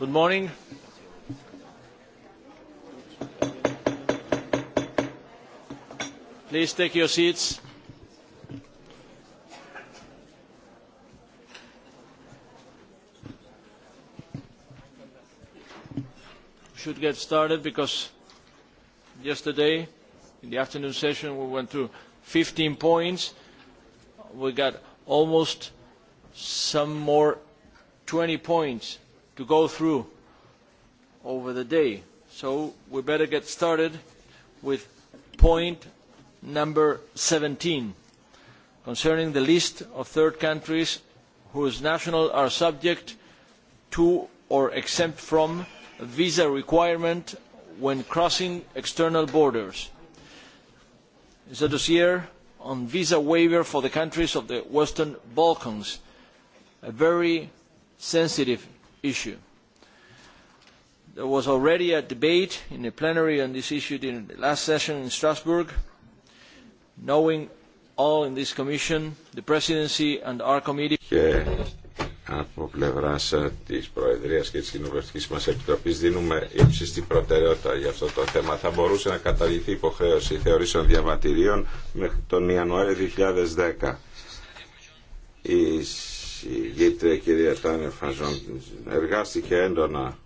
Good morning. Please take your seats. We Should get started because yesterday in the afternoon session we went through 15 points. We got almost some more 20 points to go through over the day. So we better get started with point number 17 concerning the list of third countries whose nationals are subject to or exempt from a visa requirement when crossing external borders. It is a dossier on visa waiver for the countries of the Western Balkans, a very sensitive issue. There was already a debate in the Και από πλευρά ε, τη Προεδρία και τη Κοινοβουλευτική μα Επιτροπή δίνουμε ύψιστη προτεραιότητα για αυτό το θέμα. Θα μπορούσε να καταληθεί υποχρέωση θεωρήσεων διαβατηρίων μέχρι τον Ιανουάριο 2010 η γήτρια κυρία Τάνια Φαζόν εργάστηκε έντονα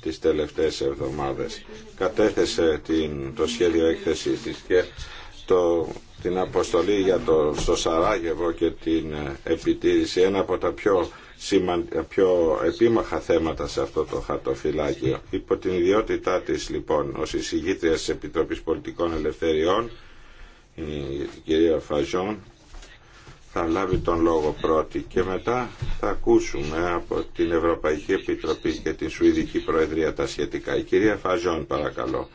τις τελευταίες εβδομάδες. Κατέθεσε την, το σχέδιο έκθεση της και το, την αποστολή για το, στο Σαράγεβο και την ε, επιτήρηση ένα από τα πιο, σημαν, πιο επίμαχα θέματα σε αυτό το χαρτοφυλάκιο. Υπό την ιδιότητά της λοιπόν ως εισηγήτρια της Επιτροπής Πολιτικών Ελευθεριών η κυρία Φαζόν θα λάβει τον λόγο πρώτη και μετά θα ακούσουμε από την Ευρωπαϊκή Επιτροπή και την Σουηδική Προεδρία τα σχετικά. Η κυρία Φαζόν παρακαλώ.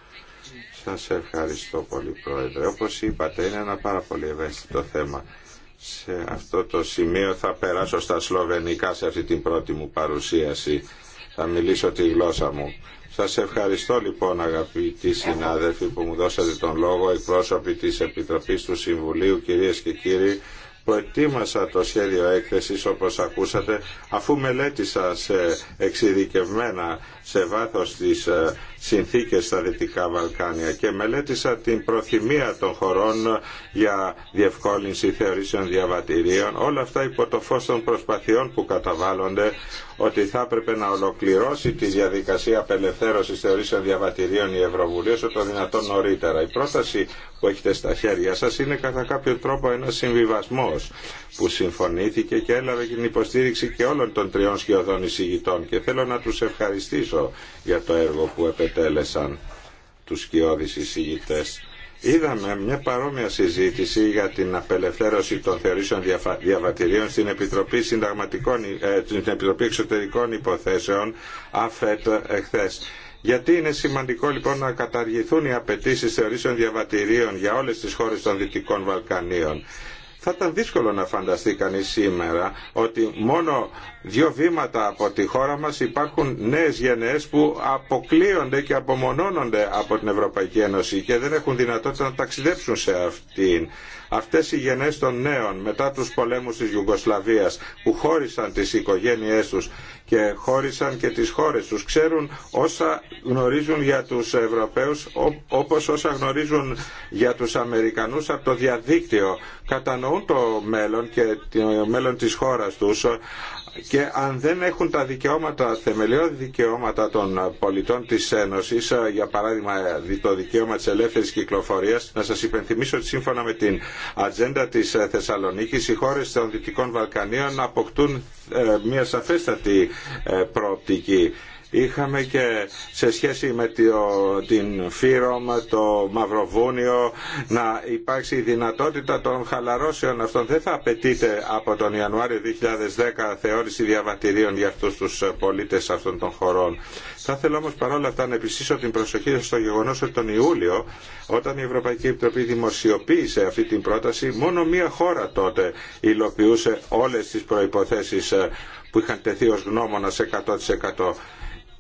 Σας ευχαριστώ πολύ Πρόεδρε. Όπως είπατε είναι ένα πάρα πολύ ευαίσθητο θέμα. Σε αυτό το σημείο θα περάσω στα σλοβενικά σε αυτή την πρώτη μου παρουσίαση. Θα μιλήσω τη γλώσσα μου. Σας ευχαριστώ λοιπόν αγαπητοί συνάδελφοι που μου δώσατε τον λόγο, εκπρόσωποι της Επιτροπής του Συμβουλίου, κυρίες και κύριοι προετοίμασα το σχέδιο έκθεσης όπως ακούσατε αφού μελέτησα σε εξειδικευμένα σε βάθος της... Ε, συνθήκες στα Δυτικά Βαλκάνια και μελέτησα την προθυμία των χωρών για διευκόλυνση θεωρήσεων διαβατηρίων. Όλα αυτά υπό το φως των προσπαθειών που καταβάλλονται ότι θα έπρεπε να ολοκληρώσει τη διαδικασία απελευθέρωσης θεωρήσεων διαβατηρίων η Ευρωβουλή όσο το δυνατόν νωρίτερα. Η πρόταση που έχετε στα χέρια σας είναι κατά κάποιο τρόπο ένα συμβιβασμός που συμφωνήθηκε και έλαβε την υποστήριξη και όλων των τριών σχεδόν εισηγητών και θέλω να τους ευχαριστήσω για το έργο που επετέλεσαν τους σκιώδεις εισηγητέ. Είδαμε μια παρόμοια συζήτηση για την απελευθέρωση των θεωρήσεων διαβατηρίων στην Επιτροπή, Συνταγματικών, ε, στην Εξωτερικών Υποθέσεων, ΑΦΕΤ, εχθές. Γιατί είναι σημαντικό λοιπόν να καταργηθούν οι απαιτήσει θεωρήσεων διαβατηρίων για όλες τις χώρες των Δυτικών Βαλκανίων. Θα ήταν δύσκολο να φανταστεί κανείς σήμερα ότι μόνο δύο βήματα από τη χώρα μας υπάρχουν νέες γενναίες που αποκλείονται και απομονώνονται από την Ευρωπαϊκή Ένωση και δεν έχουν δυνατότητα να ταξιδέψουν σε αυτήν. Αυτές οι γενναίες των νέων μετά τους πολέμους της Ιουγκοσλαβίας που χώρισαν τις οικογένειές τους και χώρισαν και τις χώρες τους. Ξέρουν όσα γνωρίζουν για τους Ευρωπαίους όπως όσα γνωρίζουν για τους Αμερικανούς από το διαδίκτυο. Κατανοούν το μέλλον και το μέλλον της χώρας τους και αν δεν έχουν τα δικαιώματα, θεμελιώδη δικαιώματα των πολιτών της Ένωσης, ε, για παράδειγμα το δικαίωμα της ελεύθερης κυκλοφορίας, να σας υπενθυμίσω ότι σύμφωνα με την ατζέντα της ε, Θεσσαλονίκης, οι χώρες των Δυτικών Βαλκανίων αποκτούν ε, μια σαφέστατη προοπτική Είχαμε και σε σχέση με την ΦΥΡΟΜ το Μαυροβούνιο, να υπάρξει η δυνατότητα των χαλαρώσεων αυτών. Δεν θα απαιτείται από τον Ιανουάριο 2010 θεώρηση διαβατηρίων για αυτούς τους πολίτες αυτών των χωρών. Θα ήθελα όμως παρόλα αυτά να επιστήσω την προσοχή στο γεγονός ότι τον Ιούλιο, όταν η Ευρωπαϊκή Επιτροπή δημοσιοποίησε αυτή την πρόταση, μόνο μία χώρα τότε υλοποιούσε όλες τις προϋποθέσεις ε, που είχαν τεθεί ως γνώμονα 100%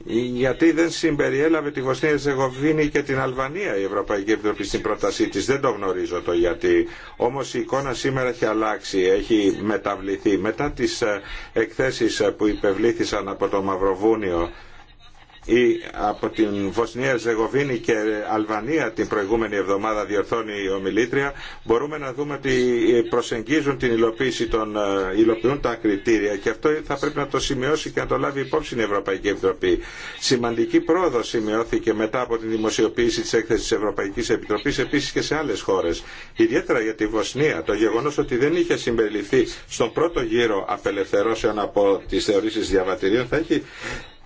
γιατί δεν συμπεριέλαβε τη Βοσνία Ζεγοβίνη και την Αλβανία η Ευρωπαϊκή Επιτροπή στην πρότασή της. Δεν το γνωρίζω το γιατί. Όμως η εικόνα σήμερα έχει αλλάξει, έχει μεταβληθεί. Μετά τις ε, εκθέσεις ε, που υπευλήθησαν από το Μαυροβούνιο ή από την Βοσνία, Ζεγοβίνη και Αλβανία την προηγούμενη εβδομάδα διορθώνει η ομιλήτρια μπορούμε να δούμε ότι προσεγγίζουν την υλοποίηση των, ε, υλοποιούν τα κριτήρια και αυτό θα πρέπει να το σημειώσει και να το λάβει υπόψη η Ευρωπαϊκή Επιτροπή. Σημαντική πρόοδο σημειώθηκε μετά από την δημοσιοποίηση της έκθεσης της Ευρωπαϊκής Επιτροπής επίσης και σε άλλες χώρες. Ιδιαίτερα για τη Βοσνία το γεγονός ότι δεν είχε συμπεριληφθεί στον πρώτο γύρο απελευθερώσεων από τις θεωρήσεις διαβατηρίων θα έχει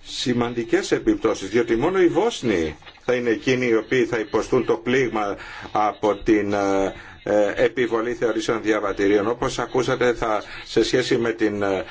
σημαντικές επιπτώσεις, διότι μόνο οι Βόσνοι θα είναι εκείνοι οι οποίοι θα υποστούν το πλήγμα από την ε, ε, επιβολή θεωρήσεων διαβατηρίων. Όπως ακούσατε θα, σε σχέση με την ε,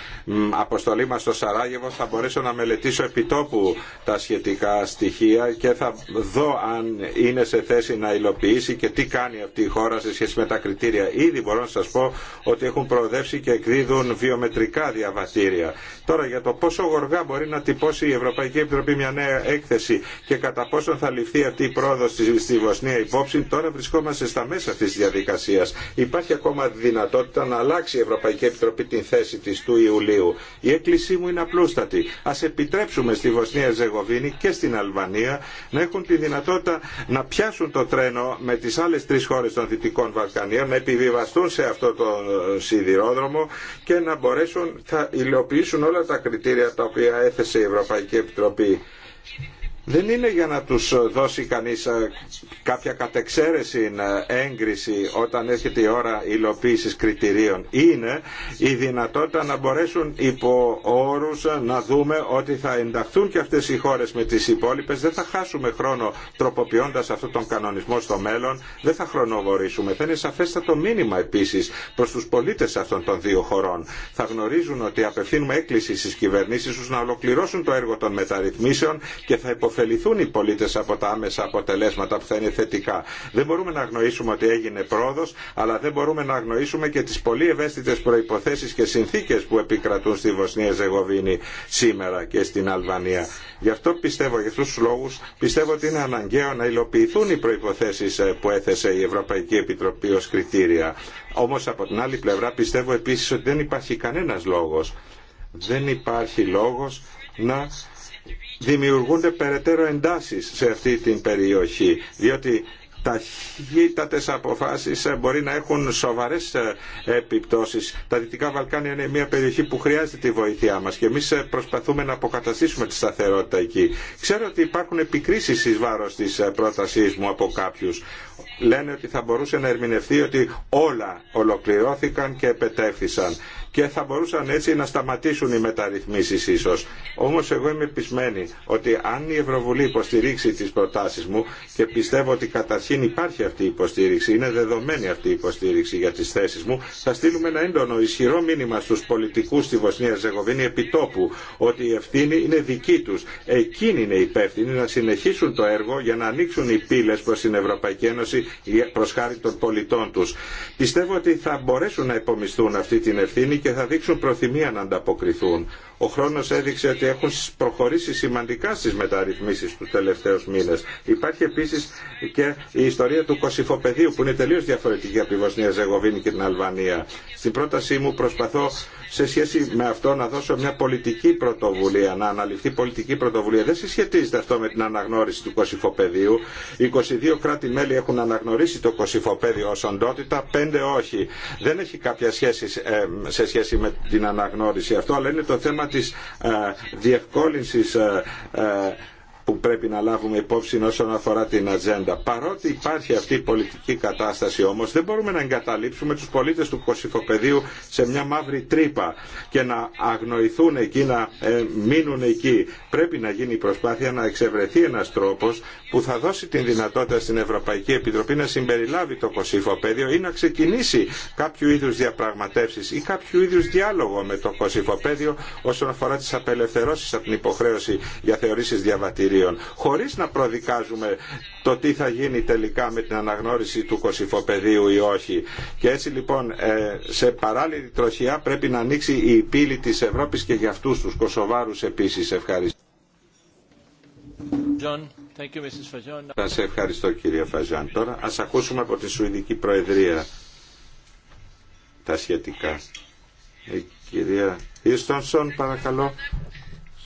αποστολή μας στο Σαράγεβο θα μπορέσω να μελετήσω επιτόπου τα σχετικά στοιχεία και θα δω αν είναι σε θέση να υλοποιήσει και τι κάνει αυτή η χώρα σε σχέση με τα κριτήρια. Ήδη μπορώ να σας πω ότι έχουν προοδεύσει και εκδίδουν βιομετρικά διαβατήρια. Τώρα για το πόσο γοργά μπορεί να τυπώσει η Ευρωπαϊκή Επιτροπή μια νέα έκθεση και κατά πόσο θα ληφθεί αυτή η πρόοδος στη Βοσνία υπόψη, τώρα βρισκόμαστε στα μέσα της Υπάρχει ακόμα δυνατότητα να αλλάξει η Ευρωπαϊκή Επιτροπή την θέση της του Ιουλίου. Η έκκλησή μου είναι απλούστατη. Ας επιτρέψουμε στη Βοσνία Ζεγοβίνη και στην Αλβανία να έχουν τη δυνατότητα να πιάσουν το τρένο με τις άλλες τρεις χώρες των Δυτικών Βαλκανίων, να επιβιβαστούν σε αυτό το σιδηρόδρομο και να μπορέσουν, να υλοποιήσουν όλα τα κριτήρια τα οποία έθεσε η Ευρωπαϊκή Επιτροπή δεν είναι για να τους δώσει κανείς ε, κάποια κατεξαίρεση ε, έγκριση όταν έρχεται η ώρα υλοποίησης κριτηρίων. Είναι η δυνατότητα να μπορέσουν υπό όρους ε, να δούμε ότι θα ενταχθούν και αυτές οι χώρες με τις υπόλοιπες. Δεν θα χάσουμε χρόνο τροποποιώντας αυτόν τον κανονισμό στο μέλλον. Δεν θα χρονοβορήσουμε. Θα είναι σαφέστατο μήνυμα επίσης προς τους πολίτες αυτών των δύο χωρών. Θα γνωρίζουν ότι απευθύνουμε έκκληση στις κυβερνήσεις τους να ολοκληρώσουν το έργο των μεταρρυθμίσεων και θα ωφεληθούν οι πολίτες από τα άμεσα αποτελέσματα που θα είναι θετικά. Δεν μπορούμε να αγνοήσουμε ότι έγινε πρόοδος, αλλά δεν μπορούμε να αγνοήσουμε και τις πολύ ευαίσθητες προϋποθέσεις και συνθήκες που επικρατούν στη Βοσνία Ζεγοβίνη σήμερα και στην Αλβανία. Γι' αυτό πιστεύω, για αυτούς τους λόγους, πιστεύω ότι είναι αναγκαίο να υλοποιηθούν οι προϋποθέσεις ε, που έθεσε η Ευρωπαϊκή Επιτροπή ως κριτήρια. Όμως από την άλλη πλευρά πιστεύω επίση ότι δεν υπάρχει κανένα λόγο. Δεν υπάρχει λόγο να δημιουργούνται περαιτέρω εντάσεις σε αυτή την περιοχή, διότι ταχύτατες αποφάσεις ε, μπορεί να έχουν σοβαρές ε, επιπτώσεις. Τα Δυτικά Βαλκάνια είναι μια περιοχή που χρειάζεται τη βοήθειά μας και εμείς ε, προσπαθούμε να αποκαταστήσουμε τη σταθερότητα εκεί. Ξέρω ότι υπάρχουν επικρίσεις εις βάρος της πρότασής μου από κάποιους. Λένε ότι θα μπορούσε να ερμηνευτεί ότι όλα ολοκληρώθηκαν και επετέφθησαν και θα μπορούσαν έτσι να σταματήσουν οι μεταρρυθμίσεις ίσως. Όμως εγώ είμαι πεισμένη ότι αν η Ευρωβουλή υποστηρίξει τις προτάσεις μου και πιστεύω ότι καταρχήν υπάρχει αυτή η υποστήριξη, είναι δεδομένη αυτή η υποστήριξη για τις θέσεις μου, θα στείλουμε ένα έντονο ισχυρό μήνυμα στους πολιτικούς στη Βοσνία Ζεγοβίνη επιτόπου ότι η ευθύνη είναι δική τους. Εκείνοι είναι υπεύθυνοι να συνεχίσουν το έργο για να ανοίξουν οι πύλες προς την Ευρωπαϊκή Ένωση προ χάρη των πολιτών τους. Πιστεύω ότι θα μπορέσουν να υπομισθούν αυτή την ευθύνη και θα δείξουν προθυμία να ανταποκριθούν ο χρόνο έδειξε ότι έχουν προχωρήσει σημαντικά στι μεταρρυθμίσεις του τελευταίου μήνε. Υπάρχει επίση και η ιστορία του Κωσυφοπεδίου που είναι τελείω διαφορετική από τη Βοσνία Ζεγοβίνη και την Αλβανία. Στην πρότασή μου προσπαθώ σε σχέση με αυτό να δώσω μια πολιτική πρωτοβουλία, να αναλυφθεί πολιτική πρωτοβουλία. Δεν συσχετίζεται αυτό με την αναγνώριση του Κωσυφοπεδίου. 22 κράτη-μέλη έχουν αναγνωρίσει το Κωσυφοπέδιο ω οντότητα, 5 όχι. Δεν έχει κάποια σχέση ε, σε σχέση με την αναγνώριση αυτό, αλλά είναι το θέμα της ε, διευκόλυνσης ε, ε, που πρέπει να λάβουμε υπόψη όσον αφορά την ατζέντα. Παρότι υπάρχει αυτή η πολιτική κατάσταση όμως δεν μπορούμε να εγκαταλείψουμε τους πολίτες του Κωσυφοπεδίου σε μια μαύρη τρύπα και να αγνοηθούν εκεί, να ε, μείνουν εκεί. Πρέπει να γίνει η προσπάθεια να εξευρεθεί ένας τρόπος που θα δώσει την δυνατότητα στην Ευρωπαϊκή Επιτροπή να συμπεριλάβει το Κωσυφοπέδιο ή να ξεκινήσει κάποιο είδους διαπραγματεύσεις ή κάποιο είδους διάλογο με το Κωσυφοπέδιο όσον αφορά τις απελευθερώσει από την υποχρέωση για θεωρήσεις διαβατηρίου χωρίς να προδικάζουμε το τι θα γίνει τελικά με την αναγνώριση του κοσυφοπεδίου ή όχι. Και έτσι λοιπόν ε, σε παράλληλη τροχιά πρέπει να ανοίξει η πύλη της Ευρώπης και για αυτούς τους κοσοβάρους επίσης. Ευχαριστώ. John. you, ευχαριστώ κύριε Φαζιάν Τώρα ας ακούσουμε από τη Σουηδική Προεδρία τα σχετικά. Η κυρία Ιστονσον παρακαλώ.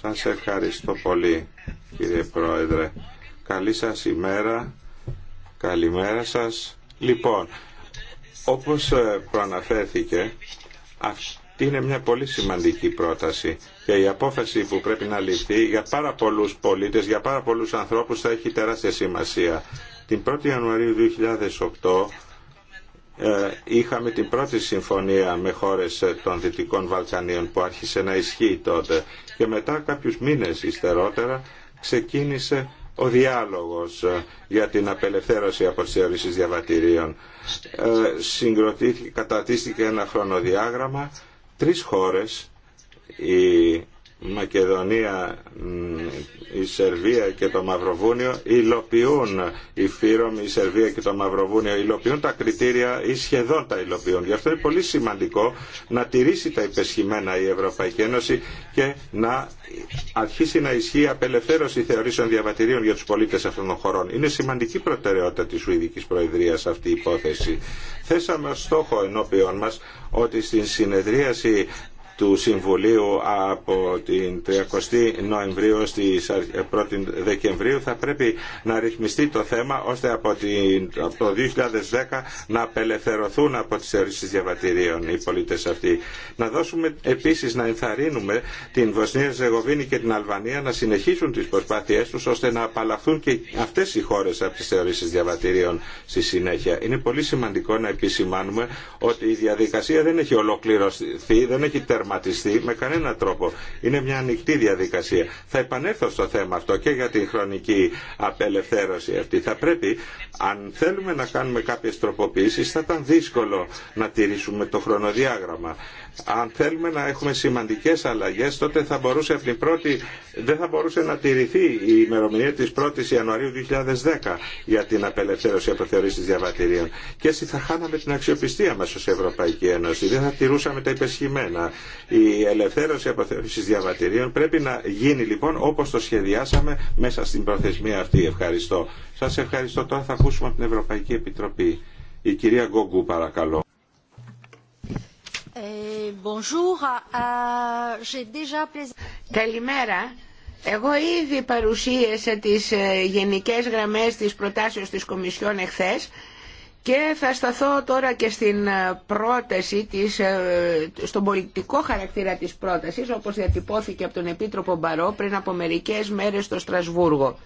Σας ευχαριστώ πολύ κύριε Πρόεδρε. Καλή σας ημέρα. Καλημέρα σας. Λοιπόν, όπως ε, προαναφέρθηκε, αυτή είναι μια πολύ σημαντική πρόταση και η απόφαση που πρέπει να ληφθεί για πάρα πολλούς πολίτες, για πάρα πολλούς ανθρώπους θα έχει τεράστια σημασία. Την 1η Ιανουαρίου 2008 ε, είχαμε την πρώτη συμφωνία με χώρες ε, των Δυτικών Βαλκανίων που άρχισε να ισχύει τότε και μετά κάποιους μήνες υστερότερα ξεκίνησε ο διάλογος ε, για την απελευθέρωση από τις θεωρήσεις διαβατηρίων. Ε, συγκροτήθηκε, κατατίστηκε ένα χρονοδιάγραμμα. Τρεις χώρες, η Μακεδονία, η Σερβία και το Μαυροβούνιο υλοποιούν, η Φύρομ, η Σερβία και το Μαυροβούνιο υλοποιούν τα κριτήρια ή σχεδόν τα υλοποιούν. Γι' αυτό είναι πολύ σημαντικό να τηρήσει τα υπεσχημένα η Ευρωπαϊκή Ένωση και να αρχίσει να ισχύει η απελευθέρωση θεωρήσεων διαβατηρίων για τους πολίτες αυτών των χωρών. Είναι σημαντική προτεραιότητα της Σουηδικής Προεδρίας αυτή η υπόθεση. Θέσαμε ως στόχο ενώπιον μας ότι στην συνεδρίαση του Συμβουλίου από την 30 η Νοεμβρίου στις 1η ε, Δεκεμβρίου θα πρέπει να ρυθμιστεί το θέμα ώστε από, το 2010 να απελευθερωθούν από τις θεωρήσεις διαβατηρίων οι πολίτες αυτοί. Να δώσουμε επίσης να ενθαρρύνουμε την Βοσνία Ζεγοβίνη και την Αλβανία να συνεχίσουν τις προσπάθειές τους ώστε να απαλλαχθούν και αυτές οι χώρες από τις θεωρήσεις διαβατηρίων στη συνέχεια. Είναι πολύ σημαντικό να επισημάνουμε ότι η διαδικασία δεν έχει ολοκληρωθεί, δεν έχει τερματιστεί με κανέναν τρόπο. Είναι μια ανοιχτή διαδικασία. Θα επανέλθω στο θέμα αυτό και για την χρονική απελευθέρωση αυτή. Θα πρέπει, αν θέλουμε να κάνουμε κάποιες τροποποιήσεις, θα ήταν δύσκολο να τηρήσουμε το χρονοδιάγραμμα. Αν θέλουμε να έχουμε σημαντικές αλλαγές, τότε θα μπορούσε από δεν θα μπορούσε να τηρηθεί η ημερομηνία της 1ης Ιανουαρίου 2010 για την απελευθέρωση από διαβατηρίων. Και έτσι θα χάναμε την αξιοπιστία μας ως Ευρωπαϊκή Ένωση. Δεν θα τηρούσαμε τα υπεσχημένα. Η ελευθέρωση από διαβατηρίων πρέπει να γίνει λοιπόν όπως το σχεδιάσαμε μέσα στην προθεσμία αυτή. Ευχαριστώ. Σας ευχαριστώ. Τώρα θα ακούσουμε από την Ευρωπαϊκή Επιτροπή. Η κυρία Γκόγκου παρακαλώ. Ε, Καλημέρα. Εγώ ήδη παρουσίασα τις ε, γενικές γραμμές της προτάσεως της Κομισιόν εχθές και θα σταθώ τώρα και στην ε, πρόταση, της, στον πολιτικό χαρακτήρα της πρότασης όπως διατυπώθηκε από τον Επίτροπο Μπαρό πριν από μερικές μέρες στο Στρασβούργο.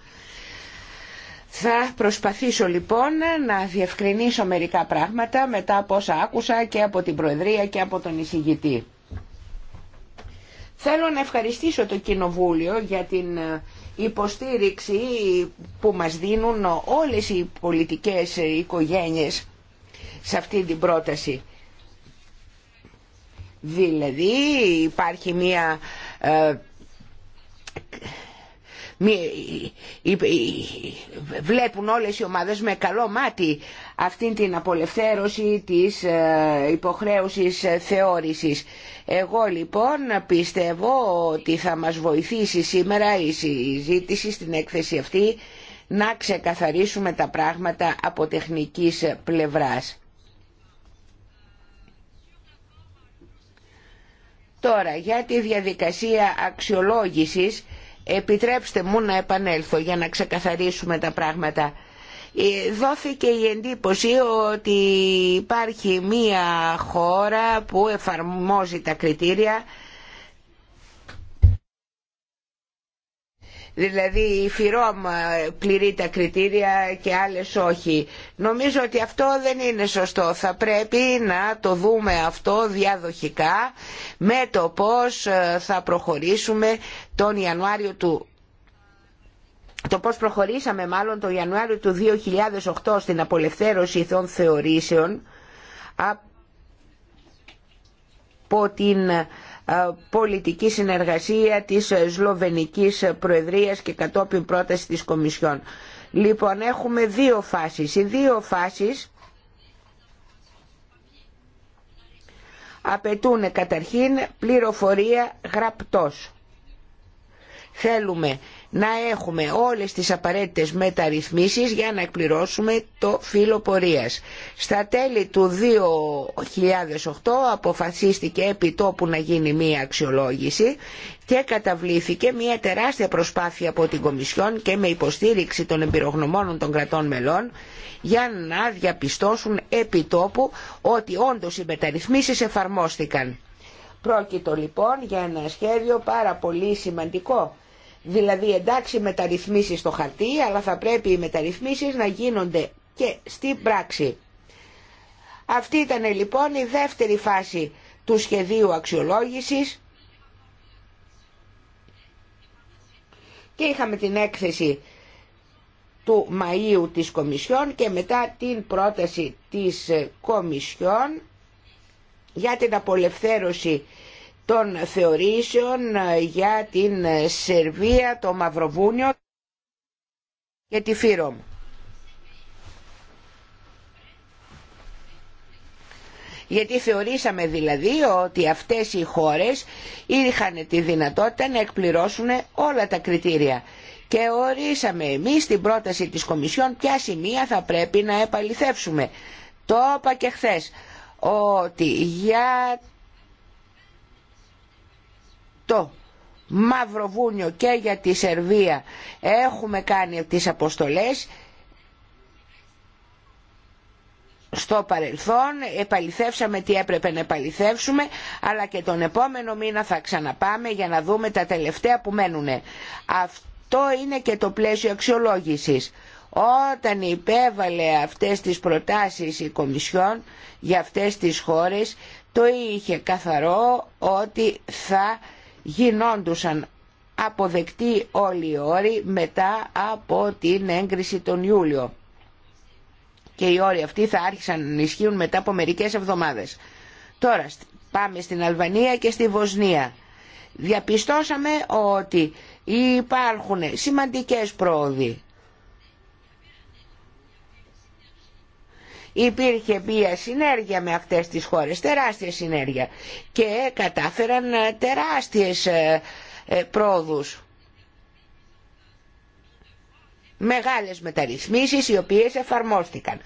Θα προσπαθήσω λοιπόν να διευκρινίσω μερικά πράγματα μετά από όσα άκουσα και από την Προεδρία και από τον εισηγητή. Θέλω να ευχαριστήσω το Κοινοβούλιο για την ε, υποστήριξη που μας δίνουν όλες οι πολιτικές οικογένειες σε αυτή την πρόταση. Δηλαδή υπάρχει μία ε, βλέπουν όλες οι ομάδες με καλό μάτι αυτήν την απολευθέρωση της ε, υποχρέωσης ε, θεώρησης. Εγώ λοιπόν πιστεύω ότι θα μας βοηθήσει σήμερα η συζήτηση στην έκθεση αυτή να ξεκαθαρίσουμε τα πράγματα από τεχνικής πλευράς. Τώρα, για τη διαδικασία αξιολόγησης Επιτρέψτε μου να επανέλθω για να ξεκαθαρίσουμε τα πράγματα. Ε, δόθηκε η εντύπωση ότι υπάρχει μία χώρα που εφαρμόζει τα κριτήρια Δηλαδή η ΦΥΡΟΜ ε, πληρεί τα κριτήρια και άλλες όχι. Νομίζω ότι αυτό δεν είναι σωστό. Θα πρέπει να το δούμε αυτό διαδοχικά με το πώς ε, θα προχωρήσουμε τον Ιανουάριο του το πώς προχωρήσαμε μάλλον τον Ιανουάριο του 2008 στην απολευθέρωση των θεωρήσεων από την ε, πολιτική συνεργασία της Σλοβενικής Προεδρίας και κατόπιν πρόταση της Κομισιόν. Λοιπόν, έχουμε δύο φάσεις. Οι δύο φάσεις απαιτούν καταρχήν πληροφορία γραπτός. Θέλουμε να έχουμε όλες τις απαραίτητες μεταρρυθμίσεις για να εκπληρώσουμε το φύλλο πορείας. Στα τέλη του 2008 αποφασίστηκε επί τόπου να γίνει μία αξιολόγηση και καταβλήθηκε μία τεράστια προσπάθεια από την Κομισιόν και με υποστήριξη των εμπειρογνωμόνων των κρατών μελών για να διαπιστώσουν επί τόπου ότι όντως οι μεταρρυθμίσεις εφαρμόστηκαν. Πρόκειτο λοιπόν για ένα σχέδιο πάρα πολύ σημαντικό Δηλαδή εντάξει μεταρρυθμίσεις στο χαρτί, αλλά θα πρέπει οι μεταρρυθμίσεις να γίνονται και στην πράξη. Αυτή ήταν λοιπόν η δεύτερη φάση του σχεδίου αξιολόγησης και είχαμε την έκθεση του Μαΐου της Κομισιόν και μετά την πρόταση της Κομισιόν για την απολευθέρωση των θεωρήσεων ε, για την ε, Σερβία, το Μαυροβούνιο και τη Φύρομ. Γιατί θεωρήσαμε δηλαδή ότι αυτές οι χώρες είχαν τη δυνατότητα να εκπληρώσουν όλα τα κριτήρια. Και ορίσαμε εμείς την πρόταση της Κομισιόν ποια σημεία θα πρέπει να επαληθεύσουμε. Το είπα και χθες ότι για το Μαυροβούνιο και για τη Σερβία έχουμε κάνει τις αποστολές στο παρελθόν, επαληθεύσαμε τι έπρεπε να επαληθεύσουμε, αλλά και τον επόμενο μήνα θα ξαναπάμε για να δούμε τα τελευταία που μένουν. Αυτό είναι και το πλαίσιο αξιολόγησης. Όταν υπέβαλε αυτές τις προτάσεις η Κομισιόν για αυτές τις χώρες, το είχε καθαρό ότι θα γινόντουσαν αποδεκτοί όλοι οι όροι μετά από την έγκριση τον Ιούλιο. Και οι όροι αυτοί θα άρχισαν να ισχύουν μετά από μερικές εβδομάδες. Τώρα πάμε στην Αλβανία και στη Βοσνία. Διαπιστώσαμε ότι υπάρχουν σημαντικές πρόοδοι υπήρχε μία συνέργεια με αυτές τις χώρες, τεράστια συνέργεια και κατάφεραν ε, τεράστιες ε, ε, πρόοδους. Μεγάλες μεταρρυθμίσεις οι οποίες εφαρμόστηκαν.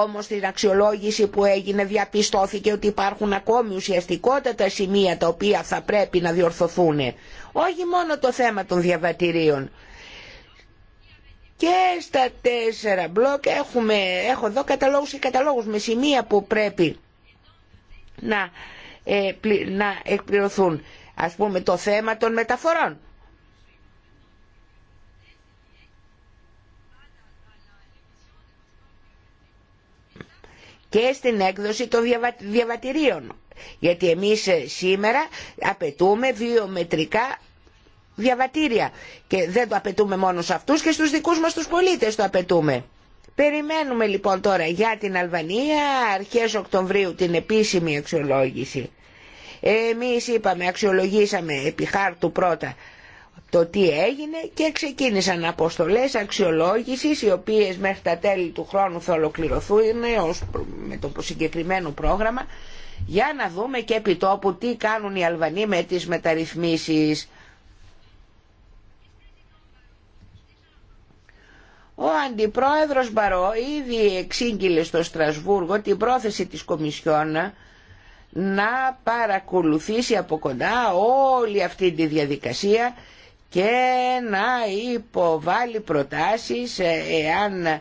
Όμως την αξιολόγηση που έγινε διαπιστώθηκε ότι υπάρχουν ακόμη ουσιαστικότατα σημεία τα οποία θα πρέπει να διορθωθούν. Όχι μόνο το θέμα των διαβατηρίων και στα τέσσερα μπλοκ έχουμε, έχω εδώ καταλόγους και καταλόγους με σημεία που πρέπει να, ε, να εκπληρωθούν. Ας πούμε το θέμα των μεταφορών. και στην έκδοση των διαβατηρίων. Γιατί εμείς ε, σήμερα απαιτούμε βιομετρικά διαβατήρια. Και δεν το απαιτούμε μόνο σε αυτούς και στους δικούς μας τους πολίτες το απαιτούμε. Περιμένουμε λοιπόν τώρα για την Αλβανία αρχές Οκτωβρίου την επίσημη αξιολόγηση. Εμείς είπαμε, αξιολογήσαμε επί χάρτου πρώτα το τι έγινε και ξεκίνησαν αποστολές αξιολόγησης οι οποίες μέχρι τα τέλη του χρόνου θα ολοκληρωθούν ως, με το συγκεκριμένο πρόγραμμα για να δούμε και επί τόπου τι κάνουν οι Αλβανοί με τις μεταρρυθμίσεις Ο Αντιπρόεδρος Μπαρό ήδη εξήγηλε στο Στρασβούργο την πρόθεση της Κομισιόν να παρακολουθήσει από κοντά όλη αυτή τη διαδικασία και να υποβάλει προτάσεις ε, εάν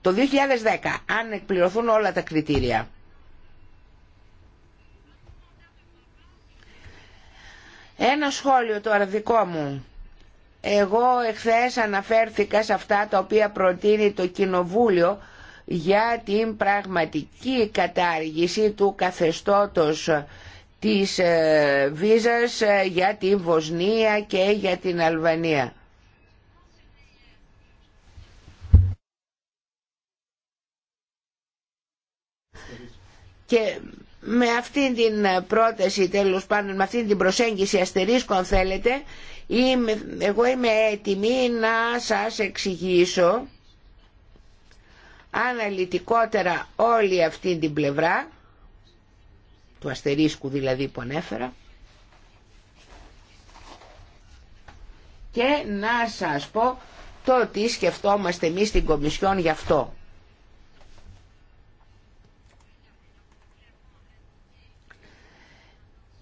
το 2010 αν εκπληρωθούν όλα τα κριτήρια. Ένα σχόλιο το αρδικό μου εγώ εχθές αναφέρθηκα σε αυτά τα οποία προτείνει το Κοινοβούλιο για την πραγματική κατάργηση του καθεστώτος της ε, βίζας ε, για την Βοσνία και για την Αλβανία. Και με αυτή την πρόταση τέλος πάντων, με αυτή την προσέγγιση αστερίσκων θέλετε, εγώ είμαι έτοιμη να σας εξηγήσω αναλυτικότερα όλη αυτή την πλευρά του αστερίσκου δηλαδή που ανέφερα και να σας πω το τι σκεφτόμαστε εμείς στην Κομισιόν γι' αυτό.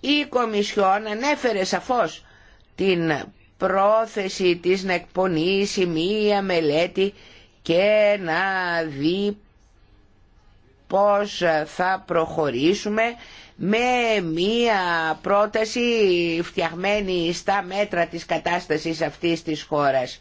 Η Κομισιόν ανέφερε σαφώς την πρόθεση της να εκπονήσει μία μελέτη και να δει πώς θα προχωρήσουμε με μία πρόταση φτιαγμένη στα μέτρα της κατάστασης αυτής της χώρας.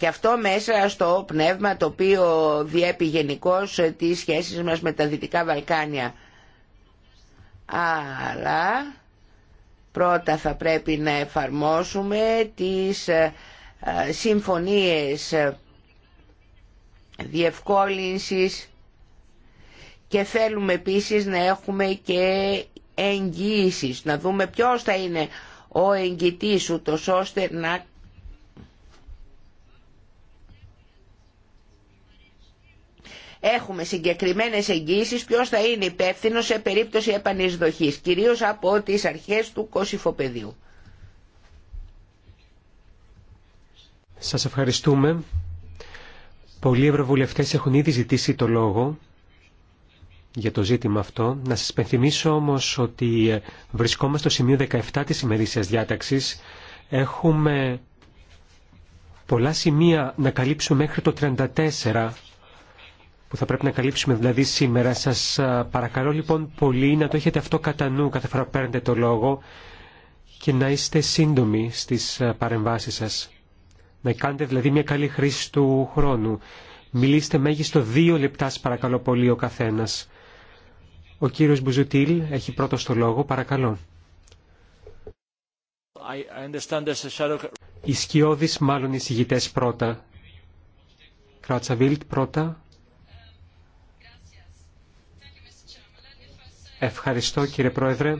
Και αυτό μέσα στο πνεύμα το οποίο διέπει γενικώ τις σχέσεις μας με τα Δυτικά Βαλκάνια. Αλλά πρώτα θα πρέπει να εφαρμόσουμε τις ε, συμφωνίες διευκόλυνσης και θέλουμε επίσης να έχουμε και εγγύησεις, να δούμε ποιος θα είναι ο εγγυητής ούτως ώστε να έχουμε συγκεκριμένες εγγύσεις ποιος θα είναι υπεύθυνο σε περίπτωση επανεισδοχής, κυρίως από τις αρχές του κοσυφοπεδίου. Σας ευχαριστούμε. Πολλοί ευρωβουλευτές έχουν ήδη ζητήσει το λόγο για το ζήτημα αυτό. Να σας πενθυμίσω όμως ότι ε, βρισκόμαστε στο σημείο 17 της ημερήσιας διάταξης. Έχουμε πολλά σημεία να καλύψουμε μέχρι το 34 που θα πρέπει να καλύψουμε δηλαδή σήμερα. Σας παρακαλώ λοιπόν πολύ να το έχετε αυτό κατά νου κάθε φορά που παίρνετε το λόγο και να είστε σύντομοι στις παρεμβάσεις σας. Να κάνετε δηλαδή μια καλή χρήση του χρόνου. Μιλήστε μέγιστο δύο λεπτά, παρακαλώ πολύ, ο καθένας. Ο κύριος Μπουζουτήλ έχει πρώτο το λόγο, παρακαλώ. Οι σκιώδεις μάλλον εισηγητές πρώτα. Κρατσαβίλτ πρώτα. Ευχαριστώ κύριε Πρόεδρε.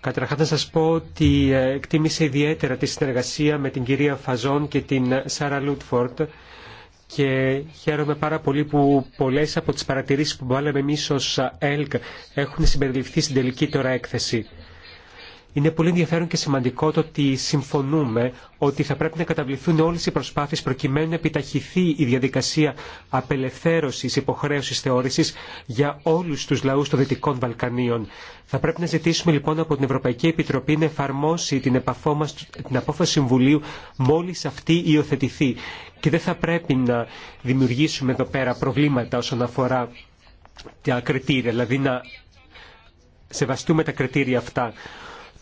Καταρχάς να σας πω ότι ε, εκτίμησε ιδιαίτερα τη συνεργασία με την κυρία Φαζόν και την Σάρα Λούτφορντ και χαίρομαι πάρα πολύ που πολλές από τις παρατηρήσεις που βάλαμε εμείς ως ΕΛΚ έχουν συμπεριληφθεί στην τελική τώρα έκθεση. Είναι πολύ ενδιαφέρον και σημαντικό το ότι συμφωνούμε ότι θα πρέπει να καταβληθούν όλες οι προσπάθειες προκειμένου να επιταχυθεί η διαδικασία απελευθέρωσης υποχρέωσης θεώρησης για όλους τους λαούς των Δυτικών Βαλκανίων. Θα πρέπει να ζητήσουμε λοιπόν από την Ευρωπαϊκή Επιτροπή να εφαρμόσει την, την απόφαση Συμβουλίου μόλις αυτή υιοθετηθεί. Και δεν θα πρέπει να δημιουργήσουμε εδώ πέρα προβλήματα όσον αφορά τα κριτήρια, δηλαδή να σεβαστούμε τα κριτήρια αυτά.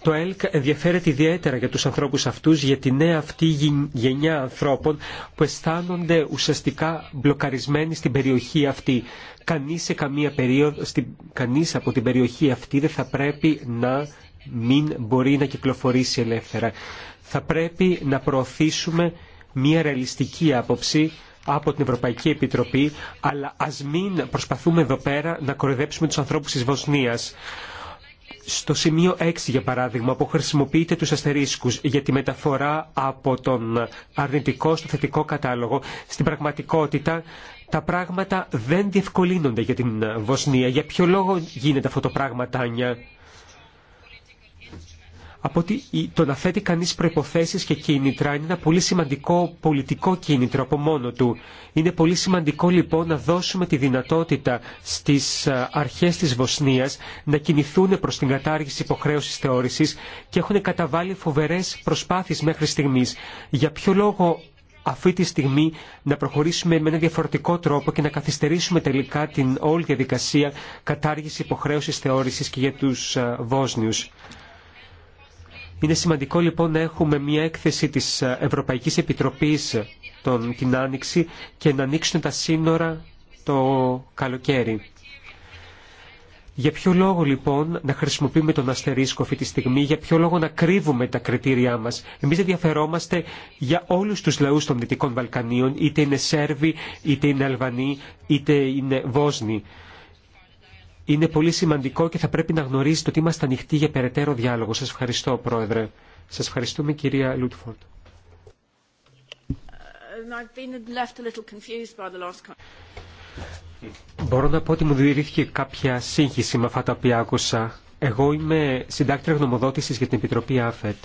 Το ΕΛΚ ενδιαφέρεται ιδιαίτερα για τους ανθρώπους αυτούς, για τη νέα αυτή γενιά ανθρώπων που αισθάνονται ουσιαστικά μπλοκαρισμένοι στην περιοχή αυτή. Κανείς, σε καμία περίοδο, στην, κανείς από την περιοχή αυτή δεν θα πρέπει να μην μπορεί να κυκλοφορήσει ελεύθερα. Θα πρέπει να προωθήσουμε μια ρεαλιστική άποψη από την Ευρωπαϊκή Επιτροπή, αλλά ας μην προσπαθούμε εδώ πέρα να κοροϊδέψουμε τους ανθρώπους της Βοσνίας στο σημείο 6 για παράδειγμα που χρησιμοποιείτε τους αστερίσκους για τη μεταφορά από τον αρνητικό στο θετικό κατάλογο στην πραγματικότητα τα πράγματα δεν διευκολύνονται για την Βοσνία. Για ποιο λόγο γίνεται αυτό το πράγμα Τάνια από το να θέτει κανείς προϋποθέσεις και κίνητρα είναι ένα πολύ σημαντικό πολιτικό κίνητρο από μόνο του. Είναι πολύ σημαντικό λοιπόν να δώσουμε τη δυνατότητα στις ε, αρχές της Βοσνίας να κινηθούν προς την κατάργηση υποχρέωσης θεώρησης και έχουν καταβάλει φοβερές προσπάθειες μέχρι στιγμής. Για ποιο λόγο αυτή τη στιγμή να προχωρήσουμε με ένα διαφορετικό τρόπο και να καθυστερήσουμε τελικά την όλη διαδικασία κατάργηση υποχρέωσης θεώρησης και για τους ε, Βόσνιους. Είναι σημαντικό λοιπόν να έχουμε μια έκθεση της Ευρωπαϊκής Επιτροπής τον, την Άνοιξη και να ανοίξουν τα σύνορα το καλοκαίρι. Για ποιο λόγο λοιπόν να χρησιμοποιούμε τον αστερίσκο αυτή τη στιγμή, για ποιο λόγο να κρύβουμε τα κριτήριά μας. Εμείς ενδιαφερόμαστε για όλους τους λαούς των Δυτικών Βαλκανίων, είτε είναι Σέρβοι, είτε είναι Αλβανοί, είτε είναι Βόσνοι είναι πολύ σημαντικό και θα πρέπει να γνωρίζετε ότι είμαστε ανοιχτοί για περαιτέρω διάλογο. Σας ευχαριστώ, Πρόεδρε. Σας ευχαριστούμε, κυρία Λούτφορντ. Uh, Μπορώ να πω ότι μου δημιουργήθηκε κάποια σύγχυση με αυτά τα οποία άκουσα. Εγώ είμαι συντάκτρια γνωμοδότησης για την Επιτροπή ΑΦΕΤ.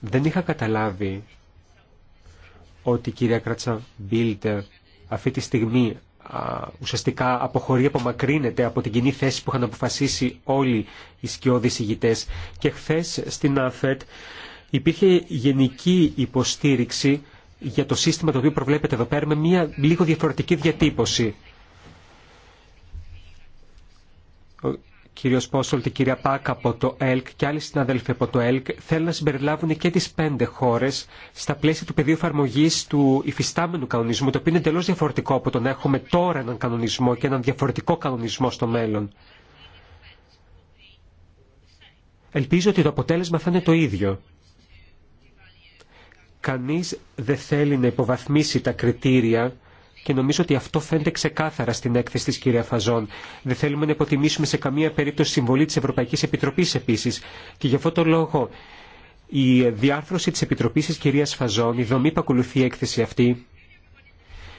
Δεν είχα καταλάβει ότι η κυρία Κρατσαμπίλτερ αυτή τη στιγμή ουσιαστικά αποχωρεί, απομακρύνεται από την κοινή θέση που είχαν αποφασίσει όλοι οι σκιώδεις ηγητές. Και χθε στην ΑΦΕΤ υπήρχε γενική υποστήριξη για το σύστημα το οποίο προβλέπεται εδώ πέρα με μια λίγο διαφορετική διατύπωση. κύριος Πόσολτ, την κυρία Πάκα από το ΕΛΚ και άλλοι συναδέλφοι από το ΕΛΚ θέλουν να συμπεριλάβουν και τις πέντε χώρες στα πλαίσια του πεδίου εφαρμογή του υφιστάμενου κανονισμού, το οποίο είναι εντελώς διαφορετικό από το να έχουμε τώρα έναν κανονισμό και έναν διαφορετικό κανονισμό στο μέλλον. Ελπίζω ότι το αποτέλεσμα θα είναι το ίδιο. Κανείς δεν θέλει να υποβαθμίσει τα κριτήρια και νομίζω ότι αυτό φαίνεται ξεκάθαρα στην έκθεση τη κυρία Φαζόν. Δεν θέλουμε να υποτιμήσουμε σε καμία περίπτωση συμβολή τη Ευρωπαϊκή Επιτροπής επίσης και γι' αυτό το λόγο η διάρθρωση τη επιτροπή τη κυρία Φαζόν, η δομή που ακολουθεί η έκθεση αυτή,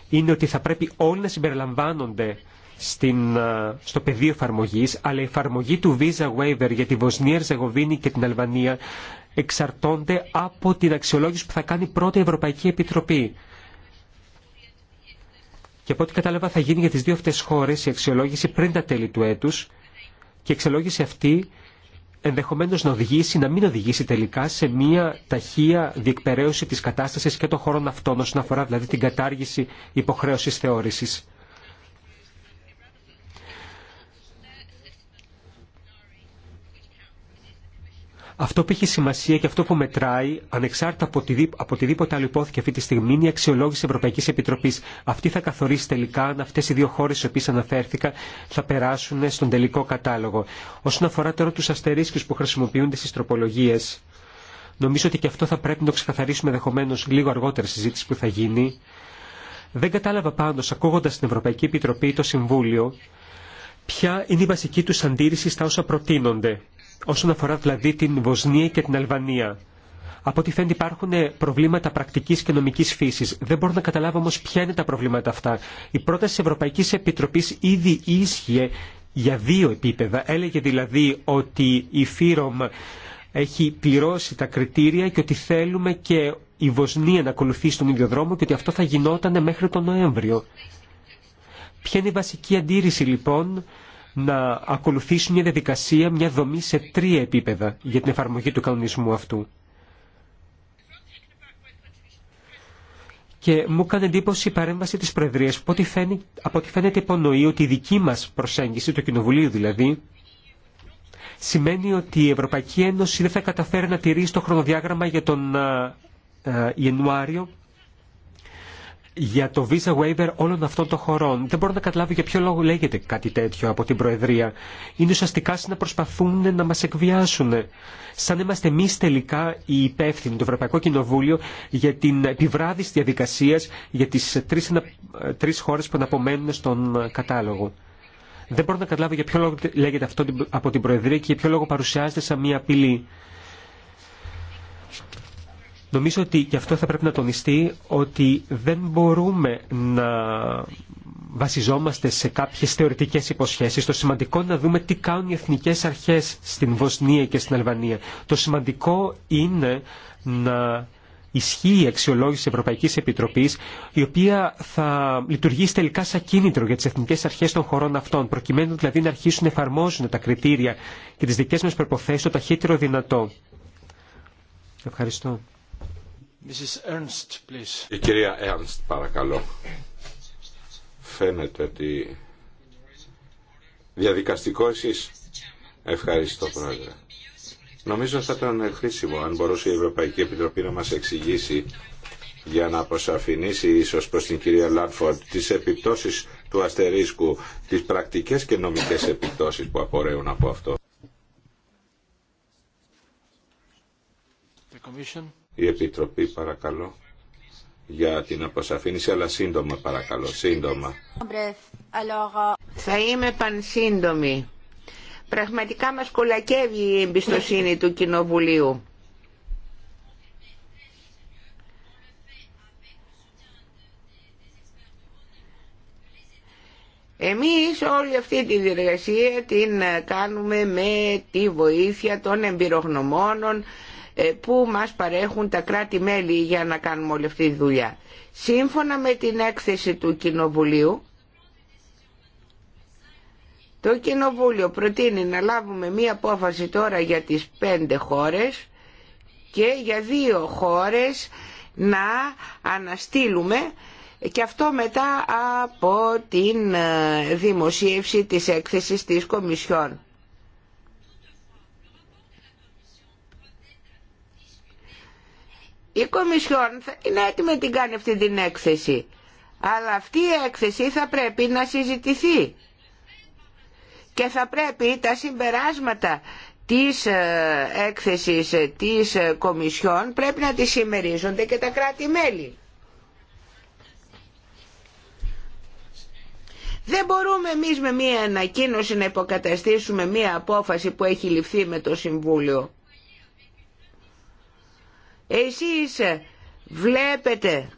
είναι ότι θα πρέπει όλοι να συμπεριλαμβάνονται στην, στο πεδίο εφαρμογή, αλλά η εφαρμογή του Visa Waiver για τη Βοσνία, Ερζεγοβίνη και την Αλβανία εξαρτώνται από την αξιολόγηση που θα κάνει πρώτη Ευρωπαϊκή Επιτροπή. Και από ό,τι κατάλαβα θα γίνει για τις δύο αυτές χώρες η αξιολόγηση πριν τα τέλη του έτους και η αξιολόγηση αυτή ενδεχομένως να οδηγήσει, να μην οδηγήσει τελικά σε μια ταχεία διεκπαιρέωση της κατάστασης και των χωρών αυτών όσον αφορά δηλαδή την κατάργηση υποχρέωσης θεώρησης. Αυτό που έχει σημασία και αυτό που μετράει, ανεξάρτητα από, οτιδή, από οτιδήποτε άλλο υπόθηκε αυτή τη στιγμή, είναι η αξιολόγηση Ευρωπαϊκή Επιτροπή. Αυτή θα καθορίσει τελικά αν αυτέ οι δύο χώρε οι οποίε αναφέρθηκα θα περάσουν στον τελικό κατάλογο. Όσον αφορά τώρα του αστερίσκου που χρησιμοποιούνται στι τροπολογίε, νομίζω ότι και αυτό θα πρέπει να το ξεκαθαρίσουμε ενδεχομένω λίγο αργότερα στη συζήτηση που θα γίνει. Δεν κατάλαβα πάντω, ακούγοντα την Ευρωπαϊκή Επιτροπή το Συμβούλιο, ποια είναι η βασική του αντίρρηση στα όσα προτείνονται όσον αφορά δηλαδή την Βοσνία και την Αλβανία. Από ό,τι φαίνεται υπάρχουν προβλήματα πρακτική και νομική φύση. Δεν μπορώ να καταλάβω όμω ποια είναι τα προβλήματα αυτά. Η πρόταση τη Ευρωπαϊκή Επιτροπή ήδη ίσχυε για δύο επίπεδα. Έλεγε δηλαδή ότι η ΦΥΡΟΜ έχει πληρώσει τα κριτήρια και ότι θέλουμε και η Βοσνία να ακολουθήσει τον ίδιο δρόμο και ότι αυτό θα γινόταν μέχρι τον Νοέμβριο. Ποια είναι η βασική αντίρρηση λοιπόν να ακολουθήσουν μια διαδικασία, μια δομή σε τρία επίπεδα για την εφαρμογή του κανονισμού αυτού. Και μου έκανε εντύπωση η παρέμβαση της Προεδρίας, που από ό,τι φαίνεται υπονοεί ότι η δική μας προσέγγιση, το Κοινοβουλίο δηλαδή, σημαίνει ότι η Ευρωπαϊκή Ένωση δεν θα καταφέρει να τηρήσει το χρονοδιάγραμμα για τον ε, ε, Ιανουάριο για το visa waiver όλων αυτών των χωρών. Δεν μπορώ να καταλάβω για ποιο λόγο λέγεται κάτι τέτοιο από την Προεδρία. Είναι ουσιαστικά σαν να προσπαθούν να μας εκβιάσουν. Σαν είμαστε εμεί τελικά οι υπεύθυνοι, το Ευρωπαϊκό Κοινοβούλιο, για την επιβράδυση διαδικασία για τις τρει τρεις χώρες που αναπομένουν στον κατάλογο. Δεν μπορώ να καταλάβω για ποιο λόγο λέγεται αυτό από την Προεδρία και για ποιο λόγο παρουσιάζεται σαν μια απειλή. Νομίζω ότι γι' αυτό θα πρέπει να τονιστεί ότι δεν μπορούμε να βασιζόμαστε σε κάποιες θεωρητικές υποσχέσεις. Το σημαντικό είναι να δούμε τι κάνουν οι εθνικές αρχές στην Βοσνία και στην Αλβανία. Το σημαντικό είναι να ισχύει η αξιολόγηση της Ευρωπαϊκής Επιτροπής, η οποία θα λειτουργήσει τελικά σαν κίνητρο για τις εθνικές αρχές των χωρών αυτών, προκειμένου δηλαδή να αρχίσουν να εφαρμόζουν τα κριτήρια και τις δικές μας προποθέσεις το ταχύτερο δυνατό. Ευχαριστώ. Η κυρία Ernst, παρακαλώ. Φαίνεται ότι... Διαδικαστικό εσείς. Ευχαριστώ, Πρόεδρε. Νομίζω θα ήταν χρήσιμο αν μπορούσε η Ευρωπαϊκή Επιτροπή να μας εξηγήσει για να αποσαφηνίσει ίσως προς την κυρία Λάνφορντ τις επιπτώσεις του αστερίσκου, τις πρακτικές και νομικές επιπτώσεις που απορρέουν από αυτό. The Commission η Επιτροπή παρακαλώ για την αποσαφήνιση, αλλά σύντομα παρακαλώ, σύντομα. Euh, Θα είμαι πανσύντομη. Πραγματικά μας κολακεύει η εμπιστοσύνη του Κοινοβουλίου. Εμείς όλη αυτή τη διεργασία την κάνουμε με τη βοήθεια των εμπειρογνωμόνων, ε, που μας παρέχουν τα κράτη-μέλη για να κάνουμε όλη αυτή τη δουλειά. Σύμφωνα με την έκθεση του Κοινοβουλίου, το Κοινοβούλιο προτείνει να λάβουμε μία απόφαση τώρα για τις πέντε χώρες και για δύο χώρες να αναστείλουμε και αυτό μετά από την ε, δημοσίευση της έκθεσης της Κομισιόν. η Κομισιόν είναι έτοιμη να την κάνει αυτή την έκθεση. Αλλά αυτή η έκθεση θα πρέπει να συζητηθεί. Και θα πρέπει τα συμπεράσματα της ε, έκθεσης ε, της ε, Κομισιόν πρέπει να τη συμμερίζονται και τα κράτη-μέλη. Δεν μπορούμε εμείς με μία ανακοίνωση να υποκαταστήσουμε μία απόφαση που έχει ληφθεί με το Συμβούλιο. Εσείς βλέπετε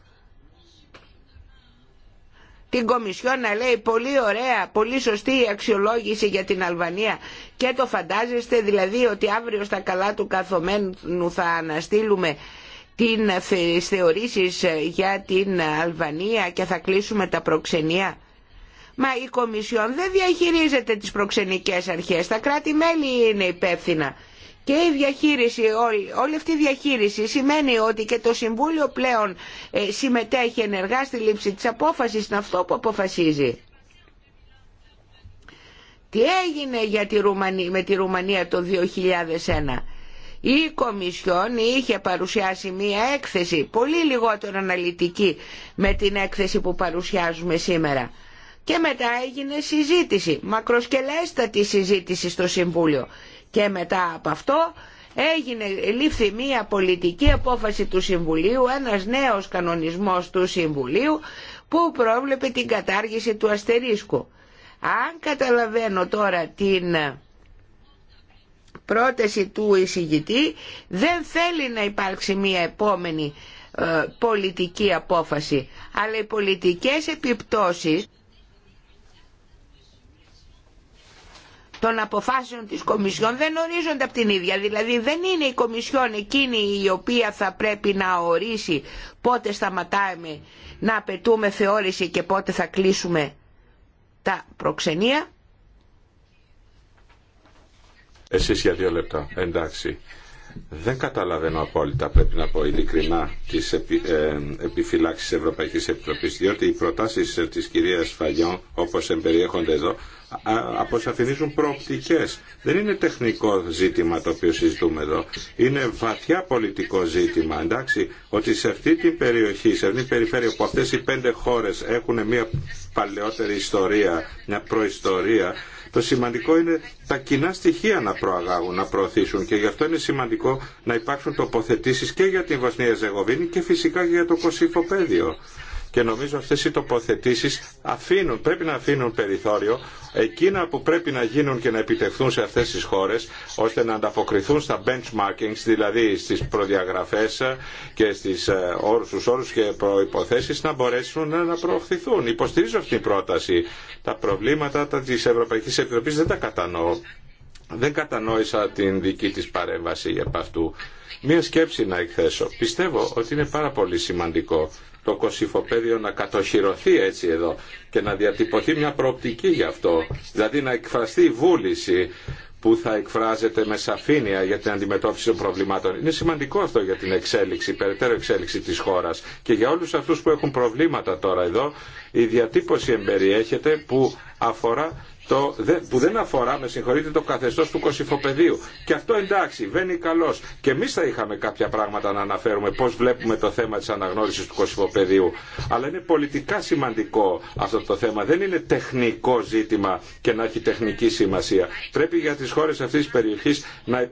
την Κομισιό να λέει πολύ ωραία, πολύ σωστή αξιολόγηση για την Αλβανία και το φαντάζεστε δηλαδή ότι αύριο στα καλά του καθομένου θα αναστείλουμε την θεωρήσεις για την Αλβανία και θα κλείσουμε τα προξενία. Μα η Κομισιόν δεν διαχειρίζεται τις προξενικές αρχές, τα κράτη-μέλη είναι υπεύθυνα και η διαχείριση, όλη, αυτή η διαχείριση σημαίνει ότι και το Συμβούλιο πλέον ε, συμμετέχει ενεργά στη λήψη της απόφασης, είναι αυτό που αποφασίζει. Τι έγινε για τη Ρουμανία, με τη Ρουμανία το 2001. Η Κομισιόν είχε παρουσιάσει μία έκθεση, πολύ λιγότερο αναλυτική με την έκθεση που παρουσιάζουμε σήμερα. Και μετά έγινε συζήτηση, μακροσκελέστατη συζήτηση στο Συμβούλιο. Και μετά από αυτό έγινε, λήφθη μία πολιτική απόφαση του Συμβουλίου, ένας νέος κανονισμός του Συμβουλίου που πρόβλεπε την κατάργηση του αστερίσκου. Αν καταλαβαίνω τώρα την πρόταση του εισηγητή, δεν θέλει να υπάρξει μία επόμενη ε, πολιτική απόφαση αλλά οι πολιτικές επιπτώσεις των αποφάσεων της Κομισιόν δεν ορίζονται από την ίδια. Δηλαδή δεν είναι η Κομισιόν εκείνη η οποία θα πρέπει να ορίσει πότε σταματάμε να απαιτούμε θεώρηση και πότε θα κλείσουμε τα προξενία. Εσείς για δύο λεπτά. Εντάξει. Δεν καταλαβαίνω απόλυτα, πρέπει να πω ειλικρινά, τις επι, ε, Ευρωπαϊκής Επιτροπής, διότι οι προτάσεις της κυρίας Φαγιόν, όπως εμπεριέχονται εδώ, αποσαφηνίζουν προοπτικές. Δεν είναι τεχνικό ζήτημα το οποίο συζητούμε εδώ. Είναι βαθιά πολιτικό ζήτημα, εντάξει, ότι σε αυτή την περιοχή, σε αυτή την περιφέρεια που αυτές οι πέντε χώρες έχουν μια παλαιότερη ιστορία, μια προϊστορία, το σημαντικό είναι τα κοινά στοιχεία να προαγάγουν, να προωθήσουν και γι' αυτό είναι σημαντικό να υπάρξουν τοποθετήσεις και για την Βοσνία Ζεγοβίνη και φυσικά και για το Πέδιο και νομίζω αυτές οι τοποθετήσεις αφήνουν, πρέπει να αφήνουν περιθώριο εκείνα που πρέπει να γίνουν και να επιτευχθούν σε αυτές τις χώρες ώστε να ανταποκριθούν στα benchmarkings, δηλαδή στις προδιαγραφές και στις ε, όρους, όρους και προϋποθέσεις να μπορέσουν να προωθηθούν. Υποστηρίζω αυτή την πρόταση. Τα προβλήματα της Ευρωπαϊκής Επιτροπής δεν τα κατανοώ. Δεν κατανόησα την δική της παρέμβαση επ' αυτού. Μία σκέψη να εκθέσω. Πιστεύω ότι είναι πάρα πολύ σημαντικό το κοσυφοπέδιο να κατοχυρωθεί έτσι εδώ και να διατυπωθεί μια προοπτική γι' αυτό. Δηλαδή να εκφραστεί βούληση που θα εκφράζεται με σαφήνεια για την αντιμετώπιση των προβλημάτων. Είναι σημαντικό αυτό για την εξέλιξη, περαιτέρω εξέλιξη της χώρας. Και για όλους αυτούς που έχουν προβλήματα τώρα εδώ, η διατύπωση εμπεριέχεται που αφορά που δεν αφορά, με συγχωρείτε, το καθεστώ του Κωσυφοπεδίου. Και αυτό εντάξει, βαίνει καλώς. Και εμεί θα είχαμε κάποια πράγματα να αναφέρουμε πώ βλέπουμε το θέμα τη αναγνώριση του Κωσυφοπεδίου. Αλλά είναι πολιτικά σημαντικό αυτό το θέμα. Δεν είναι τεχνικό ζήτημα και να έχει τεχνική σημασία. Πρέπει για τι χώρε αυτή τη περιοχή να,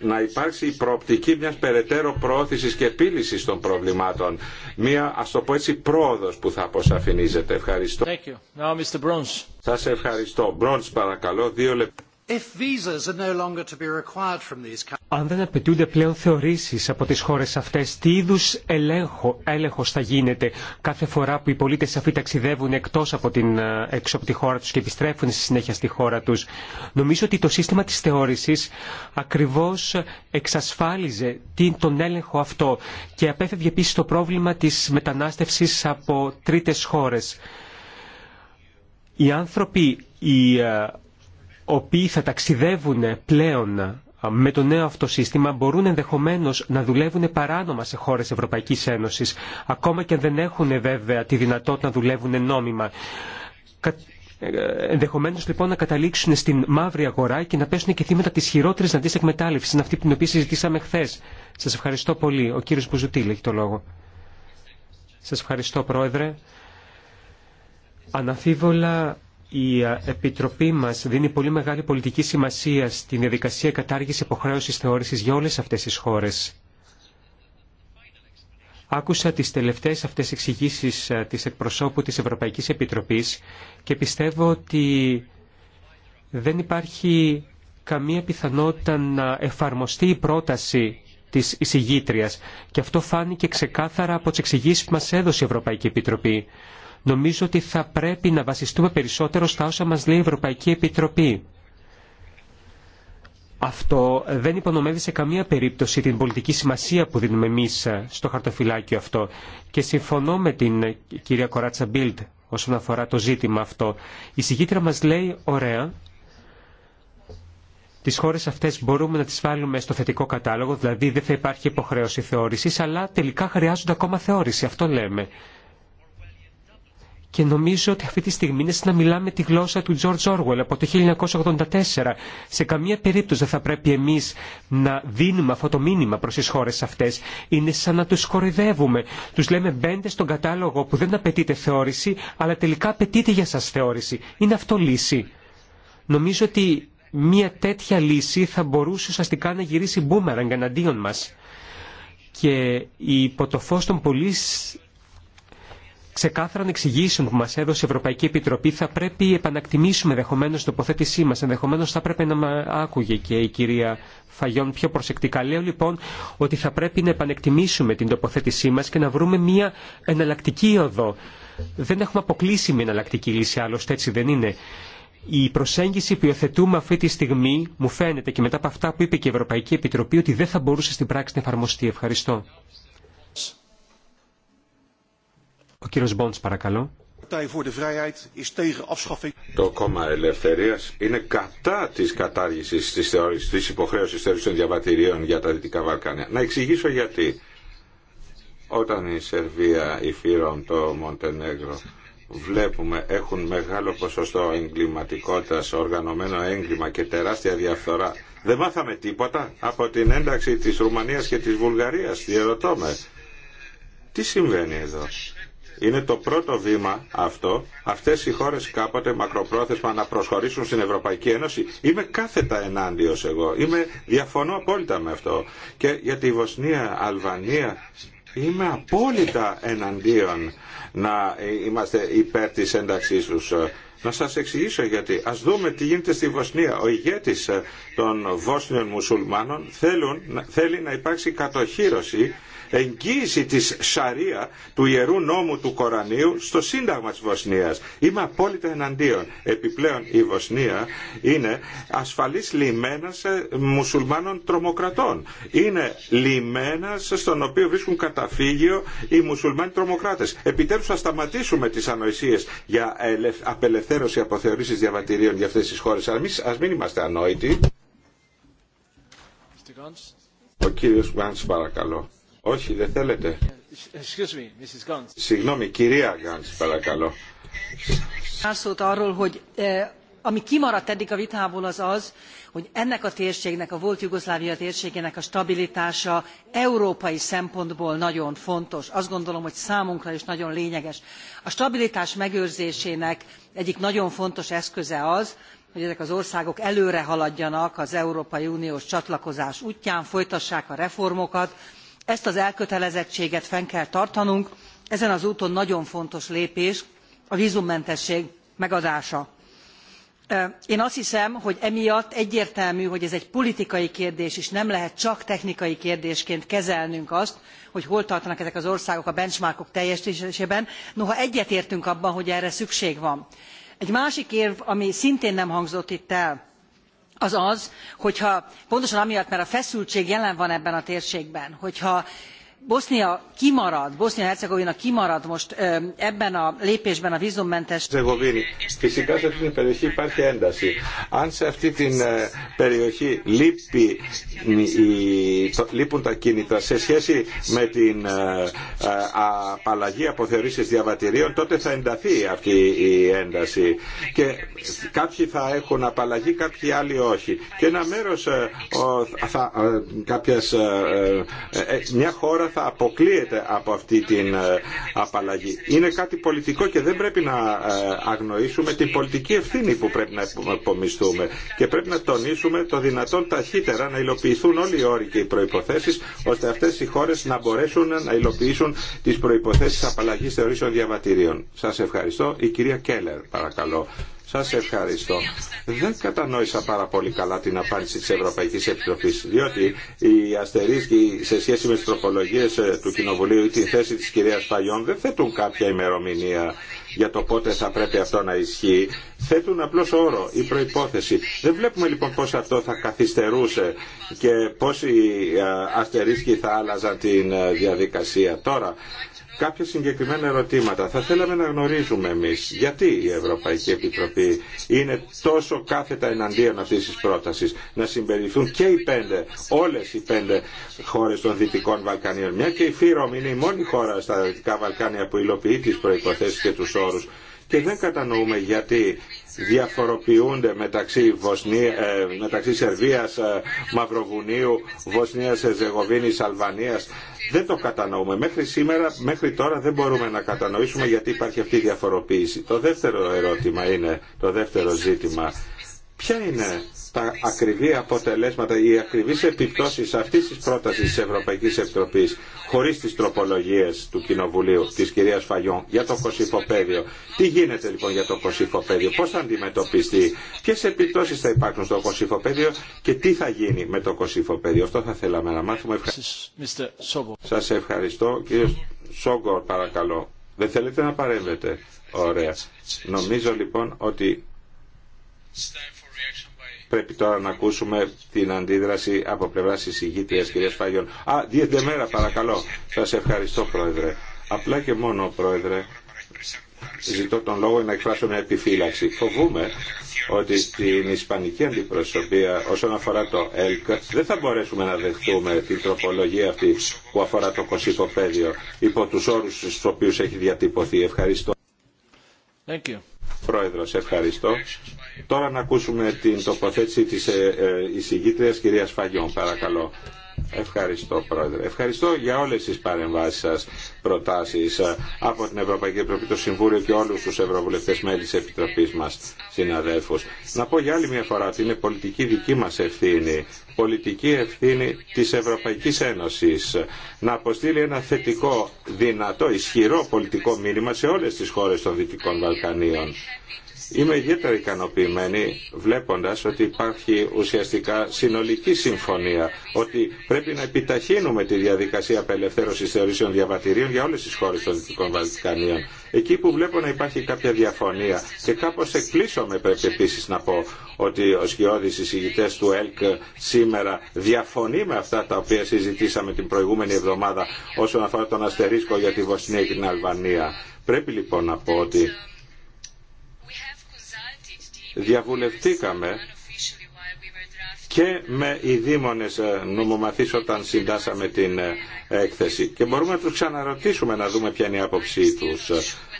να υπάρξει η προοπτική μια περαιτέρω προώθηση και επίλυση των προβλημάτων. Μια, α το πω έτσι, πρόοδο που θα αποσαφηνίζεται. Ευχαριστώ. Thank you. Now, Mr ευχαριστώ. παρακαλώ, Αν δεν απαιτούνται πλέον θεωρήσεις από τις χώρες αυτές, τι είδους ελέγχο, έλεγχος θα γίνεται κάθε φορά που οι πολίτες αυτοί ταξιδεύουν εκτός από την, ε, χώρα τους και επιστρέφουν στη συνέχεια στη χώρα τους. Νομίζω ότι το σύστημα της θεώρησης ακριβώς εξασφάλιζε τον έλεγχο αυτό και απέφευγε επίσης το πρόβλημα της μετανάστευσης από τρίτες χώρες. Οι άνθρωποι οι ε, οποίοι θα ταξιδεύουν πλέον ε, με το νέο αυτό σύστημα μπορούν ενδεχομένως να δουλεύουν παράνομα σε χώρες Ευρωπαϊκής Ένωσης, ακόμα και αν δεν έχουν βέβαια τη δυνατότητα να δουλεύουν νόμιμα. Ε, ενδεχομένως λοιπόν να καταλήξουν στην μαύρη αγορά και να πέσουν και θύματα της χειρότερης δυνατής εκμετάλλευσης, αυτή την οποία συζητήσαμε χθε. Σας ευχαριστώ πολύ. Ο κύριος Μπουζουτήλ έχει το λόγο. Σας ευχαριστώ Πρόεδρε. Αναφίβολα η Επιτροπή μας δίνει πολύ μεγάλη πολιτική σημασία στην διαδικασία κατάργηση υποχρέωσης θεώρησης για όλες αυτές τις χώρες. Άκουσα τις τελευταίες αυτές εξηγήσει της εκπροσώπου της Ευρωπαϊκής Επιτροπής και πιστεύω ότι δεν υπάρχει καμία πιθανότητα να εφαρμοστεί η πρόταση της εισηγήτριας και αυτό φάνηκε ξεκάθαρα από τις εξηγήσει που μας έδωσε η Ευρωπαϊκή Επιτροπή. Νομίζω ότι θα πρέπει να βασιστούμε περισσότερο στα όσα μας λέει η Ευρωπαϊκή Επιτροπή. Αυτό δεν υπονομεύει σε καμία περίπτωση την πολιτική σημασία που δίνουμε εμείς στο χαρτοφυλάκιο αυτό. Και συμφωνώ με την κυρία Κοράτσα Μπίλτ όσον αφορά το ζήτημα αυτό. Η συγκήτρα μας λέει, ωραία, τις χώρες αυτές μπορούμε να τις βάλουμε στο θετικό κατάλογο, δηλαδή δεν θα υπάρχει υποχρέωση θεώρησης, αλλά τελικά χρειάζονται ακόμα θεώρηση, αυτό λέμε και νομίζω ότι αυτή τη στιγμή είναι σαν να μιλάμε τη γλώσσα του George Orwell από το 1984. Σε καμία περίπτωση δεν θα πρέπει εμείς να δίνουμε αυτό το μήνυμα προς τις χώρες αυτές. Είναι σαν να τους κορυδεύουμε. Τους λέμε μπέντε στον κατάλογο που δεν απαιτείται θεώρηση, αλλά τελικά απαιτείται για σας θεώρηση. Είναι αυτό λύση. Νομίζω ότι μια τέτοια λύση θα μπορούσε ουσιαστικά να γυρίσει μπούμερανγκ εναντίον μας. Και υπό το φως των πολύ ξεκάθαρων εξηγήσεων που μα έδωσε η Ευρωπαϊκή Επιτροπή, θα πρέπει να επανακτιμήσουμε ενδεχομένω την τοποθέτησή μα. Ενδεχομένω θα πρέπει να με άκουγε και η κυρία Φαγιόν πιο προσεκτικά. Λέω λοιπόν ότι θα πρέπει να επανεκτιμήσουμε την τοποθέτησή μα και να βρούμε μια εναλλακτική οδό. Δεν έχουμε αποκλείσει μια εναλλακτική λύση, άλλωστε έτσι δεν είναι. Η προσέγγιση που υιοθετούμε αυτή τη στιγμή μου φαίνεται και μετά από αυτά που είπε και η Ευρωπαϊκή Επιτροπή ότι δεν θα μπορούσε στην πράξη να εφαρμοστεί. Ευχαριστώ. Ο κύριος Μπόντς παρακαλώ. Το κόμμα Ελευθερία είναι κατά τη κατάργηση τη θεώρηση τη υποχρέωση θεώρηση των διαβατηρίων για τα Δυτικά Βαλκάνια. Να εξηγήσω γιατί. Όταν η Σερβία, η Φύρον, το Μοντενέγκρο βλέπουμε έχουν μεγάλο ποσοστό εγκληματικότητα, οργανωμένο έγκλημα και τεράστια διαφθορά. Δεν μάθαμε τίποτα από την ένταξη της Ρουμανίας και της Βουλγαρίας. Διερωτώ με. Τι συμβαίνει εδώ. Είναι το πρώτο βήμα αυτό, αυτές οι χώρες κάποτε μακροπρόθεσμα να προσχωρήσουν στην Ευρωπαϊκή Ένωση. Είμαι κάθετα ενάντιος εγώ, Είμαι, διαφωνώ απόλυτα με αυτό. Και για τη Βοσνία, Αλβανία, είμαι απόλυτα εναντίον να είμαστε υπέρ της ένταξής τους. Να σας εξηγήσω γιατί. Ας δούμε τι γίνεται στη Βοσνία. Ο ηγέτης των Βόσνιων μουσουλμάνων θέλουν, θέλει να υπάρξει κατοχήρωση εγγύηση της Σαρία του Ιερού Νόμου του Κορανίου στο Σύνταγμα της Βοσνίας. Είμαι απόλυτα εναντίον. Επιπλέον η Βοσνία είναι ασφαλής λιμένας ε, μουσουλμάνων τρομοκρατών. Είναι λιμένας στον οποίο βρίσκουν καταφύγιο οι μουσουλμάνοι τρομοκράτες. Επιτέλους θα σταματήσουμε τις ανοησίες για απελευθέρωση αποθεωρήσεις διαβατηρίων για αυτές τις χώρες. Ας μην είμαστε ανόητοι. Ο κύριος Γκάντς παρακαλώ. Όχι, δεν θέλετε. Excuse me, Mrs. Συγγνώμη, κυρία Γκάντ, παρακαλώ. Ami kimaradt eddig a vitából az az, hogy ennek a térségnek, a volt Jugoszlávia térségének a stabilitása európai szempontból nagyon fontos. Azt gondolom, hogy számunkra is nagyon lényeges. A stabilitás megőrzésének egyik nagyon fontos eszköze az, hogy ezek az országok előre haladjanak az Európai Uniós csatlakozás útján, folytassák a reformokat, ezt az elkötelezettséget fenn kell tartanunk ezen az úton nagyon fontos lépés a vzummentesség megadása. én azt hiszem hogy emiatt egyértelmű hogy ez egy politikai kérdés és nem lehet csak technikai kérdésként kezelnünk azt hogy hol tartanak ezek az országok a benchmarkok teljestésében noha egyetértünk abban hogy erre szükség van. egy másik érv ami szintén nem hangzott itt el az az hogyha pontosan amiatt mert a feszültség jelen van ebben a térségben hogyha bosznia hercegovina kimarad most ebben a Φυσικά σε αυτή την περιοχή υπάρχει ένταση. Αν σε αυτή την περιοχή λείπει, λείπουν τα κίνητρα σε σχέση με την απαλλαγή από αποθεωρήσεις διαβατηρίων, τότε θα ενταθεί αυτή η ένταση. Και κάποιοι θα έχουν απαλλαγή, κάποιοι άλλοι όχι. Και ένα μέρος, θα, κάποιας, μια χώρα θα αποκλείεται από αυτή την ε, απαλλαγή. Είναι κάτι πολιτικό και δεν πρέπει να ε, αγνοήσουμε την πολιτική ευθύνη που πρέπει να υπομισθούμε και πρέπει να τονίσουμε το δυνατόν ταχύτερα να υλοποιηθούν όλοι οι όροι και οι προϋποθέσεις ώστε αυτές οι χώρες να μπορέσουν να υλοποιήσουν τις προϋποθέσεις απαλλαγής θεωρήσεων διαβατηρίων. Σας ευχαριστώ. Η κυρία Κέλλερ παρακαλώ. Σας ευχαριστώ. Δεν κατανόησα πάρα πολύ καλά την απάντηση της Ευρωπαϊκής Επιτροπής, διότι οι αστερίσκοι σε σχέση με τις τροπολογίες ε, του Κοινοβουλίου ή την θέση της κυρίας Φαγιών δεν θέτουν κάποια ημερομηνία για το πότε θα πρέπει αυτό να ισχύει. Θέτουν απλώς όρο, η προϋπόθεση. Δεν βλέπουμε λοιπόν πώς αυτό θα καθυστερούσε και οι ε, αστερίσκοι θα άλλαζαν την ε, διαδικασία. Τώρα, κάποια συγκεκριμένα ερωτήματα. Θα θέλαμε να γνωρίζουμε εμείς γιατί η Ευρωπαϊκή Επιτροπή είναι τόσο κάθετα εναντίον αυτής της πρότασης να συμπεριληφθούν και οι πέντε, όλες οι πέντε χώρες των Δυτικών Βαλκανίων. Μια και η Φύρομ είναι η μόνη χώρα στα Δυτικά Βαλκάνια που υλοποιεί τις προϋποθέσεις και τους όρους και δεν κατανοούμε γιατί διαφοροποιούνται μεταξύ, Βοσνία, ε, μεταξύ Σερβίας, ε, Μαυροβουνίου, Βοσνίας, Εζεγοβίνης, Αλβανίας. Δεν το κατανοούμε. Μέχρι σήμερα, μέχρι τώρα δεν μπορούμε να κατανοήσουμε γιατί υπάρχει αυτή η διαφοροποίηση. Το δεύτερο ερώτημα είναι, το δεύτερο ζήτημα, ποια είναι τα ακριβή αποτελέσματα, οι ακριβείς επιπτώσεις αυτής της πρότασης της Ευρωπαϊκής Επιτροπής χωρίς τις τροπολογίες του Κοινοβουλίου της κυρίας Φαγιόν για το κοσυφοπαίδιο. Τι γίνεται λοιπόν για το κοσυφοπαίδιο, πώς θα αντιμετωπιστεί, ποιες επιπτώσεις θα υπάρχουν στο κοσυφοπαίδιο και τι θα γίνει με το κοσυφοπαίδιο. Αυτό θα θέλαμε να μάθουμε. Σας ευχαριστώ. Κύριε Σόγκορ παρακαλώ. Δεν θέλετε να παρέμβετε. Ωραία. Νομίζω λοιπόν ότι Πρέπει τώρα να ακούσουμε την αντίδραση από πλευρά τη ηγήτρια κυρία Φάγιον. Α, διέτε μέρα παρακαλώ. Σα ευχαριστώ πρόεδρε. Απλά και μόνο πρόεδρε ζητώ τον λόγο να εκφράσω μια επιφύλαξη. Φοβούμαι ότι στην ισπανική αντιπροσωπεία όσον αφορά το ΕΛΚ δεν θα μπορέσουμε να δεχτούμε την τροπολογία αυτή που αφορά το κοσυφοπαίδιο υπό τους όρους στους οποίους έχει διατυπωθεί. Ευχαριστώ. Thank you. Πρόεδρος, ευχαριστώ. Τώρα να ακούσουμε την τοποθέτηση της ε, ε, εισηγήτριας κυρίας Φαγιών, παρακαλώ. Ευχαριστώ Πρόεδρε. Ευχαριστώ για όλες τις παρεμβάσεις σα, προτάσεις ε, από την Ευρωπαϊκή Επιτροπή, το Συμβούλιο και όλους τους Ευρωβουλευτές μέλη τη Επιτροπής μας, συναδέλφου. Να πω για άλλη μια φορά ότι είναι πολιτική δική μας ευθύνη, πολιτική ευθύνη της Ευρωπαϊκής Ένωσης να αποστείλει ένα θετικό, δυνατό, ισχυρό πολιτικό μήνυμα σε όλε τι χώρε των Δυτικών Βαλκανίων Είμαι ιδιαίτερα ικανοποιημένη βλέποντας ότι υπάρχει ουσιαστικά συνολική συμφωνία ότι πρέπει να επιταχύνουμε τη διαδικασία απελευθέρωσης θεωρήσεων διαβατηρίων για όλες τις χώρες των Δυτικών Βαλτικανίων Εκεί που βλέπω να υπάρχει κάποια διαφωνία και κάπως εκπλήσωμαι πρέπει επίσης να πω ότι ο Σκιώδης εισηγητές του ΕΛΚ σήμερα διαφωνεί με αυτά τα οποία συζητήσαμε την προηγούμενη εβδομάδα όσον αφορά τον αστερίσκο για τη Βοσνία και την Αλβανία. Πρέπει λοιπόν να πω ότι διαβουλευτήκαμε και με οι δήμονες ε, νομομαθείς όταν συντάσαμε την ε, έκθεση και μπορούμε να τους ξαναρωτήσουμε να δούμε ποια είναι η άποψή τους.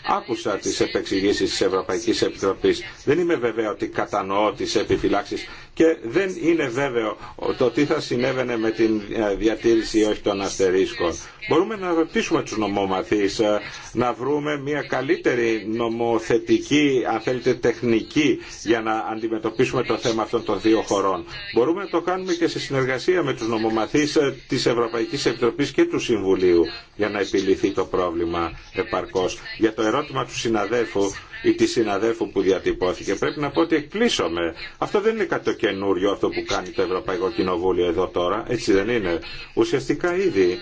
Άκουσα τις επεξηγήσεις της Ευρωπαϊκής Επιτροπής. Δεν είμαι βέβαια ότι κατανοώ τις επιφυλάξεις και δεν είναι βέβαιο το τι θα συνέβαινε με την ε, διατήρηση ή όχι των αστερίσκων. Μπορούμε να ρωτήσουμε τους νομομαθείς ε, να βρούμε μια καλύτερη νομοθετική, αν θέλετε τεχνική, για να αντιμετωπίσουμε το θέμα αυτών των δύο χωρών. Μπορούμε να το κάνουμε και σε συνεργασία με τους νομομαθείς ε, της Ευρωπαϊκής Επιτροπής και του Συμβουλίου για να επιληθεί το πρόβλημα επαρκώς. Για το ερώτημα του συναδέλφου ή τη συναδέλφου που διατυπώθηκε. Πρέπει να πω ότι εκπλήσωμε. Αυτό δεν είναι κάτι το καινούριο αυτό που κάνει το Ευρωπαϊκό Κοινοβούλιο εδώ τώρα. Έτσι δεν είναι. Ουσιαστικά ήδη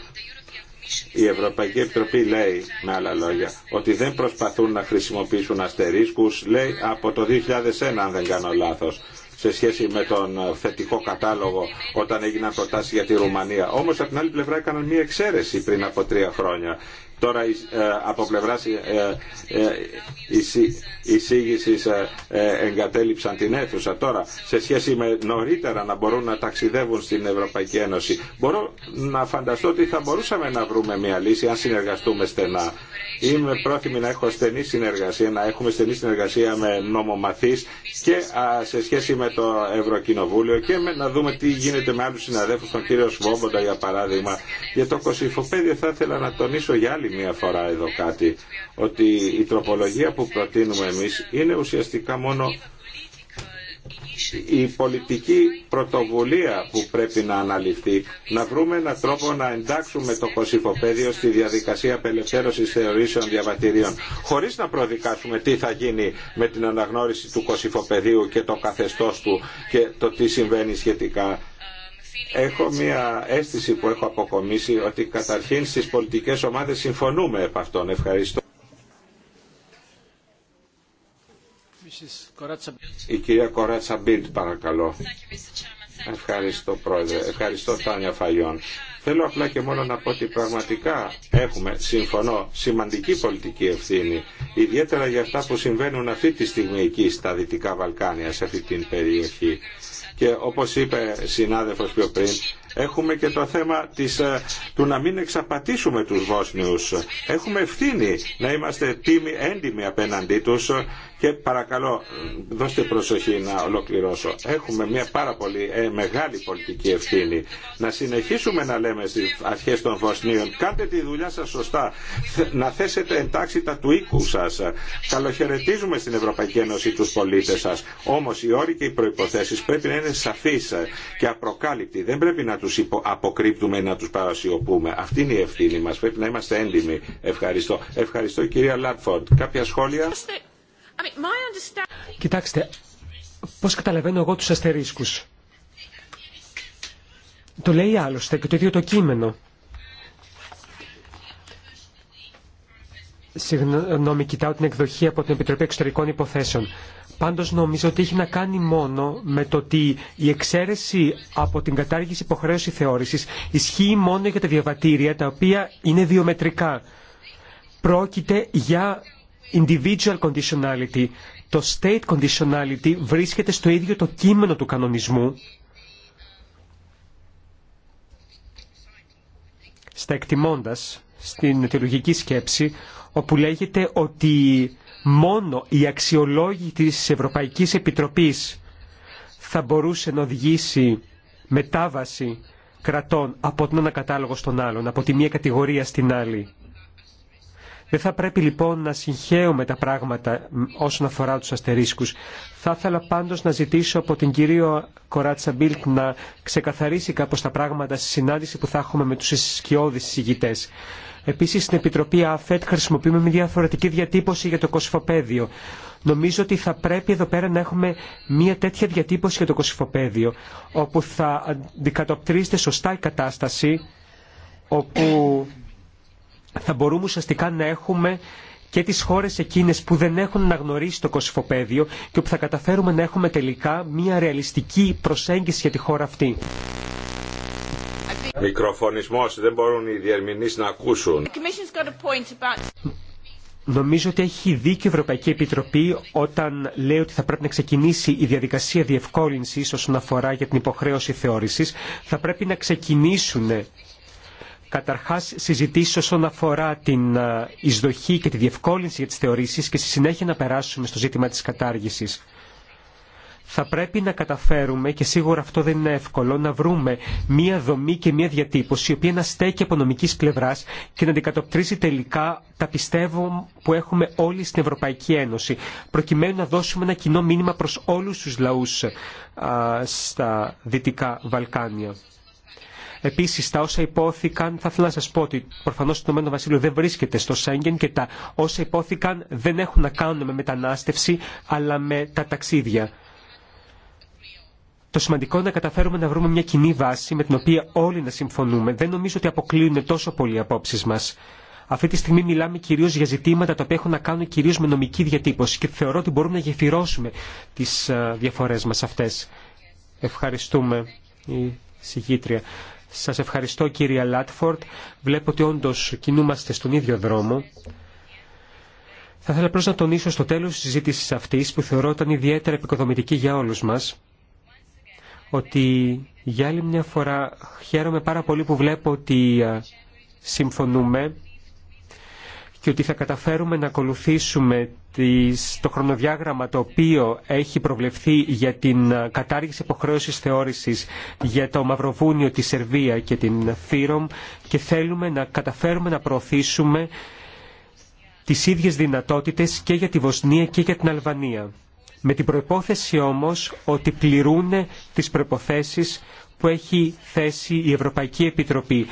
η Ευρωπαϊκή Επιτροπή λέει, με άλλα λόγια, ότι δεν προσπαθούν να χρησιμοποιήσουν αστερίσκους, λέει από το 2001 αν δεν κάνω λάθος σε σχέση με τον θετικό κατάλογο όταν έγιναν προτάσεις για τη Ρουμανία. Όμως από την άλλη πλευρά έκαναν μία εξαίρεση πριν από τρία χρόνια Τώρα ε, από πλευρά ε, ε, εισήγηση εγκατέλειψαν την αίθουσα. Τώρα σε σχέση με νωρίτερα να μπορούν να ταξιδεύουν στην Ευρωπαϊκή Ένωση. Μπορώ να φανταστώ ότι θα μπορούσαμε να βρούμε μια λύση αν συνεργαστούμε στενά. Είμαι πρόθυμη να έχω στενή συνεργασία, να έχουμε στενή συνεργασία με νομομαθεί και σε σχέση με το Ευρωκοινοβούλιο και με, να δούμε τι γίνεται με άλλου συναδέλφου, τον κύριο Σβόμποντα για παράδειγμα. Για το Κωσυφοπέδιο θα ήθελα να τονίσω για άλλη μια φορά εδώ κάτι, ότι η τροπολογία που προτείνουμε εμείς είναι ουσιαστικά μόνο η πολιτική πρωτοβουλία που πρέπει να αναλυφθεί, να βρούμε έναν τρόπο να εντάξουμε το κοσυφοπαίδιο στη διαδικασία απελευθέρωση θεωρήσεων διαβατηρίων, χωρί να προδικάσουμε τι θα γίνει με την αναγνώριση του κοσυφοπαίδιου και το καθεστώ του και το τι συμβαίνει σχετικά Έχω μια αίσθηση που έχω αποκομίσει ότι καταρχήν στις πολιτικές ομάδες συμφωνούμε επ' αυτόν. Ευχαριστώ. Η κυρία Κοράτσα Μπίλτ παρακαλώ. Ευχαριστώ πρόεδρε. Ευχαριστώ Τάνια Φαγιόν. Θέλω απλά και μόνο να πω ότι πραγματικά έχουμε, συμφωνώ, σημαντική πολιτική ευθύνη, ιδιαίτερα για αυτά που συμβαίνουν αυτή τη στιγμή εκεί στα Δυτικά Βαλκάνια, σε αυτή την περιοχή και όπως είπε συνάδελφος πιο πριν, έχουμε και το θέμα της, ε, του να μην εξαπατήσουμε τους Βόσνιους. Έχουμε ευθύνη να είμαστε τίμοι έντιμοι απέναντί τους και παρακαλώ, δώστε προσοχή να ολοκληρώσω. Έχουμε μια πάρα πολύ ε, μεγάλη πολιτική ευθύνη. Να συνεχίσουμε να λέμε στι αρχέ των Βοσνίων, κάντε τη δουλειά σα σωστά, να θέσετε εντάξει τα του οίκου σας. Καλοχαιρετίζουμε στην Ευρωπαϊκή Ένωση του πολίτε σα. Όμω οι όροι και οι προποθέσει πρέπει να είναι σαφεί και απροκάλυπτοι. Δεν πρέπει να τους αποκρύπτουμε ή να του παρασιωπούμε. Αυτή είναι η ευθύνη μα Πρέπει να είμαστε έντιμοι. Ευχαριστώ. Ευχαριστώ κυρία Λάτφορντ. Κάποια σχόλια. Κοιτάξτε, πώς καταλαβαίνω εγώ τους αστερίσκους. Το λέει άλλωστε και το ίδιο το κείμενο. Συγγνώμη, κοιτάω την εκδοχή από την Επιτροπή Εξωτερικών Υποθέσεων. Πάντως νομίζω ότι έχει να κάνει μόνο με το ότι η εξαίρεση από την κατάργηση υποχρέωση θεώρησης ισχύει μόνο για τα διαβατήρια τα οποία είναι βιομετρικά. Πρόκειται για individual conditionality, το state conditionality βρίσκεται στο ίδιο το κείμενο του κανονισμού. Στα εκτιμώντας, στην αιτιολογική σκέψη, όπου λέγεται ότι μόνο η αξιολόγηση της Ευρωπαϊκής Επιτροπής θα μπορούσε να οδηγήσει μετάβαση κρατών από τον ένα κατάλογο στον άλλον, από τη μία κατηγορία στην άλλη. Δεν θα πρέπει λοιπόν να συγχαίουμε τα πράγματα όσον αφορά τους αστερίσκους. Θα ήθελα πάντως να ζητήσω από την κυρία Κοράτσα Μπίλτ να ξεκαθαρίσει κάπως τα πράγματα στη συνάντηση που θα έχουμε με τους ισχυώδεις συγητές. Επίσης στην Επιτροπή ΑΦΕΤ χρησιμοποιούμε μια διαφορετική διατύπωση για το κοσφοπέδιο. Νομίζω ότι θα πρέπει εδώ πέρα να έχουμε μια τέτοια διατύπωση για το κοσφοπέδιο, όπου θα αντικατοπτρίζεται σωστά η κατάσταση, όπου θα μπορούμε ουσιαστικά να έχουμε και τις χώρες εκείνες που δεν έχουν αναγνωρίσει το κοσυφοπαίδιο και όπου θα καταφέρουμε να έχουμε τελικά μια ρεαλιστική προσέγγιση για τη χώρα αυτή. Μικροφωνισμός, δεν μπορούν οι διερμηνείς να ακούσουν. Νομίζω ότι έχει δίκιο η Ευρωπαϊκή Επιτροπή όταν λέει ότι θα πρέπει να ξεκινήσει η διαδικασία διευκόλυνση όσον αφορά για την υποχρέωση θεώρησης. Θα πρέπει να ξεκινήσουν καταρχάς συζητήσεις όσον αφορά την ε, εισδοχή και τη διευκόλυνση για τις θεωρήσεις και στη συνέχεια να περάσουμε στο ζήτημα της κατάργησης. Θα πρέπει να καταφέρουμε, και σίγουρα αυτό δεν είναι εύκολο, να βρούμε μία δομή και μία διατύπωση, η οποία να στέκει από νομική πλευρά και να αντικατοπτρίζει τελικά τα πιστεύω που έχουμε όλοι στην Ευρωπαϊκή Ένωση, προκειμένου να δώσουμε ένα κοινό μήνυμα προ όλου του λαού στα Δυτικά Βαλκάνια. Επίση, τα όσα υπόθηκαν, θα ήθελα να σα πω ότι προφανώ το Ηνωμένο Βασίλειο δεν βρίσκεται στο Σέγγεν και τα όσα υπόθηκαν δεν έχουν να κάνουν με μετανάστευση, αλλά με τα ταξίδια. Το σημαντικό είναι να καταφέρουμε να βρούμε μια κοινή βάση με την οποία όλοι να συμφωνούμε. Δεν νομίζω ότι αποκλείουν τόσο πολλοί απόψει μα. Αυτή τη στιγμή μιλάμε κυρίω για ζητήματα τα οποία έχουν να κάνουν κυρίω με νομική διατύπωση και θεωρώ ότι μπορούμε να γεφυρώσουμε τι ε, διαφορέ μα αυτέ. Ευχαριστούμε η συγκήτρια. Σας ευχαριστώ κύριε Λάτφορτ. Βλέπω ότι όντως κινούμαστε στον ίδιο δρόμο. Θα ήθελα απλώ να τονίσω στο τέλος της συζήτησης αυτής που θεωρώ ήταν ιδιαίτερα επικοδομητική για όλους μας ότι για άλλη μια φορά χαίρομαι πάρα πολύ που βλέπω ότι συμφωνούμε και ότι θα καταφέρουμε να ακολουθήσουμε το χρονοδιάγραμμα το οποίο έχει προβλεφθεί για την ε, κατάργηση υποχρέωσης θεώρησης για το Μαυροβούνιο, τη Σερβία και την Φύρομ και θέλουμε να καταφέρουμε να προωθήσουμε τις ίδιες δυνατότητες και για τη Βοσνία και για την Αλβανία. Με την προϋπόθεση όμως ότι πληρούν τις προϋποθέσεις που έχει θέσει η Ευρωπαϊκή Επιτροπή.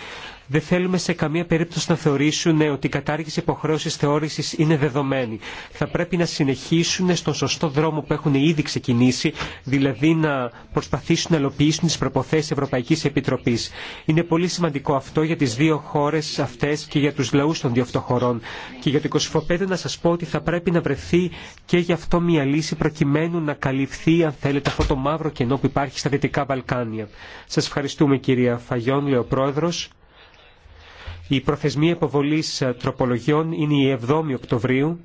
Δεν θέλουμε σε καμία περίπτωση να θεωρήσουν ε, ότι η κατάργηση υποχρέωση θεώρηση είναι δεδομένη. Θα πρέπει να συνεχίσουν στον σωστό δρόμο που έχουν ήδη ξεκινήσει, δηλαδή να προσπαθήσουν να ελοποιήσουν τι προποθέσει Ευρωπαϊκή Επιτροπή. Είναι πολύ σημαντικό αυτό για τι δύο χώρε αυτέ και για του λαού των δύο φτωχωρών. Και για το 25 να σα πω ότι θα πρέπει να βρεθεί και γι' αυτό μια λύση προκειμένου να καλυφθεί, αν θέλετε, αυτό το μαύρο κενό που υπάρχει στα Δυτικά Βαλκάνια. Σα ευχαριστούμε κυρία Φαγιόν, λέει ο Πρόεδρος. Η προθεσμία υποβολής ε, τροπολογιών είναι η 7η Οκτωβρίου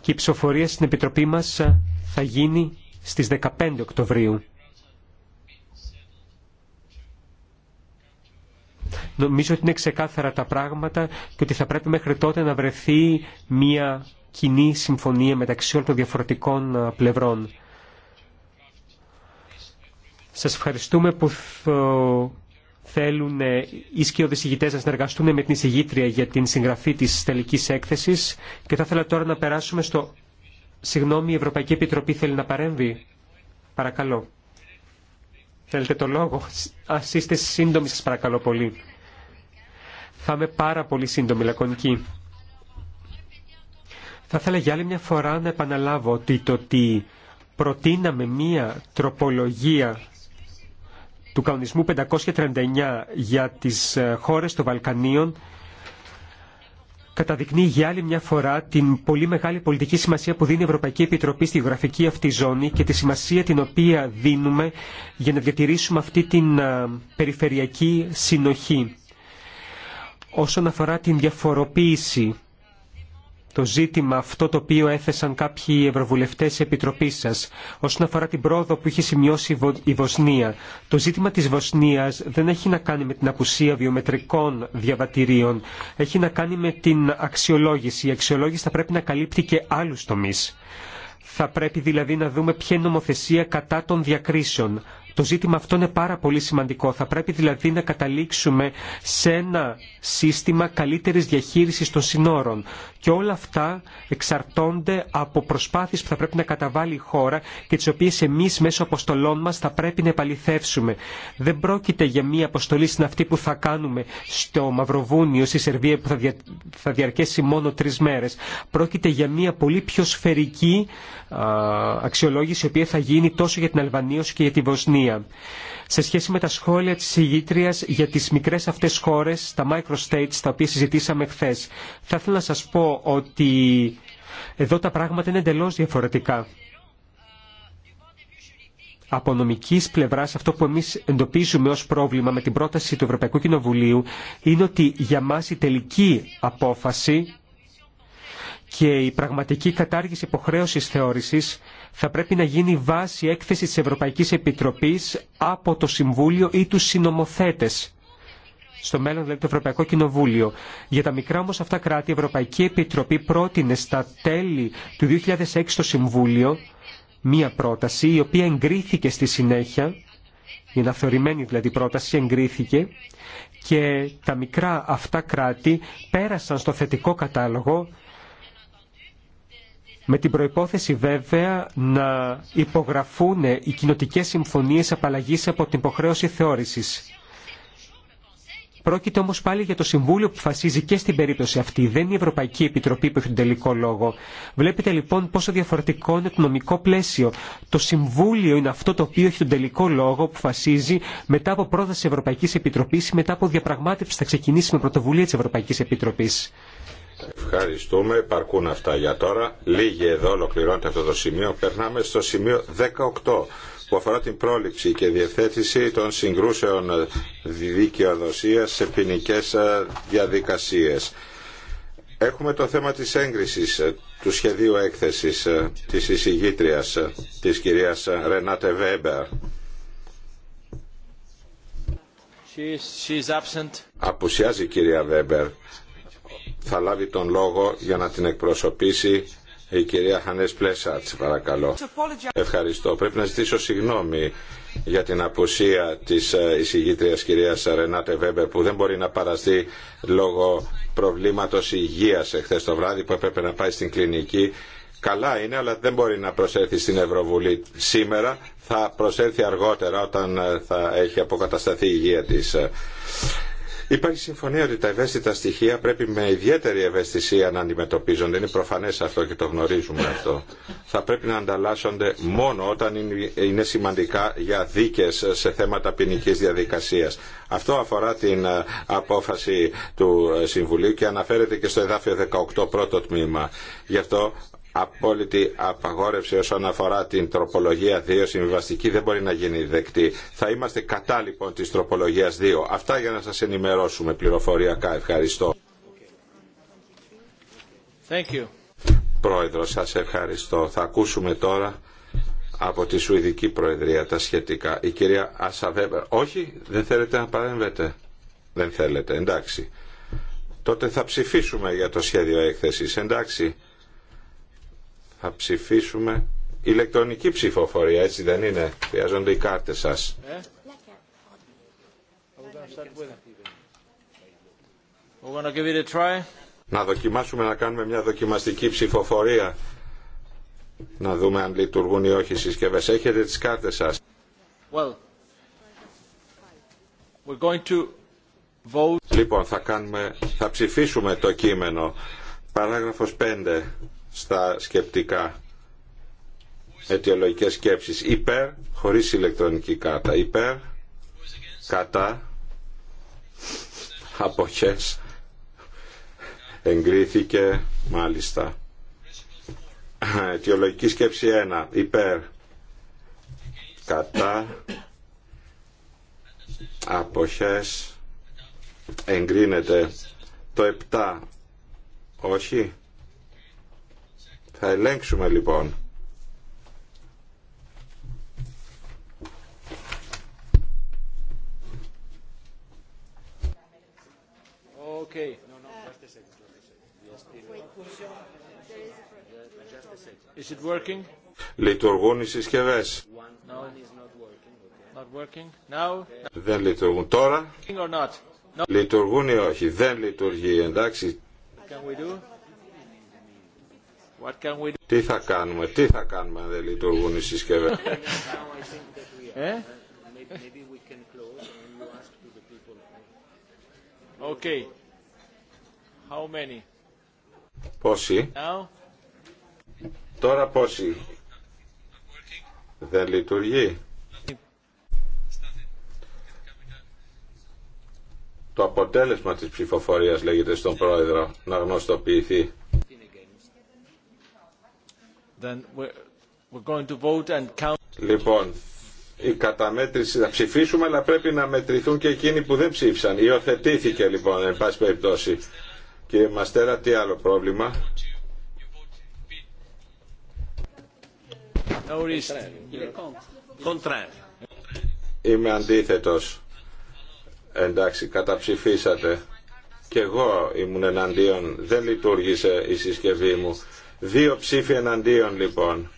και η ψηφοφορία στην Επιτροπή μας ε, θα γίνει στις 15 Οκτωβρίου. Νομίζω ότι είναι ξεκάθαρα τα πράγματα και ότι θα πρέπει μέχρι τότε να βρεθεί μια κοινή συμφωνία μεταξύ όλων των διαφορετικών ε, πλευρών. Σας ευχαριστούμε που θέλουν ε, οι ηγητές να συνεργαστούν με την εισηγήτρια για την συγγραφή της τελικής έκθεσης και θα ήθελα τώρα να περάσουμε στο... Συγγνώμη, η Ευρωπαϊκή Επιτροπή θέλει να παρέμβει. Παρακαλώ. Θέλετε το λόγο. Ας είστε σύντομοι σας παρακαλώ πολύ. Θα είμαι πάρα πολύ σύντομη, λακωνική. Θα ήθελα για άλλη μια φορά να επαναλάβω ότι το ότι προτείναμε μία τροπολογία του κανονισμού 539 για τις ε, χώρες των Βαλκανίων καταδεικνύει για άλλη μια φορά την πολύ μεγάλη πολιτική σημασία που δίνει η Ευρωπαϊκή Επιτροπή στη γραφική αυτή ζώνη και τη σημασία την οποία δίνουμε για να διατηρήσουμε αυτή την ε, περιφερειακή συνοχή. Όσον αφορά την διαφοροποίηση το ζήτημα αυτό το οποίο έθεσαν κάποιοι ευρωβουλευτές επιτροπή σας όσον αφορά την πρόοδο που είχε σημειώσει η Βοσνία. Το ζήτημα της Βοσνίας δεν έχει να κάνει με την απουσία βιομετρικών διαβατηρίων. Έχει να κάνει με την αξιολόγηση. Η αξιολόγηση θα πρέπει να καλύπτει και άλλους τομείς. Θα πρέπει δηλαδή να δούμε ποια είναι νομοθεσία κατά των διακρίσεων. Το ζήτημα αυτό είναι πάρα πολύ σημαντικό. Θα πρέπει δηλαδή να καταλήξουμε σε ένα σύστημα καλύτερης διαχείρισης των συνόρων. Και όλα αυτά εξαρτώνται από προσπάθειες που θα πρέπει να καταβάλει η χώρα και τις οποίες εμείς μέσω αποστολών μας θα πρέπει να επαληθεύσουμε. Δεν πρόκειται για μία αποστολή στην αυτή που θα κάνουμε στο Μαυροβούνιο, στη Σερβία που θα, διαρκέσει μόνο τρεις μέρες. Πρόκειται για μία πολύ πιο σφαιρική αξιολόγηση η οποία θα γίνει τόσο για την Αλβανία όσο και για τη Βοσνία σε σχέση με τα σχόλια της ηγήτριας για τις μικρές αυτές χώρες, τα microstates, τα οποία συζητήσαμε χθε. Θα ήθελα να σας πω ότι εδώ τα πράγματα είναι εντελώ διαφορετικά. Από νομική πλευρά, αυτό που εμεί εντοπίζουμε ω πρόβλημα με την πρόταση του Ευρωπαϊκού Κοινοβουλίου είναι ότι για μα η τελική απόφαση και η πραγματική κατάργηση υποχρέωση θεώρηση θα πρέπει να γίνει βάση έκθεση της Ευρωπαϊκής Επιτροπής από το Συμβούλιο ή τους συνομοθέτες στο μέλλον δηλαδή το Ευρωπαϊκό Κοινοβούλιο. Για τα μικρά όμως αυτά κράτη η Ευρωπαϊκή Επιτροπή πρότεινε στα τέλη του 2006 στο Συμβούλιο μία πρόταση η οποία εγκρίθηκε στη συνέχεια, η αναθεωρημένη δηλαδή πρόταση εγκρίθηκε και τα μικρά αυτά κράτη πέρασαν στο θετικό κατάλογο με την προϋπόθεση βέβαια να υπογραφούν οι κοινοτικέ συμφωνίες απαλλαγής από την υποχρέωση θεώρησης. Πρόκειται όμως πάλι για το Συμβούλιο που φασίζει και στην περίπτωση αυτή. Δεν είναι η Ευρωπαϊκή Επιτροπή που έχει τον τελικό λόγο. Βλέπετε λοιπόν πόσο διαφορετικό είναι το νομικό πλαίσιο. Το Συμβούλιο είναι αυτό το οποίο έχει τον τελικό λόγο που φασίζει μετά από πρόταση Ευρωπαϊκής Επιτροπής ή μετά από διαπραγμάτευση θα ξεκινήσει με πρωτοβουλία της Ευρωπαϊκής Επιτροπής. Ευχαριστούμε. Παρκούν αυτά για τώρα. Λίγοι εδώ ολοκληρώνεται αυτό το σημείο. Περνάμε στο σημείο 18 που αφορά την πρόληψη και διευθέτηση των συγκρούσεων δικαιοδοσίας σε ποινικέ ε, διαδικασίες. Έχουμε το θέμα της έγκρισης ε, του σχεδίου έκθεσης ε, της εισηγήτριας της κυρίας Ρενάτε Βέμπερ. She absent. Απουσιάζει η κυρία Βέμπερ θα λάβει τον λόγο για να την εκπροσωπήσει η κυρία Χανές Πλέσατς, παρακαλώ. Ευχαριστώ. Πρέπει να ζητήσω συγγνώμη για την απουσία της ε, εισηγήτριας κυρίας Ρενάτε Βέμπερ που δεν μπορεί να παραστεί λόγω προβλήματος υγείας εχθές το βράδυ που έπρεπε να πάει στην κλινική. Καλά είναι, αλλά δεν μπορεί να προσέλθει στην Ευρωβουλή σήμερα. Θα προσέλθει αργότερα όταν ε, θα έχει αποκατασταθεί η υγεία της. Υπάρχει συμφωνία ότι τα ευαίσθητα στοιχεία πρέπει με ιδιαίτερη ευαισθησία να αντιμετωπίζονται. Είναι προφανέ αυτό και το γνωρίζουμε αυτό. Θα πρέπει να ανταλλάσσονται μόνο όταν είναι σημαντικά για δίκε σε θέματα ποινική διαδικασία. Αυτό αφορά την ε, απόφαση του ε, Συμβουλίου και αναφέρεται και στο εδάφιο 18 πρώτο τμήμα. Γι' αυτό απόλυτη απαγόρευση όσον αφορά την τροπολογία 2 συμβιβαστική δεν μπορεί να γίνει δεκτή. Θα είμαστε κατά λοιπόν της τροπολογίας 2. Αυτά για να σας ενημερώσουμε πληροφοριακά. Ευχαριστώ. Thank you. Πρόεδρο, σας ευχαριστώ. Θα ακούσουμε τώρα από τη Σουηδική Προεδρία τα σχετικά. Η κυρία Ασαβέμπερ. Όχι, δεν θέλετε να παρέμβετε. Δεν θέλετε, εντάξει. Τότε θα ψηφίσουμε για το σχέδιο έκθεσης, εντάξει. Θα ψηφίσουμε ηλεκτρονική ψηφοφορία, έτσι δεν είναι. Χρειάζονται οι κάρτες σας. Να δοκιμάσουμε να κάνουμε μια δοκιμαστική ψηφοφορία. Να δούμε αν λειτουργούν ή όχι οι συσκευέ. Έχετε τι κάρτε σα. we're going to vote. Λοιπόν, θα, κάνουμε, θα ψηφίσουμε το κείμενο. Παράγραφος 5 στα σκεπτικά αιτιολογικές σκέψεις υπέρ χωρίς ηλεκτρονική κάρτα υπέρ κατά αποχές εγκρίθηκε μάλιστα αιτιολογική σκέψη 1 υπέρ κατά αποχές εγκρίνεται το 7 όχι θα ελέγξουμε λοιπόν. Λειτουργούν οι συσκευέ. Δεν λειτουργούν τώρα. Λειτουργούν ή όχι. Δεν λειτουργεί. Εντάξει. Can we do? Τι θα κάνουμε, τι θα κάνουμε αν δεν λειτουργούν οι συσκευέ. ε? Okay. How many? Πόσοι. Now? Τώρα πόσοι. Δεν λειτουργεί. Το αποτέλεσμα της ψηφοφορίας λέγεται στον πρόεδρο να γνωστοποιηθεί. Λοιπόν, η καταμέτρηση θα ψηφίσουμε, αλλά πρέπει να μετρηθούν και εκείνοι που δεν ψήφισαν. Υιοθετήθηκε λοιπόν, εν πάση περιπτώσει. Κύριε Μαστέρα, τι άλλο πρόβλημα. Είμαι αντίθετος. Εντάξει, καταψηφίσατε. και εγώ ήμουν εναντίον. Δεν λειτουργήσε η συσκευή μου. Δύο ψήφοι εναντίον λοιπόν.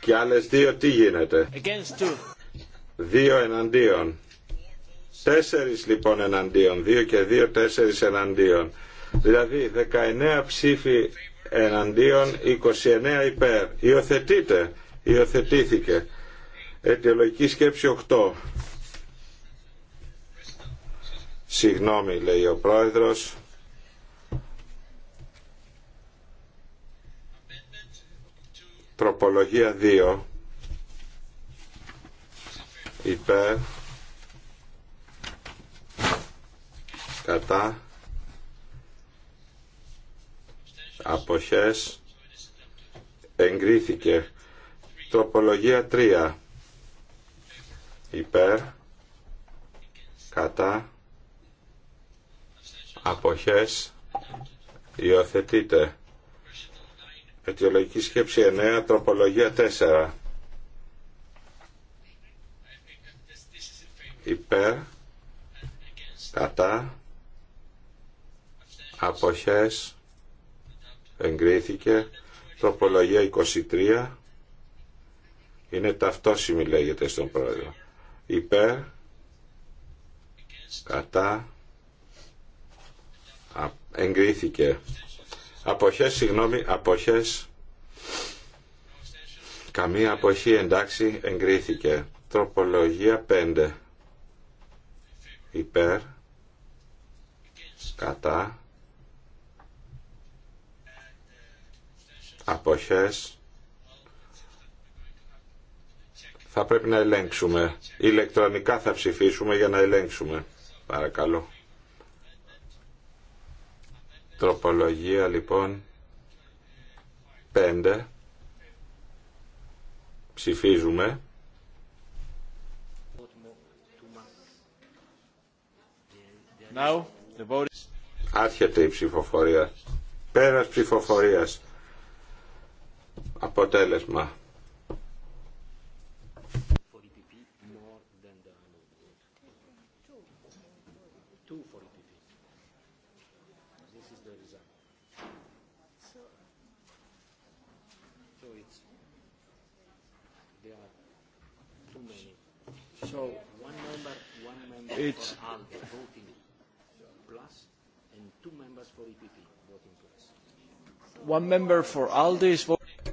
Και άλλε δύο τι γίνεται. Δύο εναντίον. Τέσσερις λοιπόν εναντίον. Δύο και δύο τέσσερι εναντίον. Δηλαδή 19 ψήφοι εναντίον 29 υπέρ. Υιοθετείται. Υιοθετήθηκε. Αιτιολογική σκέψη 8. Συγγνώμη λέει ο πρόεδρος. Τροπολογία 2. Υπέρ. Κατά. Αποχές. Εγκρίθηκε. Τροπολογία 3. Υπέρ. Κατά. Αποχές. Υιοθετείται. Αιτιολογική σκέψη 9, τροπολογία 4. Υπέρ, κατά, αποχές, εγκρίθηκε, τροπολογία 23, είναι ταυτόσιμη λέγεται στον πρόεδρο. Υπέρ, κατά, εγκρίθηκε. Αποχές, συγγνώμη, αποχές. Καμία αποχή εντάξει εγκρίθηκε. Τροπολογία 5. Υπέρ. Κατά. Αποχές. Θα πρέπει να ελέγξουμε. Ηλεκτρονικά θα ψηφίσουμε για να ελέγξουμε. Παρακαλώ. Τροπολογία λοιπόν 5. Ψηφίζουμε. Άρχεται η ψηφοφορία. Πέρας ψηφοφορίας. Αποτέλεσμα.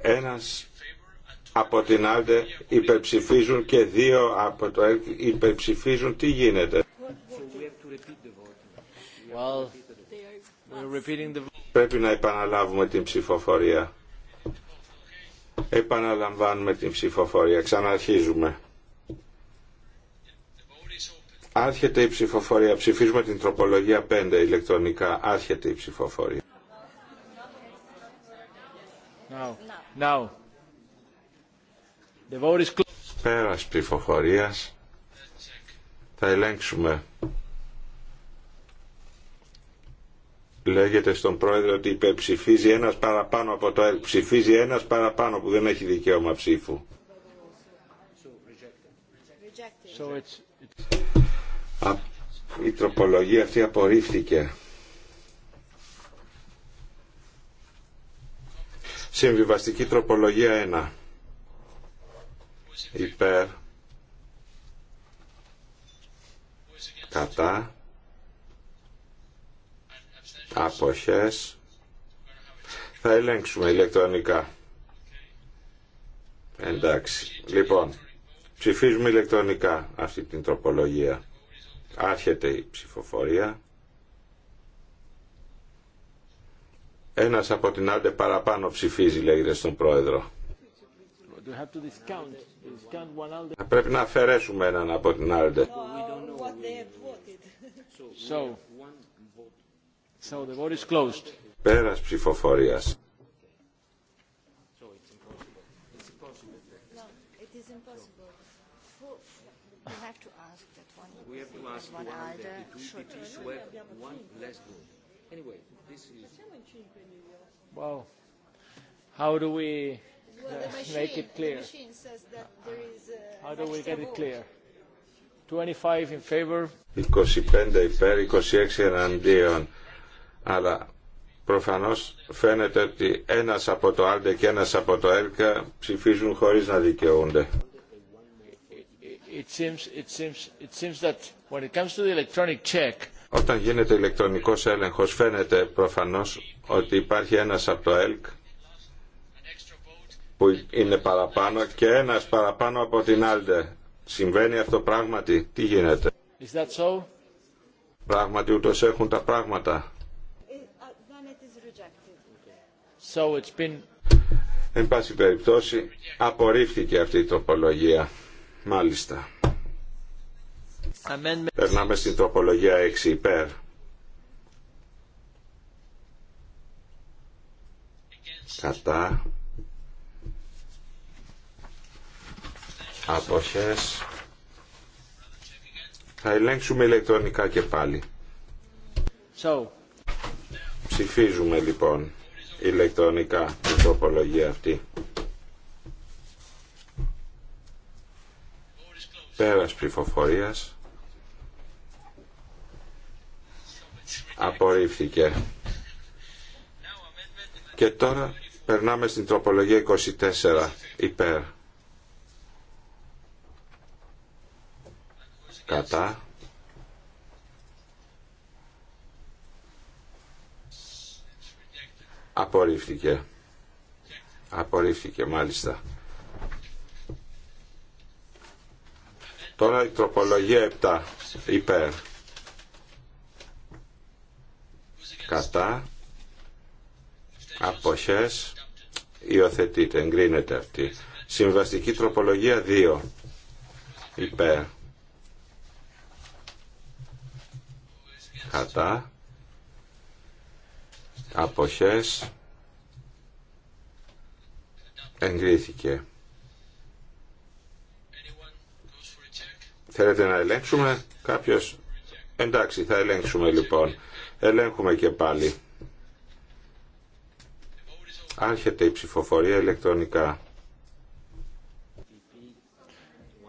Ένας από την Άλτε υπερψηφίζουν και δύο από το ΕΛΚ υπερψηφίζουν. Τι γίνεται. Πρέπει να επαναλάβουμε την ψηφοφορία. Επαναλαμβάνουμε την ψηφοφορία. Ξαναρχίζουμε. Άρχεται η ψηφοφορία. Ψηφίζουμε την τροπολογία 5 ηλεκτρονικά. Άρχεται η ψηφοφορία. Now. Now. The vote is Πέρας ψηφοφορίας. Θα ελέγξουμε. Λέγεται στον πρόεδρο ότι ψηφίζει ένας παραπάνω από το Ψηφίζει ένας παραπάνω που δεν έχει δικαίωμα ψήφου. So it's η τροπολογία αυτή απορρίφθηκε. Συμβιβαστική τροπολογία 1. Υπέρ. Κατά. Αποχές. Θα ελέγξουμε ηλεκτρονικά. Εντάξει. Λοιπόν, ψηφίζουμε ηλεκτρονικά αυτή την τροπολογία. Άρχεται η ψηφοφορία. Ένας από την άντε παραπάνω ψηφίζει, λέγεται στον πρόεδρο. Θα πρέπει να αφαιρέσουμε έναν από την άντε. Πέρας ψηφοφορίας. have to 25 υπέρ, 26 εναντίον. Αλλά προφανώς φαίνεται ότι ένας από το Άλτε και ένας από το ΕΛΚΑ ψηφίζουν χωρίς να δικαιούνται. Όταν γίνεται ηλεκτρονικός έλεγχος φαίνεται προφανώς ότι υπάρχει ένας από το ΕΛΚ που είναι παραπάνω και ένας παραπάνω από την Άλντε. Συμβαίνει αυτό πράγματι. Τι γίνεται. Πράγματι ούτως έχουν τα πράγματα. Εν πάση περιπτώσει απορρίφθηκε αυτή η τροπολογία. Μάλιστα. Περνάμε στην τροπολογία 6 υπέρ. Κατά. Αποχές. Θα ελέγξουμε ηλεκτρονικά και πάλι. So. Ψηφίζουμε λοιπόν ηλεκτρονικά την τροπολογία αυτή. Πέρας ψηφοφορίας. Απορρίφθηκε. Και τώρα περνάμε στην τροπολογία 24 υπέρ. Κατά. Απορρίφθηκε. Απορρίφθηκε μάλιστα. Τώρα η τροπολογία 7 υπέρ. Κατά. Αποχές. Υιοθετείται. Εγκρίνεται αυτή. Συμβαστική τροπολογία 2 υπέρ. Κατά. Αποχές. Εγκρίθηκε. Θέλετε να ελέγξουμε κάποιος. Εντάξει, θα ελέγξουμε λοιπόν. Ελέγχουμε και πάλι. Άρχεται η ψηφοφορία ηλεκτρονικά.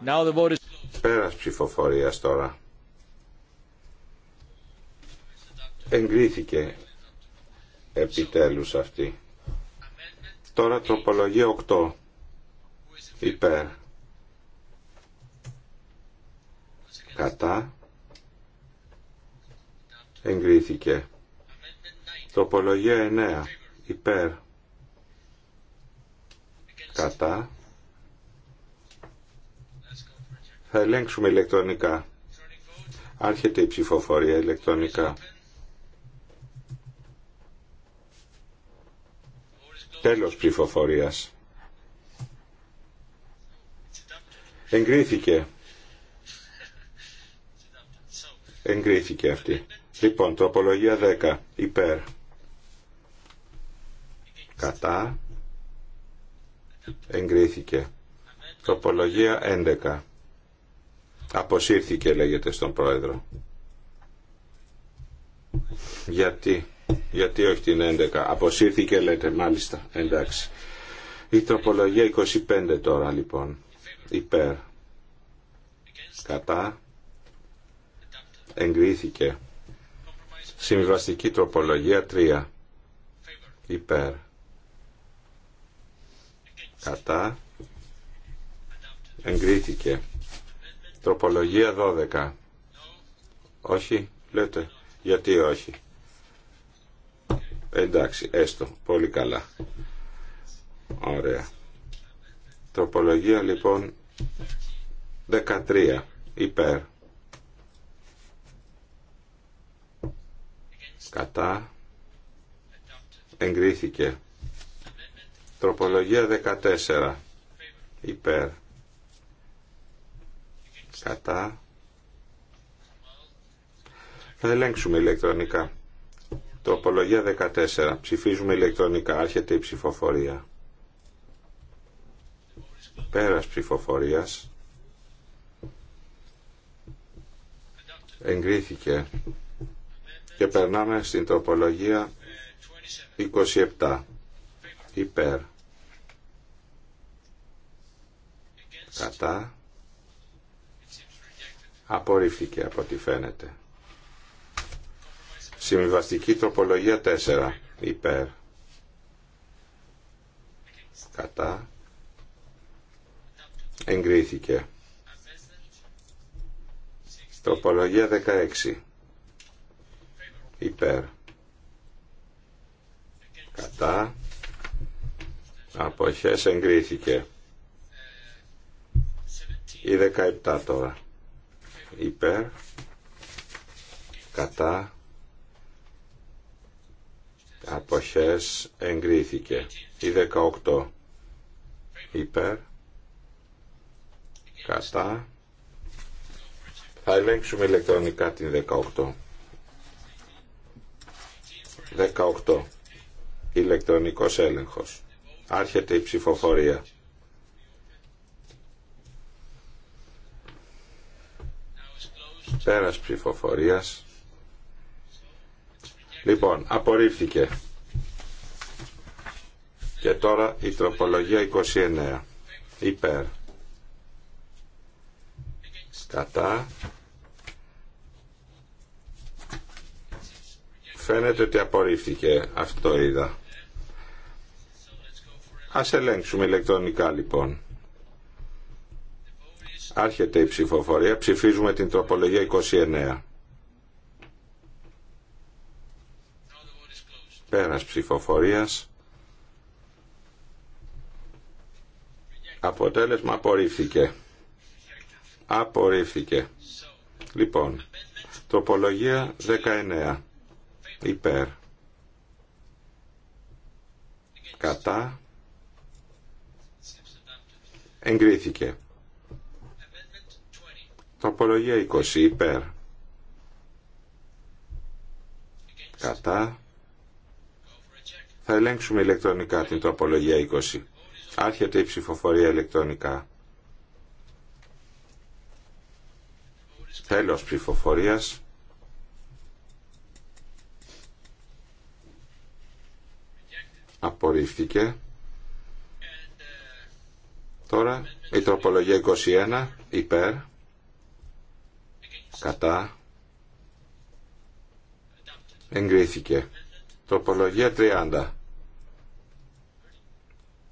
Now the Πέρας ψηφοφορίας τώρα. Εγκρίθηκε επιτέλους αυτή. Τώρα τροπολογία 8. Υπέρ κατά εγκρίθηκε τοπολογία 9 υπέρ κατά θα ελέγξουμε ηλεκτρονικά άρχεται η ψηφοφορία ηλεκτρονικά τέλος ψηφοφορίας εγκρίθηκε Εγκρίθηκε αυτή. Λοιπόν, τροπολογία 10. Υπέρ. Κατά. Εγκρίθηκε. Τροπολογία 11. Αποσύρθηκε λέγεται στον πρόεδρο. Γιατί, γιατί όχι την 11. Αποσύρθηκε λέτε μάλιστα. Εντάξει. Η τροπολογία 25 τώρα λοιπόν. Υπέρ. Κατά εγκρίθηκε. Συμβιβαστική τροπολογία 3. Υπέρ. Κατά. Εγκρίθηκε. Τροπολογία 12. Όχι, λέτε. Γιατί όχι. Εντάξει, έστω. Πολύ καλά. Ωραία. Τροπολογία λοιπόν 13. Υπέρ. κατά εγκρίθηκε τροπολογία 14 υπέρ κατά θα ελέγξουμε ηλεκτρονικά τροπολογία 14 ψηφίζουμε ηλεκτρονικά άρχεται η ψηφοφορία πέρας ψηφοφορίας εγκρίθηκε και περνάμε στην τροπολογία 27. Υπέρ. Κατά. Απορρίφθηκε από ό,τι φαίνεται. Συμβιβαστική τροπολογία 4. Υπέρ. Κατά. Εγκρίθηκε. Τροπολογία 16 υπέρ κατά αποχές εγκρίθηκε η 17 τώρα υπέρ κατά αποχές εγκρίθηκε η 18 υπέρ κατά θα ελέγξουμε ηλεκτρονικά την 18 18. Ηλεκτρονικός έλεγχος. Άρχεται η ψηφοφορία. Πέρας ψηφοφορίας. Λοιπόν, απορρίφθηκε. Και τώρα η τροπολογία 29. Υπέρ. Κατά. Φαίνεται ότι απορρίφθηκε. Αυτό είδα. Ας ελέγξουμε ηλεκτρονικά λοιπόν. Άρχεται η ψηφοφορία. Ψηφίζουμε την τροπολογία 29. Πέρας ψηφοφορίας. Αποτέλεσμα απορρίφθηκε. Απορρίφθηκε. Λοιπόν, τροπολογία 19 υπέρ κατά εγκρίθηκε τροπολογία 20 υπέρ κατά θα ελέγξουμε ηλεκτρονικά την τροπολογία 20 άρχεται η ψηφοφορία ηλεκτρονικά τέλος ψηφοφορίας απορρίφθηκε. Τώρα η τροπολογία 21 υπέρ κατά εγκρίθηκε. Τροπολογία 30.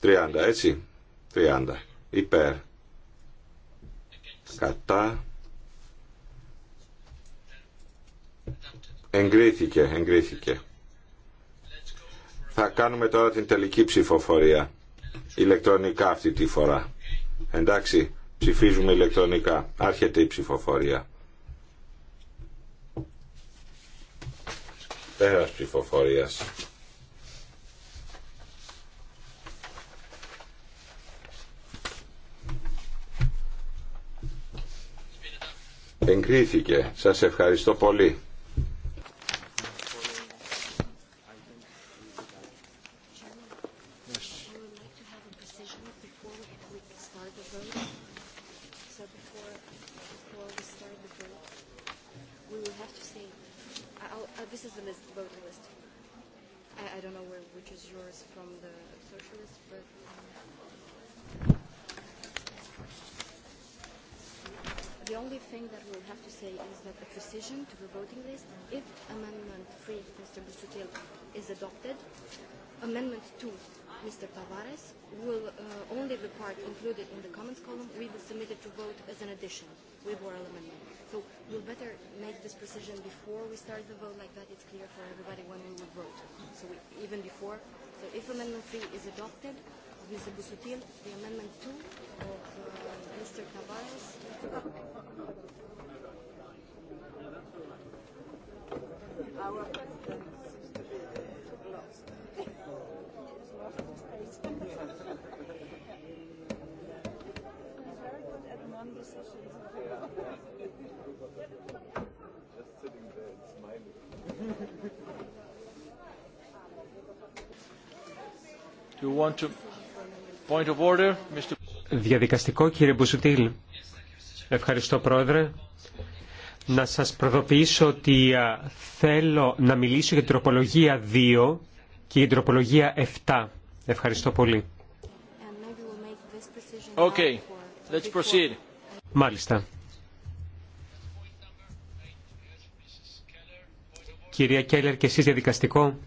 30 έτσι. 30 υπέρ κατά εγκρίθηκε, εγκρίθηκε. Θα κάνουμε τώρα την τελική ψηφοφορία. Ηλεκτρονικά αυτή τη φορά. Εντάξει, ψηφίζουμε ηλεκτρονικά. Άρχεται η ψηφοφορία. Πέρας ψηφοφορίας. Εγκρίθηκε. Σας ευχαριστώ πολύ. Διαδικαστικό, κύριε Μπουσουτήλ. Ευχαριστώ, Πρόεδρε. Να σας προδοποιήσω ότι θέλω να μιλήσω για την τροπολογία 2 και για την τροπολογία 7. Ευχαριστώ πολύ. Okay. Let's proceed. Μάλιστα. Κυρία Κέλλερ, και εσείς διαδικαστικό.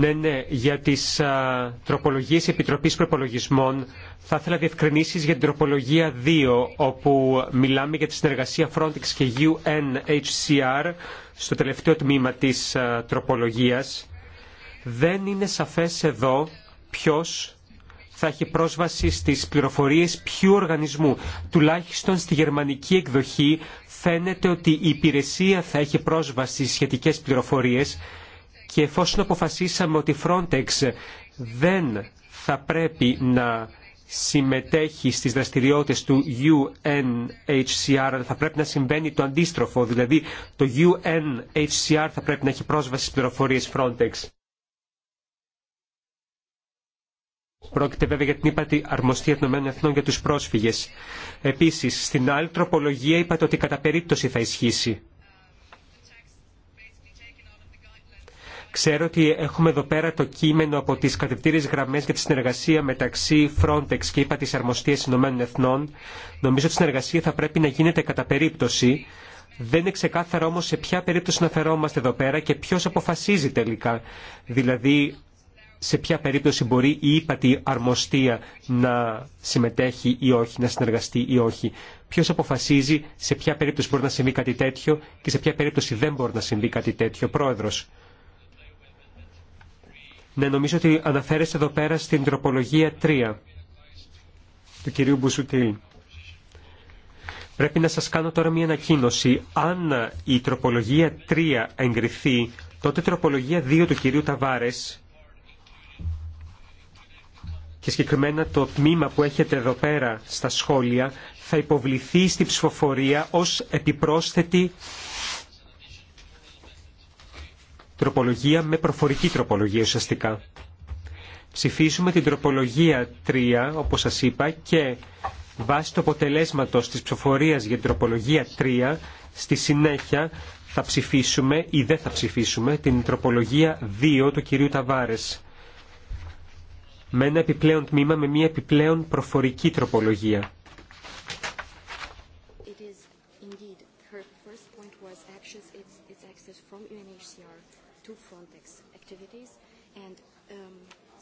Ναι, ναι, για τις τροπολογίε τροπολογίες Επιτροπής Προπολογισμών θα ήθελα διευκρινήσεις για την τροπολογία 2, όπου μιλάμε για τη συνεργασία Frontex και UNHCR στο τελευταίο τμήμα της τροπολογία. τροπολογίας. Δεν είναι σαφές εδώ ποιος θα έχει πρόσβαση στις πληροφορίες ποιου οργανισμού. Τουλάχιστον στη γερμανική εκδοχή φαίνεται ότι η υπηρεσία θα έχει πρόσβαση στις σχετικές πληροφορίες και εφόσον αποφασίσαμε ότι η Frontex δεν θα πρέπει να συμμετέχει στις δραστηριότητες του UNHCR θα πρέπει να συμβαίνει το αντίστροφο, δηλαδή το UNHCR θα πρέπει να έχει πρόσβαση στις πληροφορίες Frontex. Πρόκειται βέβαια για την ύπατη αρμοστία των για τους πρόσφυγες. Επίσης, στην άλλη τροπολογία είπατε ότι κατά περίπτωση θα ισχύσει. Ξέρω ότι έχουμε εδώ πέρα το κείμενο από τις κατευθύνες γραμμές για τη συνεργασία μεταξύ Frontex και είπα της Αρμοστίας Ηνωμένων Εθνών. Νομίζω ότι η συνεργασία θα πρέπει να γίνεται κατά περίπτωση. Δεν είναι ξεκάθαρο όμως σε ποια περίπτωση αναφερόμαστε εδώ πέρα και ποιος αποφασίζει τελικά. Δηλαδή σε ποια περίπτωση μπορεί η ύπατη αρμοστία να συμμετέχει ή όχι, να συνεργαστεί ή όχι. Ποιος αποφασίζει σε ποια περίπτωση μπορεί να συμβεί κάτι τέτοιο και σε ποια περίπτωση δεν μπορεί να συμβεί κάτι τέτοιο. Πρόεδρος. Ναι, νομίζω ότι αναφέρεστε εδώ πέρα στην τροπολογία 3 του κυρίου Μπουσουτήλ. Πρέπει να σας κάνω τώρα μια ανακοίνωση. Αν η τροπολογία 3 εγκριθεί, τότε η τροπολογία 2 του κυρίου Ταβάρες και συγκεκριμένα το τμήμα που έχετε εδώ πέρα στα σχόλια θα υποβληθεί στη ψηφοφορία ως επιπρόσθετη τροπολογία με προφορική τροπολογία ουσιαστικά. Ψηφίσουμε την τροπολογία 3, όπως σας είπα, και βάσει το αποτελέσματος της ψηφοφορίας για την τροπολογία 3, στη συνέχεια θα ψηφίσουμε ή δεν θα ψηφίσουμε την τροπολογία 2 του κυρίου Ταβάρες με ένα επιπλέον τμήμα με μια επιπλέον προφορική τροπολογία.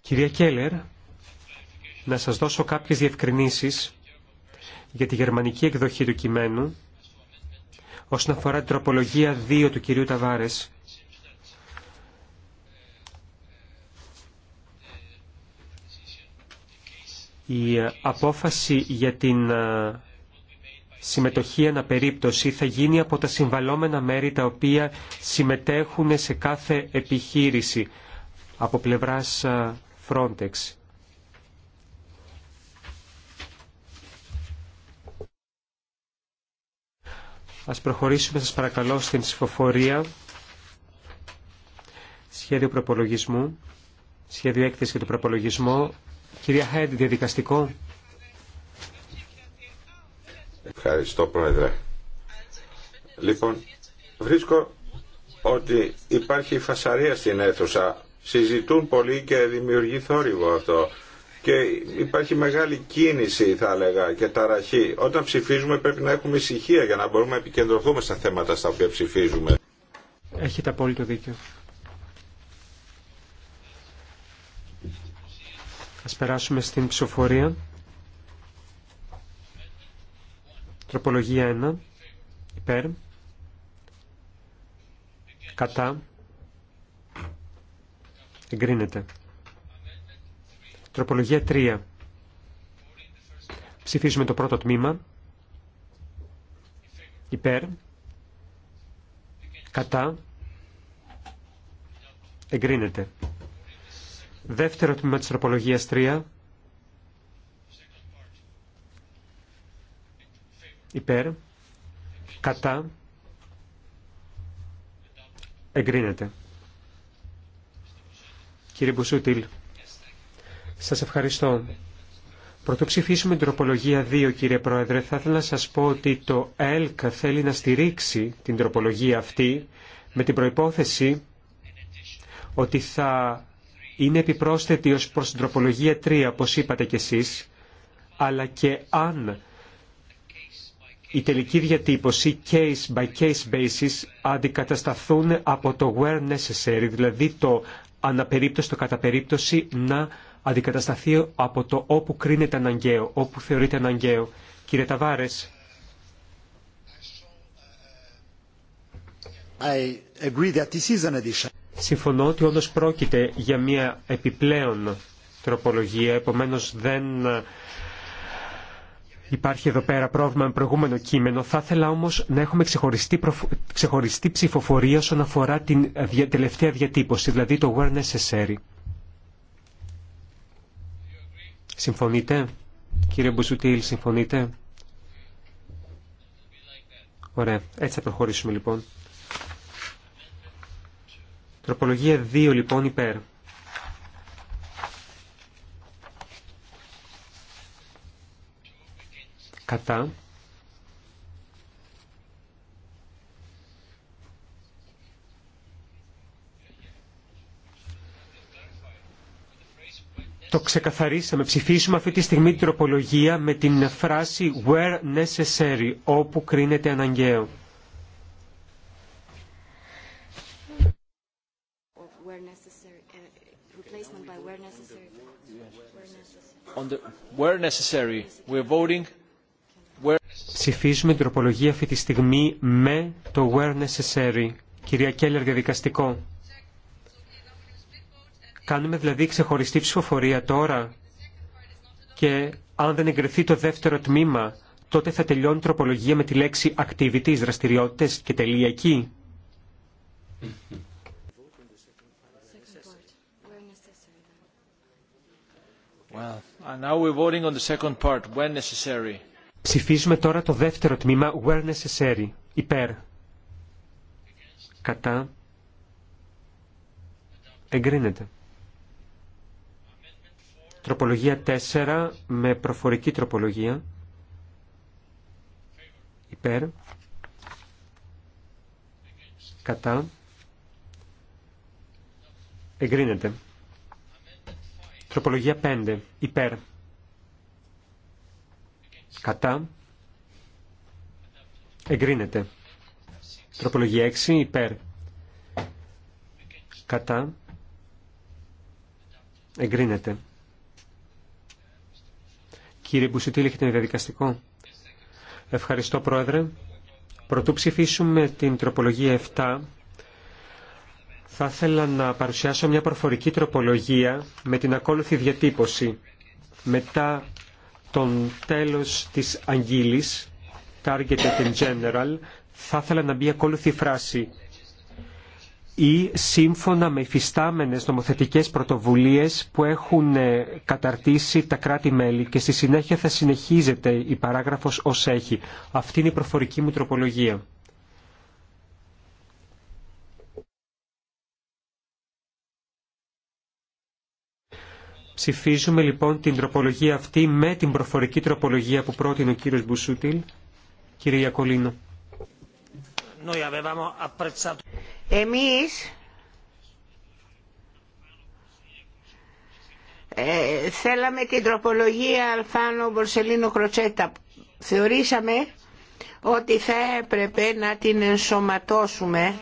Κυρία Κέλλερ, να σας δώσω κάποιες διευκρινήσεις για τη γερμανική εκδοχή του κειμένου όσον αφορά την τροπολογία 2 του κυρίου Ταβάρες. Η ε, απόφαση για την ε, συμμετοχή αναπερίπτωση θα γίνει από τα συμβαλώμενα μέρη τα οποία συμμετέχουν σε κάθε επιχείρηση από πλευράς ε, Frontex. Ας προχωρήσουμε σας παρακαλώ στην ψηφοφορία σχέδιο προπολογισμού, σχέδιο έκθεση για τον προπολογισμό. Κυρία Χέντ, διαδικαστικό. Ευχαριστώ, Πρόεδρε. Λοιπόν, βρίσκω ότι υπάρχει φασαρία στην αίθουσα συζητούν πολύ και δημιουργεί θόρυβο αυτό. Και υπάρχει μεγάλη κίνηση θα έλεγα και ταραχή. Όταν ψηφίζουμε πρέπει να έχουμε ησυχία για να μπορούμε να επικεντρωθούμε στα θέματα στα οποία ψηφίζουμε. Έχετε απόλυτο δίκιο. Ας περάσουμε στην ψηφοφορία. Τροπολογία 1. Υπέρ. Κατά. Εγκρίνεται. Τροπολογία 3. Ψηφίζουμε το πρώτο τμήμα. Υπέρ. Κατά. Εγκρίνεται. Δεύτερο τμήμα της τροπολογίας 3. Υπέρ. Κατά. Εγκρίνεται. Κύριε Μπουσούτιλ, σας ευχαριστώ. Πρωτού ψηφίσουμε την τροπολογία 2, κύριε Πρόεδρε, θα ήθελα να σας πω ότι το ΕΛΚ θέλει να στηρίξει την τροπολογία αυτή με την προϋπόθεση ότι θα είναι επιπρόσθετη ως προς την τροπολογία 3, όπως είπατε κι εσείς, αλλά και αν η τελική διατύπωση case by case basis αντικατασταθούν από το where necessary, δηλαδή το αναπερίπτωση το κατά περίπτωση να αντικατασταθεί από το όπου κρίνεται αναγκαίο, όπου θεωρείται αναγκαίο. Κύριε Ταβάρες. Συμφωνώ ότι όντως πρόκειται για μια επιπλέον τροπολογία, επομένως δεν Υπάρχει εδώ πέρα πρόβλημα με προηγούμενο κείμενο. Θα ήθελα όμω να έχουμε ξεχωριστή, ξεχωριστή ψηφοφορία όσον αφορά την τελευταία διατύπωση, δηλαδή το where necessary. Συμφωνείτε, κύριε Μπουζουτήλ, συμφωνείτε. Ωραία, έτσι θα προχωρήσουμε λοιπόν. Τροπολογία 2 λοιπόν υπέρ. κατά Το ξεκαθαρίσαμε. Ψηφίσουμε αυτή τη στιγμή την τροπολογία με την φράση where necessary, όπου κρίνεται αναγκαίο. where necessary, ε, we're voting Ψηφίζουμε την τροπολογία αυτή τη στιγμή με το where necessary. Κυρία Κέλλερ, διαδικαστικό. Κάνουμε δηλαδή ξεχωριστή ψηφοφορία τώρα και αν δεν εγκριθεί το δεύτερο τμήμα, τότε θα τελειώνει η τροπολογία με τη λέξη activities, δραστηριότητες και τελεία εκεί. Well, and now we're voting on the second part, when necessary. Ψηφίζουμε τώρα το δεύτερο τμήμα where necessary, υπέρ. Κατά. Εγκρίνεται. Τροπολογία 4 με προφορική τροπολογία. Υπέρ. Κατά. Εγκρίνεται. Τροπολογία 5. Υπέρ. Κατά. Εγκρίνεται. Τροπολογία 6. Υπέρ. Κατά. Εγκρίνεται. Κύριε Μπουσουτήλ, έχετε ένα διαδικαστικό. Ευχαριστώ, Πρόεδρε. Προτού ψηφίσουμε την τροπολογία 7, θα ήθελα να παρουσιάσω μια προφορική τροπολογία με την ακόλουθη διατύπωση. Μετά τον τέλος της Αγγίλης, targeted in general, θα ήθελα να μπει ακόλουθη φράση ή σύμφωνα με υφιστάμενες νομοθετικές πρωτοβουλίες που έχουν ε, καταρτήσει τα κράτη-μέλη και στη συνέχεια θα συνεχίζεται η παράγραφος ως έχει. Αυτή είναι η προφορική μου τροπολογία. Ψηφίζουμε λοιπόν την τροπολογία αυτή με την προφορική τροπολογία που πρότεινε ο κύριος Μπουσούτιλ. Κύριε Ιακολίνο. Εμείς ε, θέλαμε την τροπολογία Αλφάνο Μπορσελίνο Κροτσέτα. Θεωρήσαμε ότι θα έπρεπε να την ενσωματώσουμε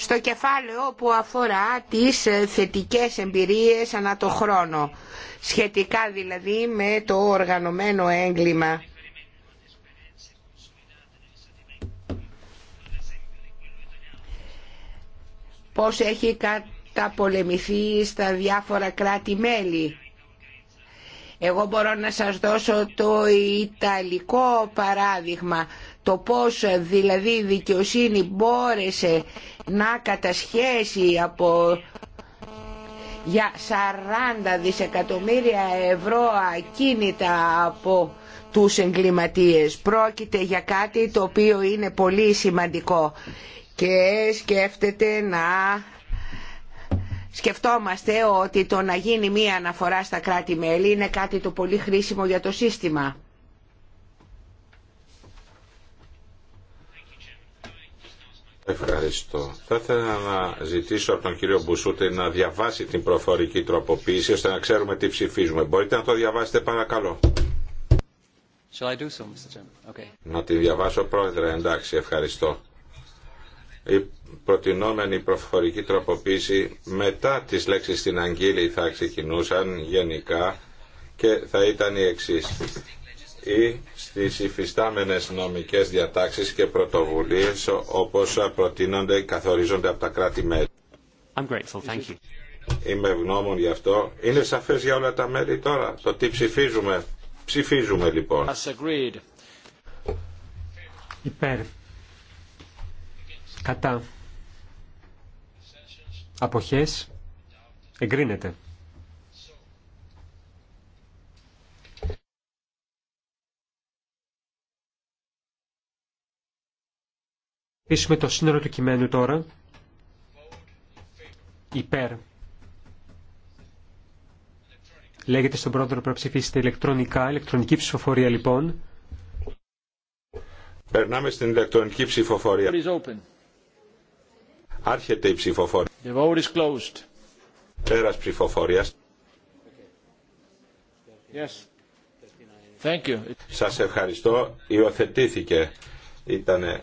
στο κεφάλαιο που αφορά τις ε, θετικές εμπειρίες ανά το χρόνο, σχετικά δηλαδή με το οργανωμένο έγκλημα. Πώς έχει καταπολεμηθεί στα διάφορα κράτη-μέλη. Εγώ μπορώ να σας δώσω το ιταλικό παράδειγμα το πώς ε, δηλαδή η δικαιοσύνη μπόρεσε να κατασχέσει από για 40 δισεκατομμύρια ευρώ ακίνητα από τους εγκληματίες. Πρόκειται για κάτι το οποίο είναι πολύ σημαντικό και σκέφτεται να σκεφτόμαστε ότι το να γίνει μία αναφορά στα κράτη-μέλη είναι κάτι το πολύ χρήσιμο για το σύστημα. Ευχαριστώ. Θα ήθελα να ζητήσω από τον κύριο Μπουσούτη να διαβάσει την προφορική τροποποίηση ώστε να ξέρουμε τι ψηφίζουμε. Μπορείτε να το διαβάσετε παρακαλώ. Shall I do so, Mr. Okay. Να τη διαβάσω πρόεδρε. Εντάξει, ευχαριστώ. Η προτινόμενη προφορική τροποποίηση μετά τις λέξεις στην Αγγίλη θα ξεκινούσαν γενικά και θα ήταν η εξής ή στις υφιστάμενες νομικές διατάξεις και πρωτοβουλίες όπως προτείνονται ή καθορίζονται από τα κράτη-μέλη. Είμαι ευγνώμων γι' αυτό. Είναι σαφές για όλα τα μέλη τώρα το τι ψηφίζουμε. Ψηφίζουμε λοιπόν. Υπέρ. Κατά. Αποχές. Εγκρίνεται. Είσουμε το σύνολο του κειμένου τώρα. Υπέρ. Λέγεται στον πρόεδρο να ψηφίσετε ηλεκτρονικά, ηλεκτρονική ψηφοφορία λοιπόν. Περνάμε στην ηλεκτρονική ψηφοφορία. Άρχεται η ψηφοφορία. The vote is closed. ψηφοφορίας. Yes. Thank you. Σας ευχαριστώ. Υιοθετήθηκε. Ήτανε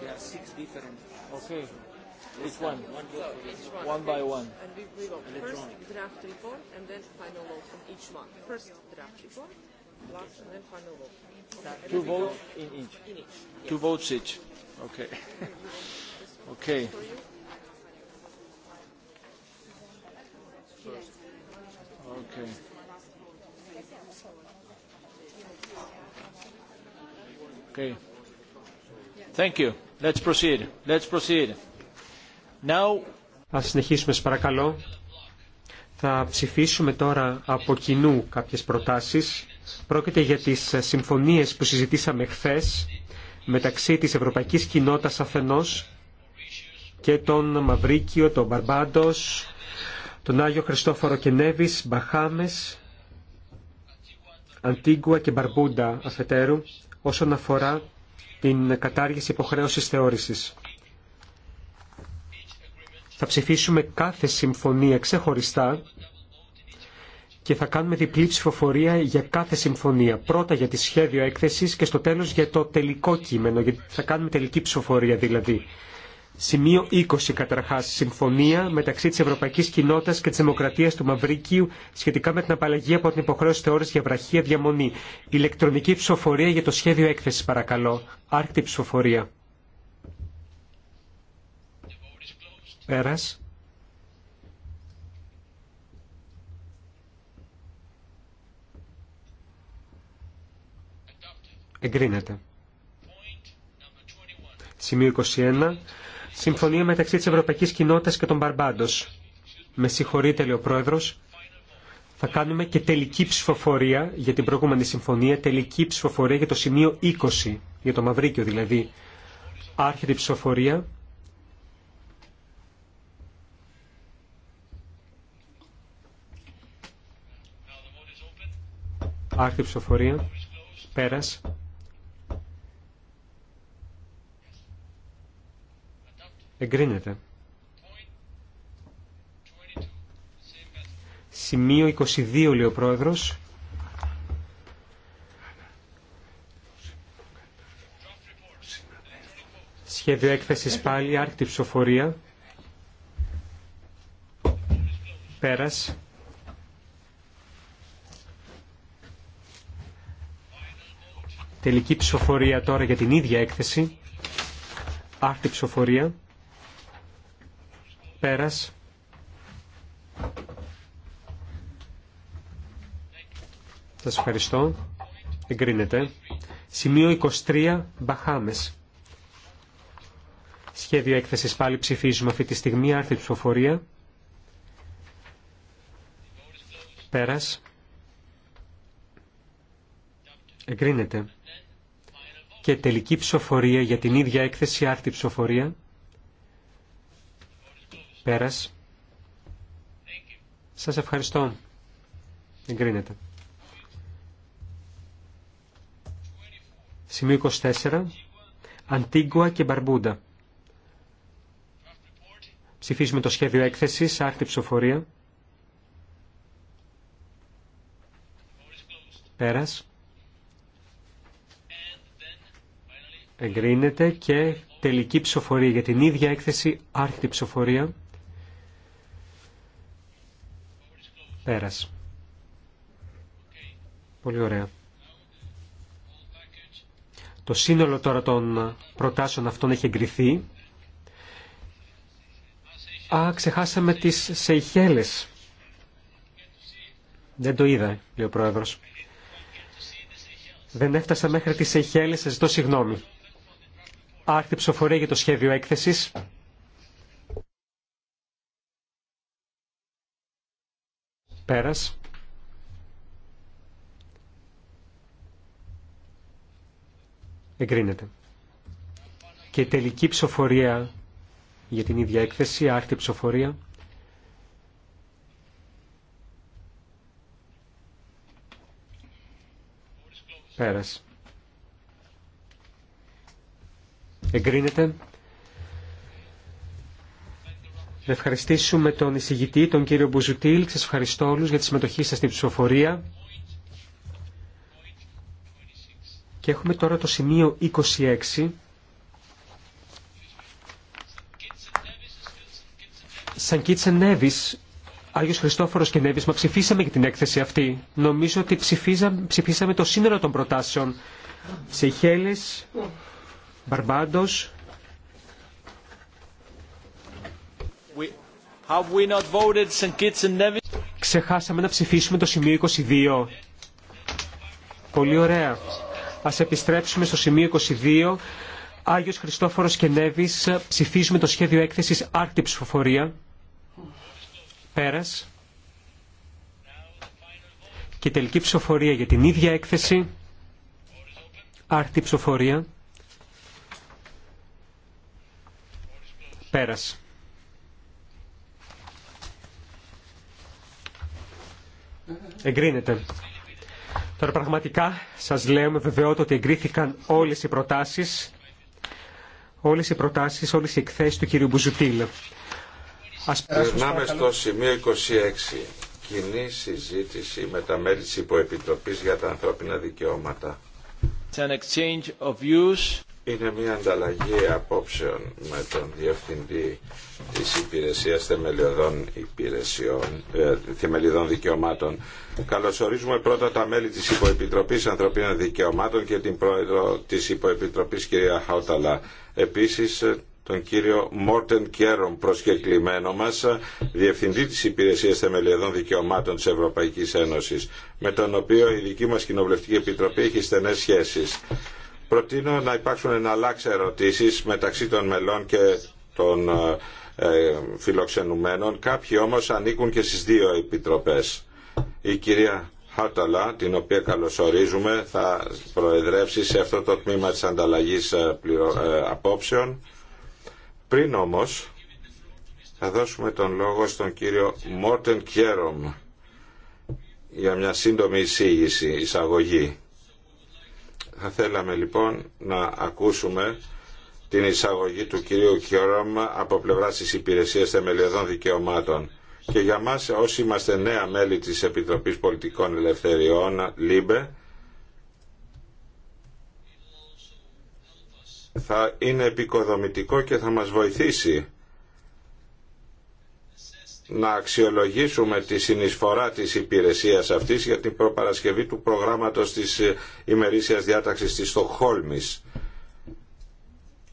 There are six different. Okay. Each one? One by one. And we, we will first draft report and then final vote from each one. First draft report, last and then final vote. Two votes in each. In each. Two votes each. Okay. okay. Okay. Okay. Thank you. Let's Ας συνεχίσουμε, παρακαλώ. Θα ψηφίσουμε τώρα από κοινού κάποιες προτάσεις. Πρόκειται για τις συμφωνίες που συζητήσαμε χθε μεταξύ της Ευρωπαϊκής Κοινότητας αφενός και τον Μαυρίκιο, τον Μπαρμπάντος, τον Άγιο Χριστόφορο Κενέβης, Μπαχάμες, Αντίγκουα και Μπαρμπούντα αφετέρου όσον αφορά την κατάργηση υποχρέωσης θεώρησης. Θα ψηφίσουμε κάθε συμφωνία ξεχωριστά και θα κάνουμε διπλή ψηφοφορία για κάθε συμφωνία. Πρώτα για τη σχέδιο έκθεσης και στο τέλος για το τελικό κείμενο. Γιατί θα κάνουμε τελική ψηφοφορία δηλαδή. Σημείο 20 καταρχάς. Συμφωνία μεταξύ της Ευρωπαϊκής Κοινότητας και της Δημοκρατίας του Μαυρίκιου σχετικά με την απαλλαγή από την υποχρέωση θεώρηση για βραχία διαμονή. Ηλεκτρονική ψηφοφορία για το σχέδιο έκθεσης παρακαλώ. Άρκτη ψηφοφορία. Πέρα. Εγκρίνεται. Σημείο 21 Συμφωνία μεταξύ της Ευρωπαϊκής Κοινότητας και των Μπαρμπάντος. Με συγχωρείτε, λέει ο Πρόεδρος. Θα κάνουμε και τελική ψηφοφορία για την προηγούμενη συμφωνία, τελική ψηφοφορία για το σημείο 20, για το Μαυρίκιο δηλαδή. Άρχεται η ψηφοφορία. Άρχεται η ψηφοφορία. Πέρας. Εγκρίνεται. Σημείο 22 λέει ο πρόεδρος. Σχέδιο έκθεσης πάλι, άρκτη ψηφοφορία. Πέρας. Τελική ψηφοφορία τώρα για την ίδια έκθεση. Άρτη ψηφοφορία. Πέρας. Σας ευχαριστώ. Εγκρίνεται. Σημείο 23. Μπαχάμες. Σχέδιο έκθεσης πάλι ψηφίζουμε αυτή τη στιγμή. Άρθρη ψηφοφορία. Πέρας. Εγκρίνεται. Και τελική ψηφοφορία για την ίδια έκθεση άρθρη ψηφοφορία. Πέρας. Σας ευχαριστώ. Εγκρίνεται. Σημείο 24. Αντίγκουα και Μπαρμπούντα. Ψηφίζουμε το σχέδιο έκθεσης, άκτη ψηφοφορία. Πέρας. Εγκρίνεται και τελική ψηφοφορία για την ίδια έκθεση, άρχιτη ψηφοφορία. Πέρας. Πολύ ωραία. Το σύνολο τώρα των προτάσεων αυτών έχει εγκριθεί. Α, ξεχάσαμε τις Σεϊχέλες. Δεν το είδα, λέει ο Πρόεδρος. Δεν έφτασα μέχρι τις Σεϊχέλες, σας ζητώ συγγνώμη. Άρτη ψηφοφορία για το σχέδιο έκθεσης. Πέρας. Εγκρίνεται. Και τελική ψηφοφορία για την ίδια έκθεση, άρχιτη ψηφοφορία. Πέρας. Εγκρίνεται. Να ευχαριστήσουμε τον εισηγητή, τον κύριο Μπουζουτήλ. Σας ευχαριστώ όλους για τη συμμετοχή σας στην ψηφοφορία. Και έχουμε τώρα το σημείο 26. Σαν Κίτσε Νέβης, Άγιος Χριστόφορος και Νέβης, μα ψηφίσαμε για την έκθεση αυτή. Νομίζω ότι ψηφίσαμε το σύνολο των προτάσεων. Σεχέλες, Μπαρμπάντος, Ξεχάσαμε να ψηφίσουμε το σημείο 22. Πολύ ωραία. Ας επιστρέψουμε στο σημείο 22. Άγιος Χριστόφορος και Νέβης ψηφίζουμε το σχέδιο έκθεσης άρτη ψηφοφορία. Πέρας. Και τελική ψηφοφορία για την ίδια έκθεση. Άρτη ψηφοφορία. Πέρας. Εγκρίνεται. Τώρα πραγματικά σας λέω με βεβαιότητα ότι εγκρίθηκαν όλες οι προτάσεις, όλες οι προτάσεις, όλες οι εκθέσεις του κυρίου Μπουζουτήλ. Ας Περνάμε στο σημείο 26. Κοινή συζήτηση με τα μέλη της Υποεπιτροπής για τα ανθρώπινα δικαιώματα είναι μια ανταλλαγή απόψεων με τον Διευθυντή της Υπηρεσίας Θεμελιωδών, ε, Θεμελιωδών Δικαιωμάτων. Καλωσορίζουμε πρώτα τα μέλη της Υποεπιτροπής Ανθρωπίνων Δικαιωμάτων και την πρόεδρο της Υποεπιτροπής κυρία Χαουταλά. Επίσης ε, τον κύριο Μόρτεν Κέρον προσκεκλημένο μας, ε, Διευθυντή της Υπηρεσίας Θεμελιωδών Δικαιωμάτων της Ευρωπαϊκής Ένωσης, με τον οποίο η δική μας Κοινοβουλευτική Επιτροπή έχει στενές σχέσεις. Προτείνω να υπάρξουν εναλλάξε ερωτήσει μεταξύ των μελών και των ε, ε, φιλοξενουμένων. Κάποιοι όμως ανήκουν και στις δύο επιτροπές. Η κυρία Χάταλα, την οποία καλωσορίζουμε, θα προεδρεύσει σε αυτό το τμήμα της ανταλλαγής ε, απόψεων. Πριν όμως θα δώσουμε τον λόγο στον κύριο Μόρτεν Κιέρομ για μια σύντομη εισήγηση, εισαγωγή. Θα θέλαμε λοιπόν να ακούσουμε την εισαγωγή του κυρίου Κιόραμ από πλευρά της Υπηρεσίας Θεμελιωδών Δικαιωμάτων. Και για μας όσοι είμαστε νέα μέλη της Επιτροπής Πολιτικών Ελευθεριών, ΛΥΜΠΕ, θα είναι επικοδομητικό και θα μας βοηθήσει να αξιολογήσουμε τη συνεισφορά της υπηρεσίας αυτής για την προπαρασκευή του προγράμματος της ημερήσιας διάταξης της Στοχόλμης.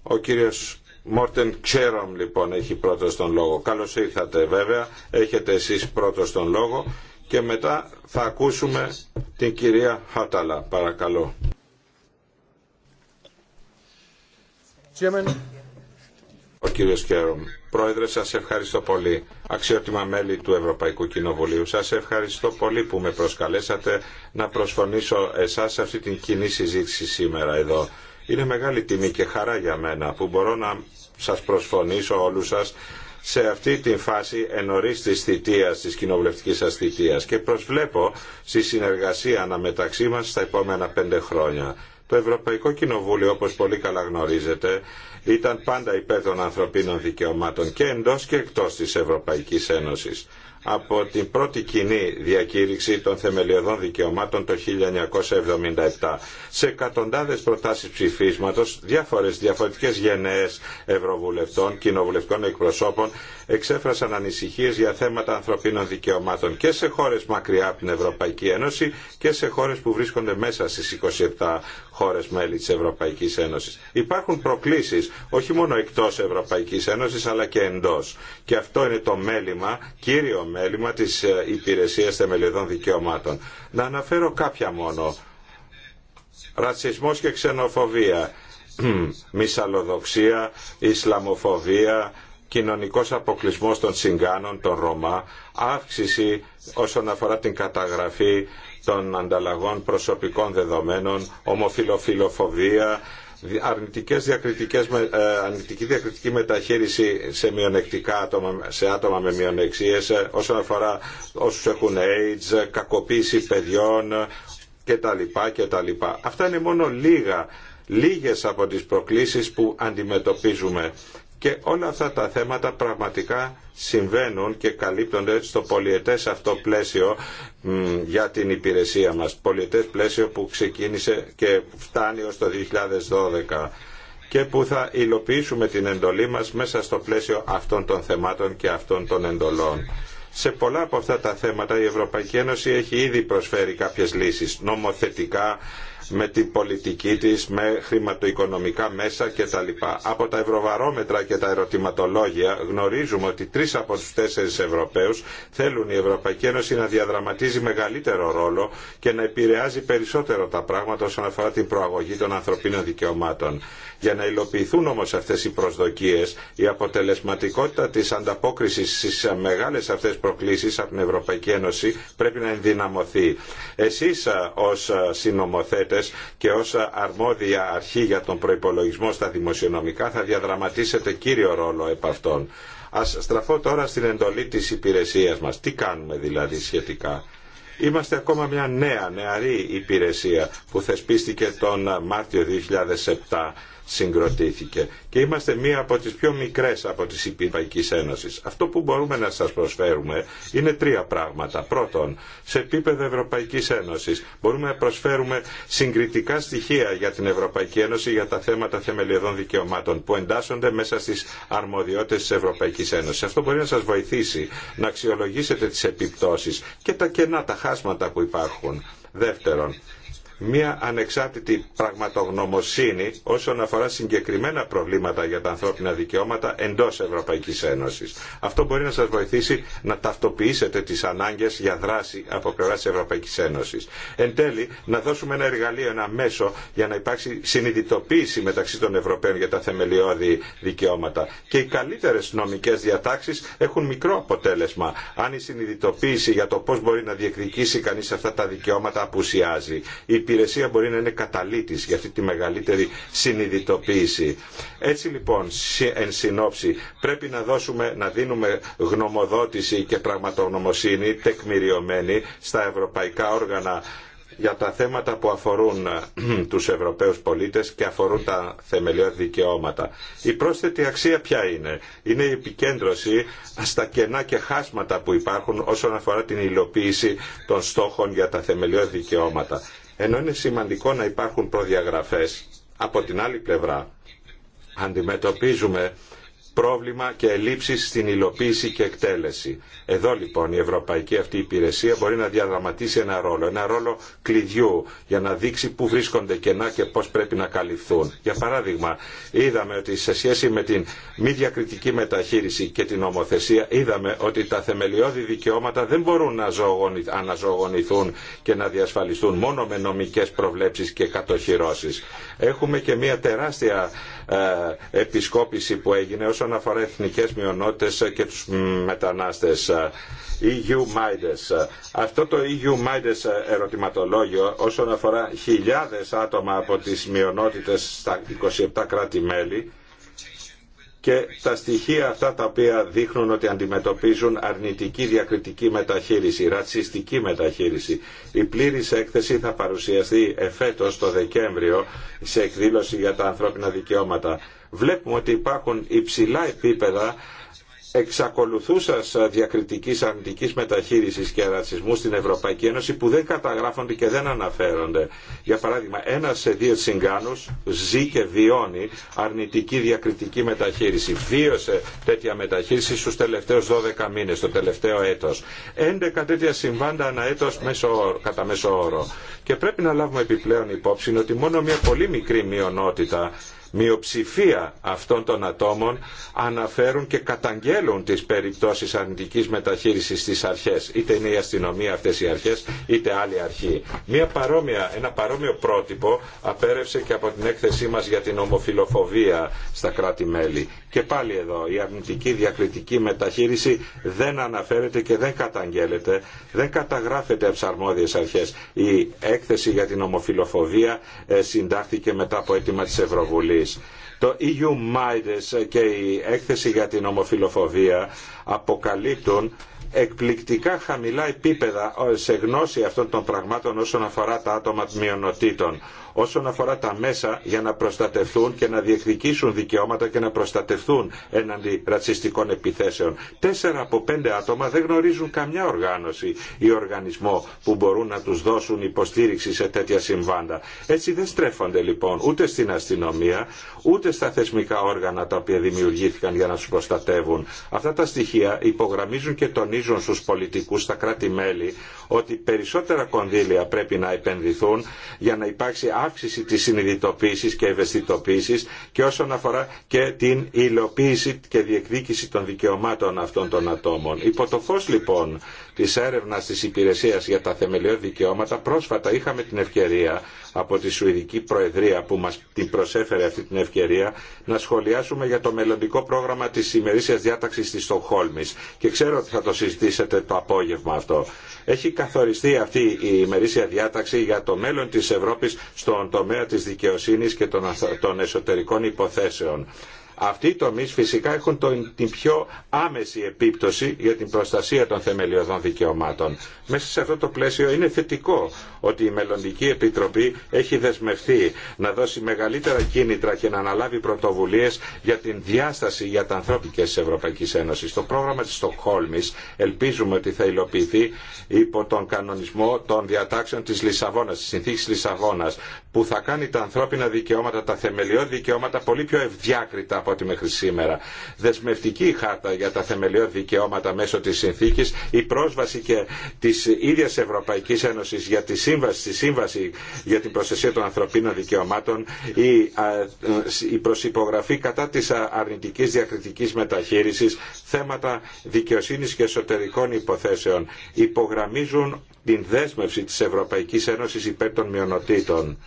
Ο κύριος Μόρτεν Τσέρομ λοιπόν έχει πρώτος τον λόγο. Καλώς ήρθατε βέβαια, έχετε εσείς πρώτος τον λόγο και μετά θα ακούσουμε την κυρία Χάταλα. Παρακαλώ. Ο κύριος Τσέρομ. Πρόεδρε, σας ευχαριστώ πολύ. Αξιότιμα μέλη του Ευρωπαϊκού Κοινοβουλίου, σας ευχαριστώ πολύ που με προσκαλέσατε να προσφωνήσω εσάς σε αυτή την κοινή συζήτηση σήμερα εδώ. Είναι μεγάλη τιμή και χαρά για μένα που μπορώ να σας προσφωνήσω όλους σας σε αυτή τη φάση ενωρίς της θητείας, της κοινοβουλευτικής σας και προσβλέπω στη συνεργασία αναμεταξύ μας στα επόμενα πέντε χρόνια. Το Ευρωπαϊκό Κοινοβούλιο, όπως πολύ καλά γνωρίζετε, ήταν πάντα υπέρ των ανθρωπίνων δικαιωμάτων και εντός και εκτός της Ευρωπαϊκής Ένωσης. Από την πρώτη κοινή διακήρυξη των θεμελιωδών δικαιωμάτων το 1977 σε εκατοντάδες προτάσεις ψηφίσματος διάφορες διαφορετικές γενναίες ευρωβουλευτών, κοινοβουλευτικών εκπροσώπων εξέφρασαν ανησυχίες για θέματα ανθρωπίνων δικαιωμάτων και σε χώρες μακριά από την Ευρωπαϊκή Ένωση και σε χώρες που βρίσκονται μέσα στις 27 χώρες μέλη της Ευρωπαϊκής Ένωσης. Υπάρχουν προκλήσεις όχι μόνο εκτός Ευρωπαϊκής Ένωσης αλλά και εντός. Και αυτό είναι το μέλημα, κύριο μέλημα της ε, Υπηρεσίας Θεμελιωδών Δικαιωμάτων. Να αναφέρω κάποια μόνο. Ρατσισμός και ξενοφοβία, μισαλοδοξία, Ισλαμοφοβία, κοινωνικός αποκλεισμός των τσιγκάνων, των Ρωμά, αύξηση όσον αφορά την καταγραφή των ανταλλαγών προσωπικών δεδομένων, ομοφιλοφιλοφοβία, αρνητικές διακριτικές, ε, αρνητική διακριτική μεταχείριση σε, μειονεκτικά άτομα, σε άτομα με μειονεξίες ε, όσον αφορά όσους έχουν AIDS, κακοποίηση παιδιών κτλ. Αυτά είναι μόνο λίγα, λίγες από τις προκλήσεις που αντιμετωπίζουμε και όλα αυτά τα θέματα πραγματικά συμβαίνουν και καλύπτονται στο πολιετές αυτό πλαίσιο για την υπηρεσία μας. Πολιετές πλαίσιο που ξεκίνησε και φτάνει ως το 2012 και που θα υλοποιήσουμε την εντολή μας μέσα στο πλαίσιο αυτών των θεμάτων και αυτών των εντολών. Σε πολλά από αυτά τα θέματα η Ευρωπαϊκή Ένωση έχει ήδη προσφέρει κάποιες λύσεις νομοθετικά με την πολιτική της, με χρηματοοικονομικά μέσα κτλ. Από τα ευρωβαρόμετρα και τα ερωτηματολόγια γνωρίζουμε ότι τρεις από τους τέσσερις Ευρωπαίους θέλουν η Ευρωπαϊκή Ένωση να διαδραματίζει μεγαλύτερο ρόλο και να επηρεάζει περισσότερο τα πράγματα όσον αφορά την προαγωγή των ανθρωπίνων δικαιωμάτων. Για να υλοποιηθούν όμως αυτές οι προσδοκίες, η αποτελεσματικότητα της ανταπόκρισης στις μεγάλες αυτές προκλήσεις από την Ευρωπαϊκή Ένωση πρέπει να ενδυναμωθεί. Εσείς ως συνομοθέτες και ως αρμόδια αρχή για τον προϋπολογισμό στα δημοσιονομικά θα διαδραματίσετε κύριο ρόλο επ' αυτών. Ας στραφώ τώρα στην εντολή της υπηρεσίας μας. Τι κάνουμε δηλαδή σχετικά. Είμαστε ακόμα μια νέα, νεαρή υπηρεσία που θεσπίστηκε τον Μάρτιο 2007 συγκροτήθηκε και είμαστε μία από τις πιο μικρές από τις Ευρωπαϊκής Ένωσης. Αυτό που μπορούμε να σας προσφέρουμε είναι τρία πράγματα. Πρώτον, σε επίπεδο Ευρωπαϊκής Ένωσης μπορούμε να προσφέρουμε συγκριτικά στοιχεία για την Ευρωπαϊκή Ένωση για τα θέματα θεμελιωδών δικαιωμάτων που εντάσσονται μέσα στις αρμοδιότητες της Ευρωπαϊκής Ένωσης. Αυτό μπορεί να σας βοηθήσει να αξιολογήσετε τις επιπτώσεις και τα κενά, τα χάσματα που υπάρχουν. Δεύτερον, μια ανεξάρτητη πραγματογνωμοσύνη όσον αφορά συγκεκριμένα προβλήματα για τα ανθρώπινα δικαιώματα εντός Ευρωπαϊκής Ένωσης. Αυτό μπορεί να σας βοηθήσει να ταυτοποιήσετε τις ανάγκες για δράση από πλευρά της Ευρωπαϊκής Ένωσης. Εν τέλει, να δώσουμε ένα εργαλείο, ένα μέσο για να υπάρξει συνειδητοποίηση μεταξύ των Ευρωπαίων για τα θεμελιώδη δικαιώματα. Και οι καλύτερες νομικές διατάξεις έχουν μικρό αποτέλεσμα αν η συνειδητοποίηση για το πώς μπορεί να διεκδικήσει κανείς αυτά τα δικαιώματα απουσιάζει υπηρεσία μπορεί να είναι καταλήτης για αυτή τη μεγαλύτερη συνειδητοποίηση. Έτσι λοιπόν, εν συνόψη, πρέπει να, δώσουμε, να δίνουμε γνωμοδότηση και πραγματογνωμοσύνη τεκμηριωμένη στα ευρωπαϊκά όργανα για τα θέματα που αφορούν ε, τους Ευρωπαίους πολίτες και αφορούν τα θεμελιώδη δικαιώματα. Η πρόσθετη αξία ποια είναι. Είναι η επικέντρωση στα κενά και χάσματα που υπάρχουν όσον αφορά την υλοποίηση των στόχων για τα θεμελιώδη δικαιώματα. Ενώ είναι σημαντικό να υπάρχουν προδιαγραφές, από την άλλη πλευρά αντιμετωπίζουμε πρόβλημα και ελλείψεις στην υλοποίηση και εκτέλεση. Εδώ λοιπόν η Ευρωπαϊκή αυτή υπηρεσία μπορεί να διαδραματίσει ένα ρόλο, ένα ρόλο κλειδιού για να δείξει πού βρίσκονται κενά και πώς πρέπει να καλυφθούν. Για παράδειγμα, είδαμε ότι σε σχέση με την μη διακριτική μεταχείριση και την ομοθεσία είδαμε ότι τα θεμελιώδη δικαιώματα δεν μπορούν να αναζωογονηθούν και να διασφαλιστούν μόνο με νομικές προβλέψεις και κατοχυρώσεις. Έχουμε και μια τεράστια ε, επισκόπηση που έγινε όσον αφορά εθνικές μειονότητες και τους μετανάστες. EU Mides. Αυτό το EU Mides ερωτηματολόγιο όσον αφορά χιλιάδες άτομα από τις μειονότητες στα 27 κράτη-μέλη και τα στοιχεία αυτά τα οποία δείχνουν ότι αντιμετωπίζουν αρνητική διακριτική μεταχείριση, ρατσιστική μεταχείριση. Η πλήρης έκθεση θα παρουσιαστεί εφέτος το Δεκέμβριο σε εκδήλωση για τα ανθρώπινα δικαιώματα. Βλέπουμε ότι υπάρχουν υψηλά επίπεδα εξακολουθούσας διακριτικής αρνητικής μεταχείρισης και ρατσισμού στην Ευρωπαϊκή Ένωση που δεν καταγράφονται και δεν αναφέρονται. Για παράδειγμα, ένας σε δύο τσιγκάνους ζει και βιώνει αρνητική διακριτική μεταχείριση. Βίωσε τέτοια μεταχείριση στους τελευταίους 12 μήνες, το τελευταίο έτος. 11 τέτοια συμβάντα ανά έτος κατά μέσο όρο. Και πρέπει να λάβουμε επιπλέον υπόψη ότι μόνο μια πολύ μικρή μειονότητα μειοψηφία αυτών των ατόμων αναφέρουν και καταγγέλουν τις περιπτώσεις αρνητικής μεταχείρισης στις αρχές. Είτε είναι η αστυνομία αυτές οι αρχές, είτε άλλη αρχή. ένα παρόμοιο πρότυπο απέρευσε και από την έκθεσή μας για την ομοφυλοφοβία στα κράτη-μέλη. Και πάλι εδώ η αρνητική διακριτική μεταχείριση δεν αναφέρεται και δεν καταγγέλλεται, δεν καταγράφεται από τι αρμόδιε αρχέ. Η έκθεση για την ομοφυλοφοβία ε, συντάχθηκε μετά από αίτημα τη Ευρωβουλή. Το EU Mides και η έκθεση για την ομοφιλοφοβία αποκαλύπτουν εκπληκτικά χαμηλά επίπεδα ε, σε γνώση αυτών των πραγμάτων όσον αφορά τα άτομα μειονοτήτων όσον αφορά τα μέσα για να προστατευτούν και να διεκδικήσουν δικαιώματα και να προστατευτούν έναντι ρατσιστικών επιθέσεων. Τέσσερα από πέντε άτομα δεν γνωρίζουν καμιά οργάνωση ή οργανισμό που μπορούν να τους δώσουν υποστήριξη σε τέτοια συμβάντα. Έτσι δεν στρέφονται λοιπόν ούτε στην αστυνομία, ούτε στα θεσμικά όργανα τα οποία δημιουργήθηκαν για να τους προστατεύουν. Αυτά τα στοιχεία υπογραμμίζουν και τονίζουν στους πολιτικούς στα κράτη-μέλη ότι περισσότερα κονδύλια πρέπει να επενδυθούν για να υπάρξει αύξηση της συνειδητοποίησης και ευαισθητοποίησης και όσον αφορά και την υλοποίηση και διεκδίκηση των δικαιωμάτων αυτών των ατόμων. Υπό το φως λοιπόν Τη έρευνα τη Υπηρεσία για τα θεμελιώδη δικαιώματα πρόσφατα είχαμε την ευκαιρία από τη Σουηδική Προεδρία που μας την προσέφερε αυτή την ευκαιρία να σχολιάσουμε για το μελλοντικό πρόγραμμα της ημερήσια διάταξης τη Στοχόλμη. και ξέρω ότι θα το συζητήσετε το απόγευμα αυτό. Έχει καθοριστεί αυτή η ημερήσια διάταξη για το μέλλον τη Ευρώπη στον τομέα τη δικαιοσύνη και των εσωτερικών υποθέσεων αυτοί οι τομείς φυσικά έχουν την πιο άμεση επίπτωση για την προστασία των θεμελιωδών δικαιωμάτων. Μέσα σε αυτό το πλαίσιο είναι θετικό ότι η Μελλοντική Επιτροπή έχει δεσμευτεί να δώσει μεγαλύτερα κίνητρα και να αναλάβει πρωτοβουλίες για την διάσταση για τα ανθρώπικα της Ευρωπαϊκής Ένωσης. Το πρόγραμμα της Στοκχόλμης ελπίζουμε ότι θα υλοποιηθεί υπό τον κανονισμό των διατάξεων της Λισαβόνας, της συνθήκης Λισαβόνας, που θα κάνει τα ανθρώπινα δικαιώματα, τα θεμελιώδη δικαιώματα πολύ πιο ευδιάκριτα ό,τι μέχρι σήμερα. Δεσμευτική χάρτα για τα θεμελιώδη δικαιώματα μέσω της συνθήκης, η πρόσβαση και της ίδιας Ευρωπαϊκής Ένωσης για τη σύμβαση, για την προστασία των ανθρωπίνων δικαιωμάτων, η, η προσυπογραφή κατά της αρνητικής διακριτικής μεταχείρισης, θέματα δικαιοσύνης και εσωτερικών υποθέσεων υπογραμμίζουν την δέσμευση της Ευρωπαϊκής Ένωσης υπέρ των μειονοτήτων.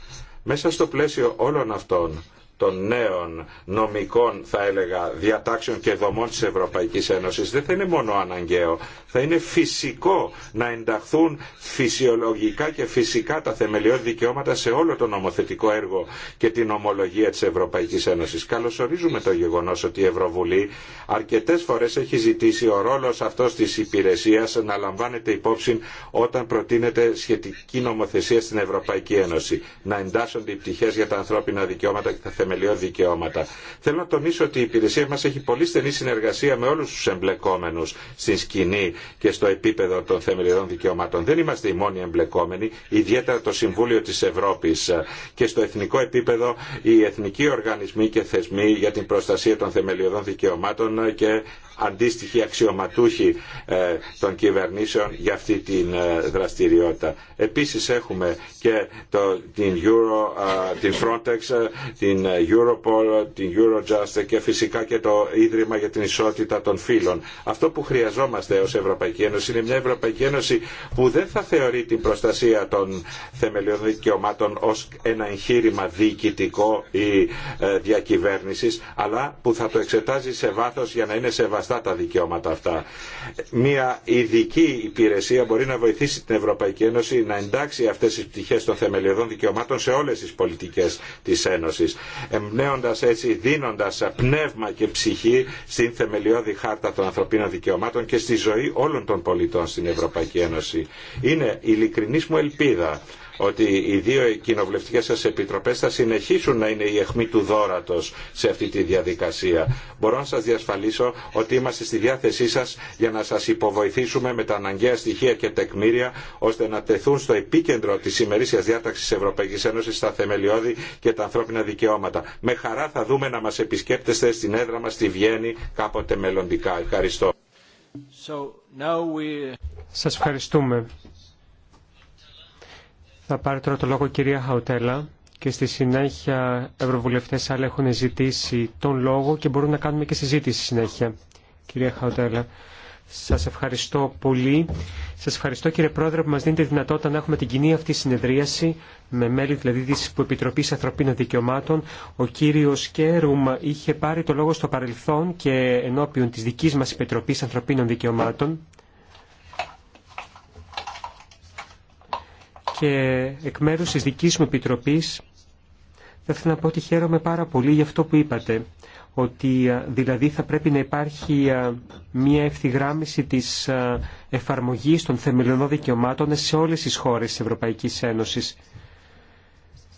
Μέσα στο πλαίσιο όλων αυτών των νέων νομικών θα έλεγα διατάξεων και δομών της Ευρωπαϊκής Ένωσης δεν θα είναι μόνο αναγκαίο, θα είναι φυσικό να ενταχθούν φυσιολογικά και φυσικά τα θεμελιώδη δικαιώματα σε όλο το νομοθετικό έργο και την ομολογία της Ευρωπαϊκής Ένωσης. Καλωσορίζουμε το γεγονός ότι η Ευρωβουλή αρκετές φορές έχει ζητήσει ο ρόλος αυτός της υπηρεσίας να λαμβάνεται υπόψη όταν προτείνεται σχετική νομοθεσία στην Ευρωπαϊκή Ένωση, να εντάσσονται οι πτυχές για τα ανθρώπινα δικαιώματα θεμελιώδη δικαιώματα. Θέλω να τονίσω ότι η υπηρεσία μας έχει πολύ στενή συνεργασία με όλους τους εμπλεκόμενους στην σκηνή και στο επίπεδο των θεμελιωδών δικαιωμάτων. Δεν είμαστε οι μόνοι εμπλεκόμενοι, ιδιαίτερα το Συμβούλιο της Ευρώπης και στο εθνικό επίπεδο οι εθνικοί οργανισμοί και θεσμοί για την προστασία των θεμελιωδών δικαιωμάτων και αντίστοιχοι αξιωματούχοι ε, των κυβερνήσεων για αυτή την ε, δραστηριότητα. Επίσης έχουμε και το, την, Euro, ε, Frontex, την Europol, την Eurojust και φυσικά και το Ίδρυμα για την Ισότητα των Φύλων. Αυτό που χρειαζόμαστε ως Ευρωπαϊκή Ένωση είναι μια Ευρωπαϊκή Ένωση που δεν θα θεωρεί την προστασία των θεμελιωδών δικαιωμάτων ως ένα εγχείρημα διοικητικό ή διακυβέρνησης, αλλά που θα το εξετάζει σε βάθος για να είναι σεβαστή σεβαστά τα δικαιώματα αυτά. Μια ειδική υπηρεσία μπορεί να βοηθήσει την Ευρωπαϊκή Ένωση να εντάξει αυτές τις πτυχές των θεμελιωδών δικαιωμάτων σε όλες τις πολιτικές της Ένωσης, εμπνέοντας έτσι, δίνοντας πνεύμα και ψυχή στην θεμελιώδη χάρτα των ανθρωπίνων δικαιωμάτων και στη ζωή όλων των πολιτών στην Ευρωπαϊκή Ένωση. Είναι ειλικρινής μου ελπίδα ότι οι δύο κοινοβουλευτικές σας επιτροπές θα συνεχίσουν να είναι η αιχμή του δόρατος σε αυτή τη διαδικασία. Μπορώ να σας διασφαλίσω ότι είμαστε στη διάθεσή σας για να σας υποβοηθήσουμε με τα αναγκαία στοιχεία και τεκμήρια ώστε να τεθούν στο επίκεντρο της διάταξη διάταξης Ευρωπαϊκής Ένωσης τα θεμελιώδη και τα ανθρώπινα δικαιώματα. Με χαρά θα δούμε να μας επισκέπτεστε στην έδρα μας στη Βιέννη κάποτε μελλοντικά. Ευχαριστώ. So, ευχαριστούμε. Θα πάρει τώρα το λόγο η κυρία Χαουτέλα και στη συνέχεια ευρωβουλευτές άλλοι έχουν ζητήσει τον λόγο και μπορούμε να κάνουμε και συζήτηση συνέχεια. Κυρία Χαουτέλα. Σας ευχαριστώ πολύ. Σας ευχαριστώ κύριε Πρόεδρε που μας δίνετε τη δυνατότητα να έχουμε την κοινή αυτή συνεδρίαση με μέλη δηλαδή της Επιτροπής Ανθρωπίνων Δικαιωμάτων. Ο κύριος Κέρουμ είχε πάρει το λόγο στο παρελθόν και ενώπιον της δικής μας Επιτροπής Ανθρωπίνων Δικαιωμάτων και εκ μέρους της δικής μου επιτροπής θα ήθελα να πω ότι χαίρομαι πάρα πολύ για αυτό που είπατε, ότι δηλαδή θα πρέπει να υπάρχει μια ευθυγράμμιση της εφαρμογής των θεμελιωδών δικαιωμάτων σε όλες τις χώρες της Ευρωπαϊκής Ένωσης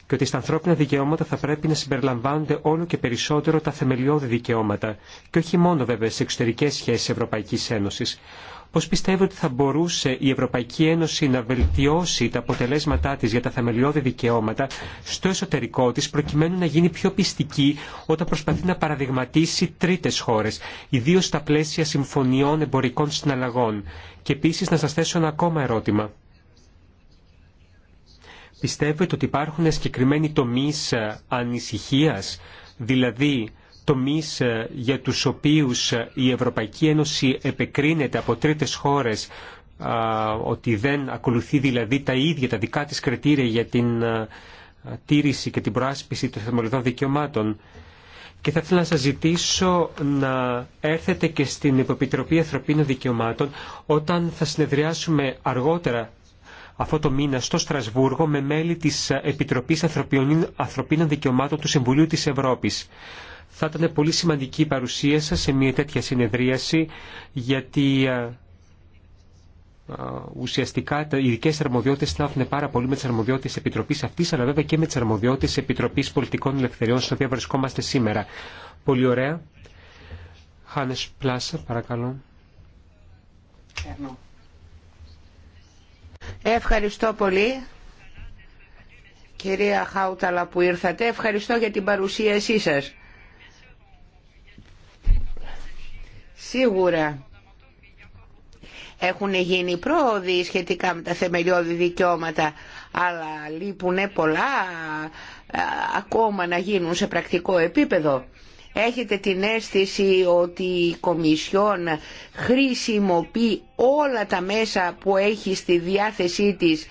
και ότι στα ανθρώπινα δικαιώματα θα πρέπει να συμπεριλαμβάνονται όλο και περισσότερο τα θεμελιώδη δικαιώματα και όχι μόνο βέβαια σε εξωτερικές σχέσεις Ευρωπαϊκής Ένωσης. Πώς πιστεύετε ότι θα μπορούσε η Ευρωπαϊκή Ένωση να βελτιώσει τα αποτελέσματά της για τα θεμελιώδη δικαιώματα στο εσωτερικό της προκειμένου να γίνει πιο πιστική όταν προσπαθεί να παραδειγματίσει τρίτες χώρες, ιδίως στα πλαίσια συμφωνιών εμπορικών συναλλαγών. Και επίσης να σας θέσω ένα ακόμα ερώτημα. Πιστεύετε ότι υπάρχουν συγκεκριμένοι τομείς ανησυχίας, δηλαδή τομείς ε, για τους οποίους ε, η Ευρωπαϊκή Ένωση επεκρίνεται από τρίτες χώρες ότι δεν ακολουθεί δηλαδή τα ίδια τα δικά της κριτήρια για την ε, τήρηση και την προάσπιση των θεμελιωδών δικαιωμάτων. Και θα ήθελα να σας ζητήσω να έρθετε και στην Επιτροπή Ανθρωπίνων Δικαιωμάτων όταν θα συνεδριάσουμε αργότερα αυτό το μήνα στο Στρασβούργο με μέλη της Επιτροπής Ανθρωπίνων Δικαιωμάτων του Συμβουλίου της Ευρώπης. Θα ήταν πολύ σημαντική η παρουσία σας σε μια τέτοια συνεδρίαση γιατί ε, ε, ουσιαστικά οι ειδικέ αρμοδιότητε συνάδουν πάρα πολύ με τι αρμοδιότητε Επιτροπή αυτή, αλλά βέβαια και με τι αρμοδιότητε Επιτροπή Πολιτικών Ελευθεριών, στην οποία βρισκόμαστε σήμερα. Πολύ ωραία. Χάνε Πλάσα, παρακαλώ. Ευχαριστώ πολύ. Κυρία Χάουταλα που ήρθατε, ευχαριστώ για την παρουσίασή σας. Σίγουρα έχουν γίνει πρόοδοι σχετικά με τα θεμελιώδη δικαιώματα, αλλά λείπουν πολλά ε, ακόμα να γίνουν σε πρακτικό επίπεδο. Έχετε την αίσθηση ότι η Κομισιόν χρησιμοποιεί όλα τα μέσα που έχει στη διάθεσή της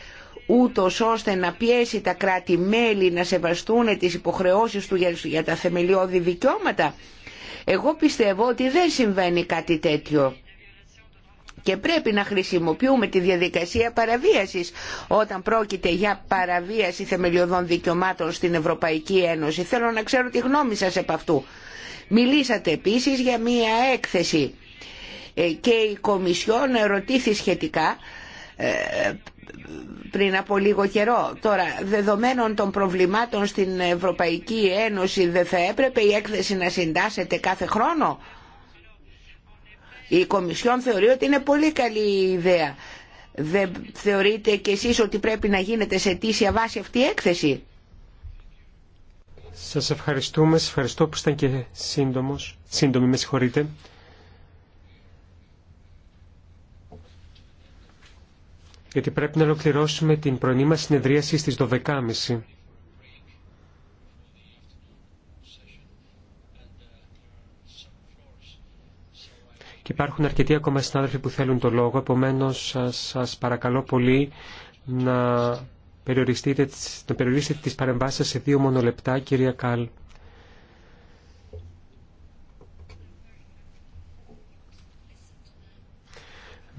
ούτω ώστε να πιέσει τα κράτη-μέλη να σεβαστούν τις υποχρεώσεις του για τα θεμελιώδη δικαιώματα εγώ πιστεύω ότι δεν συμβαίνει κάτι τέτοιο και πρέπει να χρησιμοποιούμε τη διαδικασία παραβίασης όταν πρόκειται για παραβίαση θεμελιωδών δικαιωμάτων στην Ευρωπαϊκή Ένωση. Θέλω να ξέρω τη γνώμη σας επ' αυτού. Μιλήσατε επίσης για μία έκθεση ε, και η Κομισιόν ερωτήθη σχετικά ε, πριν από λίγο καιρό. Τώρα, δεδομένων των προβλημάτων στην Ευρωπαϊκή Ένωση δεν θα έπρεπε η έκθεση να συντάσσεται κάθε χρόνο. Η Κομισιόν θεωρεί ότι είναι πολύ καλή ιδέα. Δεν θεωρείτε κι εσείς ότι πρέπει να γίνεται σε αιτήσια βάση αυτή η έκθεση. Σας ευχαριστούμε. Σας ευχαριστώ που ήταν και σύντομος. Σύντομη, με συγχωρείτε. γιατί πρέπει να ολοκληρώσουμε την πρωινή μας συνεδρίαση στις 12.30. Και υπάρχουν αρκετοί ακόμα συνάδελφοι που θέλουν το λόγο, επομένως σας παρακαλώ πολύ να περιοριστείτε, να περιορίσετε τις παρεμβάσεις σε δύο μόνο λεπτά, κυρία Καλ.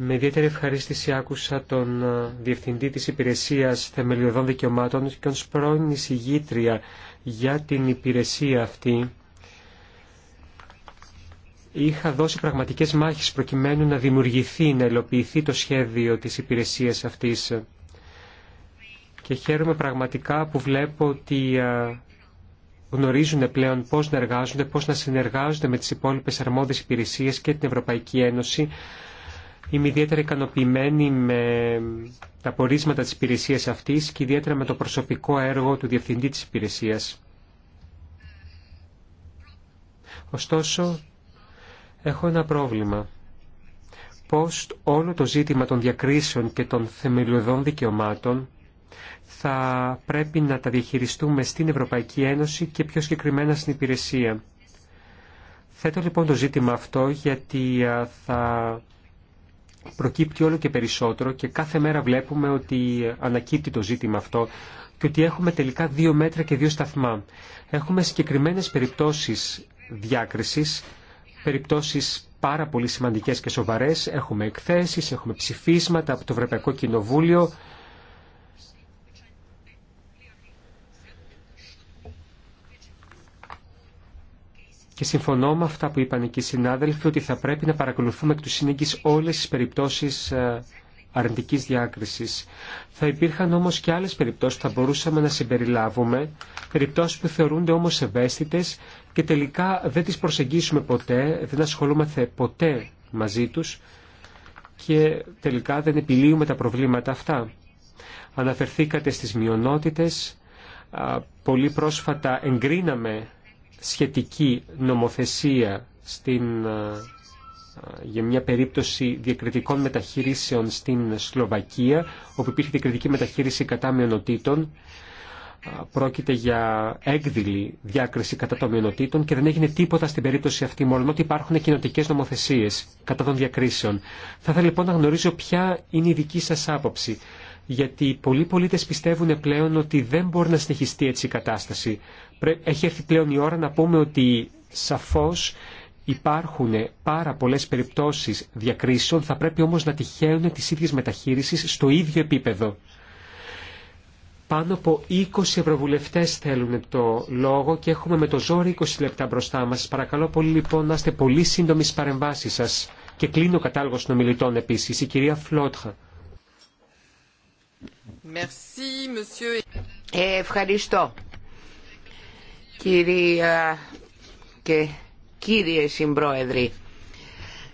Με ιδιαίτερη ευχαρίστηση άκουσα τον ε, Διευθυντή της Υπηρεσίας Θεμελιωδών Δικαιωμάτων και ως πρώην εισηγήτρια για την υπηρεσία αυτή. Είχα δώσει πραγματικές μάχες προκειμένου να δημιουργηθεί, να υλοποιηθεί το σχέδιο της υπηρεσίας αυτής. Και χαίρομαι πραγματικά που βλέπω ότι ε, γνωρίζουν πλέον πώς να εργάζονται, πώς να συνεργάζονται με τις υπόλοιπες αρμόδιες υπηρεσίες και την Ευρωπαϊκή Ένωση Είμαι ιδιαίτερα ικανοποιημένη με τα πορίσματα της υπηρεσίας αυτής και ιδιαίτερα με το προσωπικό έργο του Διευθυντή της Υπηρεσίας. Ωστόσο, έχω ένα πρόβλημα. Πώς όλο το ζήτημα των διακρίσεων και των θεμελιωδών δικαιωμάτων θα πρέπει να τα διαχειριστούμε στην Ευρωπαϊκή Ένωση και πιο συγκεκριμένα στην υπηρεσία. Θέτω λοιπόν το ζήτημα αυτό γιατί θα προκύπτει όλο και περισσότερο και κάθε μέρα βλέπουμε ότι ανακύπτει το ζήτημα αυτό και ότι έχουμε τελικά δύο μέτρα και δύο σταθμά. Έχουμε συγκεκριμένες περιπτώσεις διάκρισης, περιπτώσεις πάρα πολύ σημαντικές και σοβαρές. Έχουμε εκθέσεις, έχουμε ψηφίσματα από το Ευρωπαϊκό Κοινοβούλιο, Και συμφωνώ με αυτά που είπαν και οι συνάδελφοι ότι θα πρέπει να παρακολουθούμε εκ του σύνεγγυς όλες τις περιπτώσεις ε, αρνητικής διάκρισης. Θα υπήρχαν όμως και άλλες περιπτώσεις που θα μπορούσαμε να συμπεριλάβουμε, περιπτώσεις που θεωρούνται όμως ευαίσθητες και τελικά δεν τις προσεγγίσουμε ποτέ, δεν ασχολούμαστε ποτέ μαζί τους και τελικά δεν επιλύουμε τα προβλήματα αυτά. Αναφερθήκατε στις μειονότητες, πολύ πρόσφατα εγκρίναμε σχετική νομοθεσία στην, ε, ε, για μια περίπτωση διακριτικών μεταχειρήσεων στην Σλοβακία, όπου υπήρχε διακριτική μεταχείριση κατά μειονοτήτων. Ε, πρόκειται για έκδηλη διάκριση κατά των μειονοτήτων και δεν έγινε τίποτα στην περίπτωση αυτή, μόνο ότι υπάρχουν κοινοτικέ νομοθεσίε κατά των διακρίσεων. Θα ήθελα λοιπόν να γνωρίζω ποια είναι η δική σα άποψη γιατί πολλοί πολίτες πιστεύουν πλέον ότι δεν μπορεί να συνεχιστεί έτσι η κατάσταση. Έχει έρθει πλέον η ώρα να πούμε ότι σαφώς υπάρχουν πάρα πολλές περιπτώσεις διακρίσεων, θα πρέπει όμως να τυχαίνουν τις ίδιες μεταχείρισεις στο ίδιο επίπεδο. Πάνω από 20 ευρωβουλευτέ θέλουν το λόγο και έχουμε με το ζόρι 20 λεπτά μπροστά μα. Παρακαλώ πολύ λοιπόν να είστε πολύ σύντομοι στις παρεμβάσει σα. Και κλείνω κατάλογο των ομιλητών επίση, η κυρία Φλότχα. Ε, ευχαριστώ. Κυρία και κύριε συμπρόεδροι,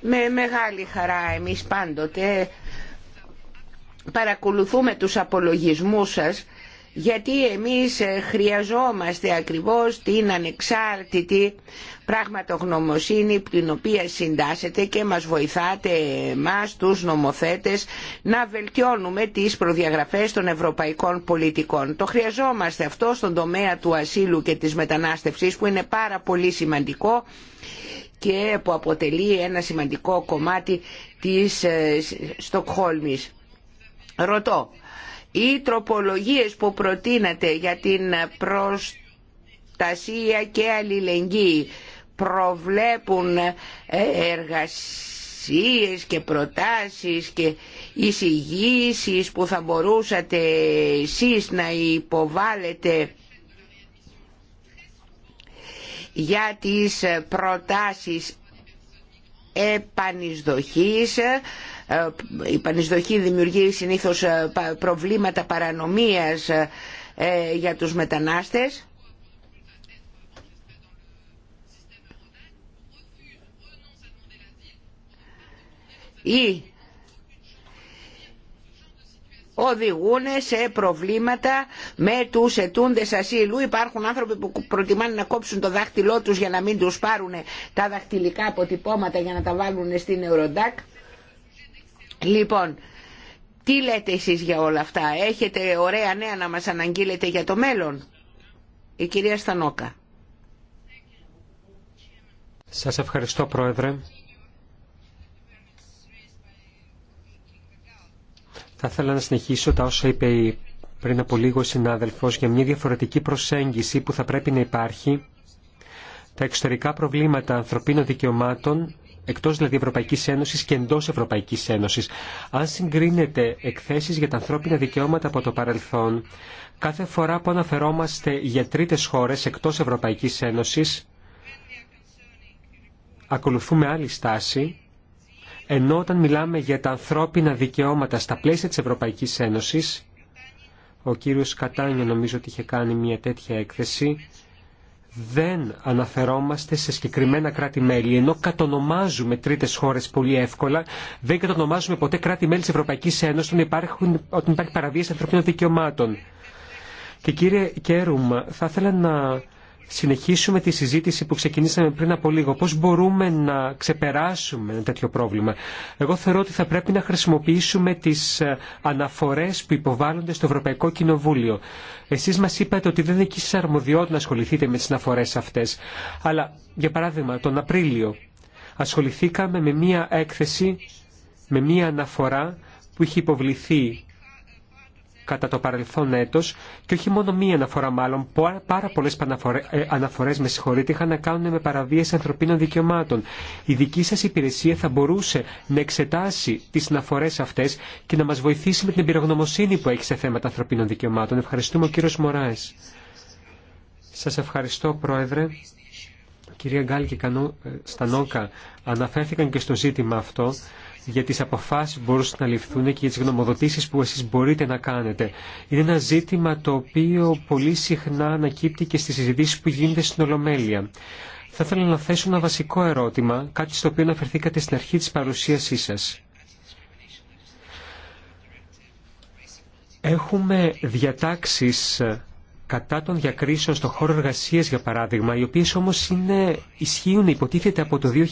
με μεγάλη χαρά εμείς πάντοτε παρακολουθούμε τους απολογισμούς σας γιατί εμείς ε, χρειαζόμαστε ακριβώς την ανεξάρτητη πραγματογνωμοσύνη την οποία συντάσσεται και μας βοηθάτε μας τους νομοθέτες να βελτιώνουμε τις προδιαγραφές των ευρωπαϊκών πολιτικών. Το χρειαζόμαστε αυτό στον τομέα του ασύλου και της μετανάστευσης που είναι πάρα πολύ σημαντικό και που αποτελεί ένα σημαντικό κομμάτι της ε, Στοκχόλμης. Ρωτώ, οι τροπολογίες που προτείνατε για την προστασία και αλληλεγγύη προβλέπουν ε, εργασίες και προτάσεις και εισηγήσει που θα μπορούσατε εσείς να υποβάλλετε για τις προτάσεις επανεισδοχής ε, η πανεισδοχή δημιουργεί συνήθως ε, προβλήματα παρανομίας ε, για τους μετανάστες. Ή οδηγούν σε προβλήματα με τους ετούντες ασύλου. Υπάρχουν άνθρωποι που προτιμάνε να κόψουν το δάχτυλό τους για να μην τους πάρουν τα δαχτυλικά αποτυπώματα για να τα βάλουν στην Eurodac. Λοιπόν, τι λέτε εσείς για όλα αυτά. Έχετε ωραία νέα να μας αναγγείλετε για το μέλλον. Η κυρία Στανόκα. Σας ευχαριστώ Πρόεδρε. Θα ήθελα να συνεχίσω τα όσα είπε η πριν από λίγο συνάδελφο για μια διαφορετική προσέγγιση που θα πρέπει να υπάρχει τα εξωτερικά προβλήματα ανθρωπίνων δικαιωμάτων εκτός δηλαδή Ευρωπαϊκή Ένωση και εντό Ευρωπαϊκής Ένωση. Αν συγκρίνεται εκθέσεις για τα ανθρώπινα δικαιώματα από το παρελθόν, κάθε φορά που αναφερόμαστε για τρίτες χώρες εκτός Ευρωπαϊκής Ένωση, ακολουθούμε άλλη στάση, ενώ όταν μιλάμε για τα ανθρώπινα δικαιώματα στα πλαίσια της Ευρωπαϊκής Ένωσης, ο κύριος Κατάνιο νομίζω ότι είχε κάνει μια τέτοια έκθεση, δεν αναφερόμαστε σε συγκεκριμένα κράτη-μέλη, ενώ κατονομάζουμε τρίτες χώρες πολύ εύκολα, δεν κατονομάζουμε ποτέ κράτη-μέλη της Ευρωπαϊκής Ένωσης όταν, υπάρχουν, όταν υπάρχει παραβίαση ανθρωπίνων δικαιωμάτων. Και κύριε Κέρουμ, θα ήθελα να συνεχίσουμε τη συζήτηση που ξεκινήσαμε πριν από λίγο. Πώς μπορούμε να ξεπεράσουμε ένα τέτοιο πρόβλημα. Εγώ θεωρώ ότι θα πρέπει να χρησιμοποιήσουμε τις ε, αναφορές που υποβάλλονται στο Ευρωπαϊκό Κοινοβούλιο. Εσείς μας είπατε ότι δεν είναι εκεί σας αρμοδιότητα να ασχοληθείτε με τις αναφορές αυτές. Αλλά, για παράδειγμα, τον Απρίλιο ασχοληθήκαμε με μία έκθεση, με μία αναφορά που είχε υποβληθεί κατά το παρελθόν έτος και όχι μόνο μία αναφορά μάλλον, πάρα πολλές ε, αναφορές με συγχωρείτε είχαν να κάνουν με παραβίαση ανθρωπίνων δικαιωμάτων. Η δική σας υπηρεσία θα μπορούσε να εξετάσει τις αναφορές αυτές και να μας βοηθήσει με την εμπειρογνωμοσύνη που έχει σε θέματα ανθρωπίνων δικαιωμάτων. Ευχαριστούμε ο κύριος Μωράης. Σας ευχαριστώ Πρόεδρε. Κυρία Γκάλ και ε, Στανόκα αναφέρθηκαν και στο ζήτημα αυτό για τις αποφάσεις που μπορούσαν να ληφθούν και για τις γνωμοδοτήσεις που εσείς μπορείτε να κάνετε. Είναι ένα ζήτημα το οποίο πολύ συχνά ανακύπτει και στις συζητήσεις που γίνονται στην Ολομέλεια. Θα ήθελα να θέσω ένα βασικό ερώτημα, κάτι στο οποίο αναφερθήκατε στην αρχή της παρουσίασής σας. Έχουμε διατάξεις κατά των διακρίσεων στον χώρο εργασία, για παράδειγμα, οι οποίε όμω ισχύουν, υποτίθεται από το 2000.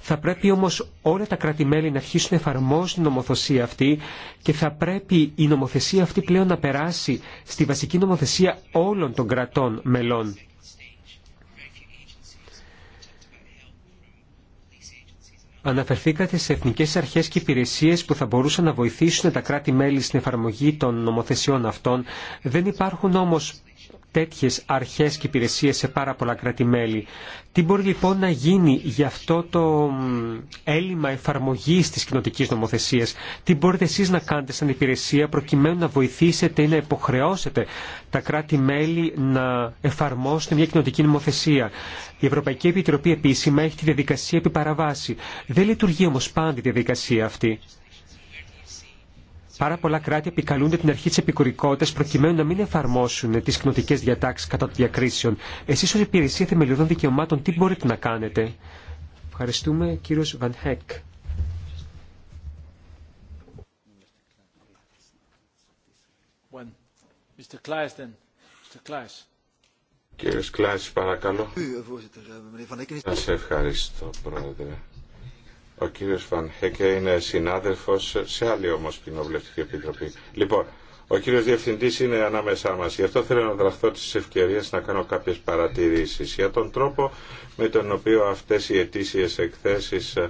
Θα πρέπει όμω όλα τα κράτη-μέλη να αρχίσουν να εφαρμόζουν την νομοθεσία αυτή και θα πρέπει η νομοθεσία αυτή πλέον να περάσει στη βασική νομοθεσία όλων των κρατών μελών. Αναφερθήκατε σε εθνικές αρχές και υπηρεσίες που θα μπορούσαν να βοηθήσουν τα κράτη-μέλη στην εφαρμογή των νομοθεσιών αυτών. Δεν υπάρχουν όμως τέτοιες αρχές και υπηρεσίε σε πάρα πολλά κράτη-μέλη. Τι μπορεί λοιπόν να γίνει για αυτό το έλλειμμα εφαρμογής της κοινοτική νομοθεσίας. Τι μπορείτε εσείς να κάνετε σαν υπηρεσία προκειμένου να βοηθήσετε ή να υποχρεώσετε τα κράτη-μέλη να εφαρμόσουν μια κοινοτική νομοθεσία. Η Ευρωπαϊκή Επιτροπή επίσημα έχει τη διαδικασία επιπαραβάση. Δεν λειτουργεί όμως πάντα η διαδικασία δεν λειτουργει ομω παντα η διαδικασια αυτη Πάρα πολλά κράτη επικαλούνται την αρχή τη επικουρικότητα προκειμένου να μην εφαρμόσουν τι κοινοτικέ διατάξει κατά των διακρίσεων. Εσεί ω υπηρεσία θεμελιωδών δικαιωμάτων τι μπορείτε να κάνετε. Ευχαριστούμε κύριο Βανχέκ. Κύριε Κλάις, παρακαλώ. Σας ευχαριστώ, Πρόεδρε. Ο κύριος Φαν Χέκε είναι συνάδελφος σε άλλη όμως κοινοβουλευτική επιτροπή. Λοιπόν, ο κύριος Διευθυντής είναι ανάμεσά μας. Γι' αυτό θέλω να δραχθώ τις ευκαιρίες να κάνω κάποιες παρατηρήσεις για τον τρόπο με τον οποίο αυτές οι ετήσιες εκθέσεις ε,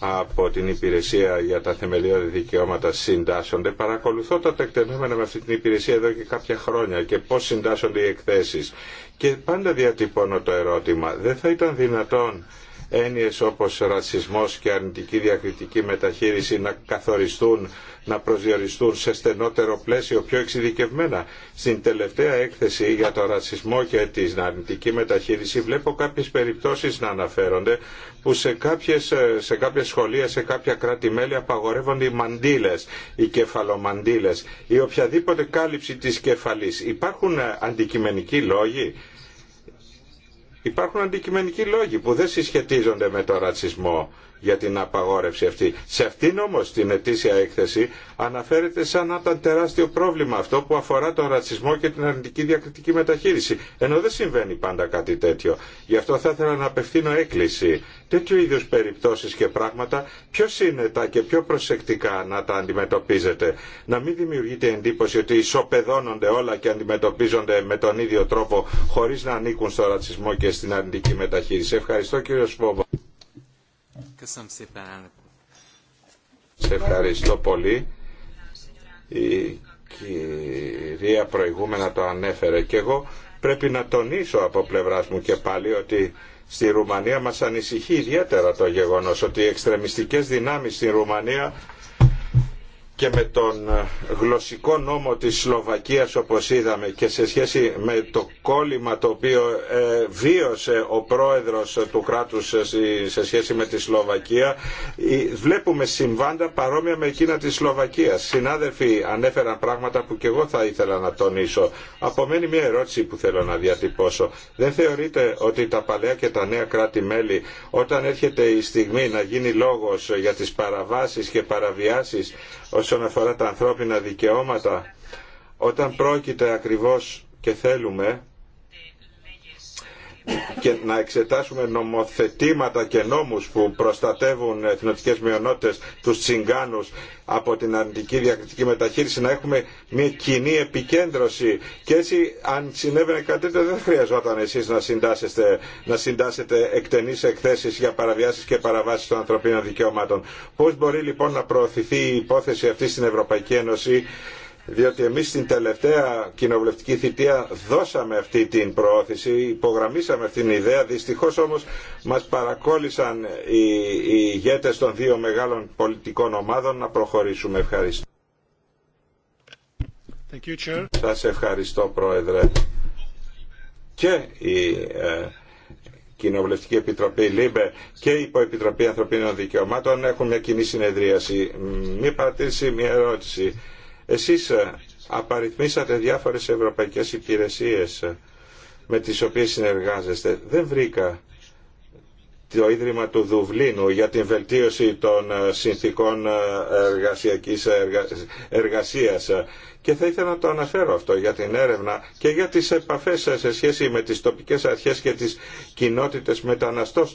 από την Υπηρεσία για τα Θεμελιώδη Δικαιώματα συντάσσονται. Παρακολουθώ τα τεκτενόμενα με αυτή την υπηρεσία εδώ και κάποια χρόνια και πώς συντάσσονται οι εκθέσεις. Και πάντα διατυπώνω το ερώτημα, δεν θα ήταν δυνατόν έννοιες όπως ρατσισμός και αρνητική διακριτική μεταχείριση να καθοριστούν, να προσδιοριστούν σε στενότερο πλαίσιο πιο εξειδικευμένα. Στην τελευταία έκθεση για το ρατσισμό και την αρνητική μεταχείριση βλέπω κάποιες περιπτώσεις να αναφέρονται που σε, σε κάποια σχολεία, σε κάποια κράτη-μέλη απαγορεύονται οι μαντήλες, οι κεφαλομαντήλες ή οποιαδήποτε κάλυψη της κεφαλής. Υπάρχουν αντικειμενικοί λόγοι Υπάρχουν αντικειμενικοί λόγοι που δεν συσχετίζονται με το ρατσισμό για την απαγόρευση αυτή. Σε αυτήν όμως την ετήσια έκθεση αναφέρεται σαν να ήταν τεράστιο πρόβλημα αυτό που αφορά τον ρατσισμό και την αρνητική διακριτική μεταχείριση. Ενώ δεν συμβαίνει πάντα κάτι τέτοιο. Γι' αυτό θα ήθελα να απευθύνω έκκληση. Τέτοιου είδους περιπτώσεις και πράγματα πιο σύνετα και πιο προσεκτικά να τα αντιμετωπίζετε. Να μην δημιουργείται εντύπωση ότι ισοπεδώνονται όλα και αντιμετωπίζονται με τον ίδιο τρόπο χωρίς να ανήκουν στο ρατσισμό και στην αρνητική μεταχείριση. Ευχαριστώ κύριο Σπόβο. Σε ευχαριστώ πολύ. Η κυρία προηγούμενα το ανέφερε και εγώ. Πρέπει να τονίσω από πλευράς μου και πάλι ότι στη Ρουμανία μας ανησυχεί ιδιαίτερα το γεγονός ότι οι εξτρεμιστικές δυνάμεις στη Ρουμανία και με τον ε, γλωσσικό νόμο της Σλοβακίας όπως είδαμε και σε σχέση με το κόλλημα το οποίο ε, βίωσε ο πρόεδρος του κράτους σε σχέση με τη Σλοβακία βλέπουμε συμβάντα παρόμοια με εκείνα της Σλοβακίας. Συνάδελφοι ανέφεραν πράγματα που και εγώ θα ήθελα να τονίσω. Απομένει μια ερώτηση που θέλω να διατυπώσω. Δεν θεωρείτε ότι τα παλαιά και τα νέα κράτη-μέλη όταν έρχεται η στιγμή να γίνει λόγος για τις παραβάσεις και παραβιάσεις όσον αφορά τα ανθρώπινα δικαιώματα, όταν πρόκειται ακριβώς και θέλουμε και να εξετάσουμε νομοθετήματα και νόμους που προστατεύουν εθνοτικές μειονότητες, τους τσιγκάνους από την αρνητική διακριτική μεταχείριση, να έχουμε μια κοινή επικέντρωση. Και έτσι αν συνέβαινε κάτι τέτοιο δεν χρειαζόταν εσείς να συντάσετε να συντάσσετε εκτενείς εκθέσεις για παραβιάσεις και παραβάσεις των ανθρωπίνων δικαιωμάτων. Πώς μπορεί λοιπόν να προωθηθεί η υπόθεση αυτή στην Ευρωπαϊκή Ένωση διότι εμείς στην τελευταία κοινοβουλευτική θητεία δώσαμε αυτή την προώθηση, υπογραμμίσαμε αυτή την ιδέα, δυστυχώς όμως μας παρακόλλησαν οι, οι ηγέτες των δύο μεγάλων πολιτικών ομάδων να προχωρήσουμε. Ευχαριστώ. Σας ευχαριστώ Πρόεδρε. Και η ε, Κοινοβουλευτική Επιτροπή ΛΥΜΠΕ και η Υποεπιτροπή Ανθρωπίνων Δικαιωμάτων έχουν μια κοινή συνεδρίαση. Μία παρατήρηση, μία ερώτηση εσείς ε, απαριθμήσατε διάφορες ευρωπαϊκές υπηρεσίες ε, με τις οποίες συνεργάζεστε. Δεν βρήκα το Ίδρυμα του Δουβλίνου για την βελτίωση των ε, συνθήκων εργασιακής εργασίας και θα ήθελα να το αναφέρω αυτό για την έρευνα και για τις επαφές σε σχέση με τις τοπικές αρχές και τις κοινότητες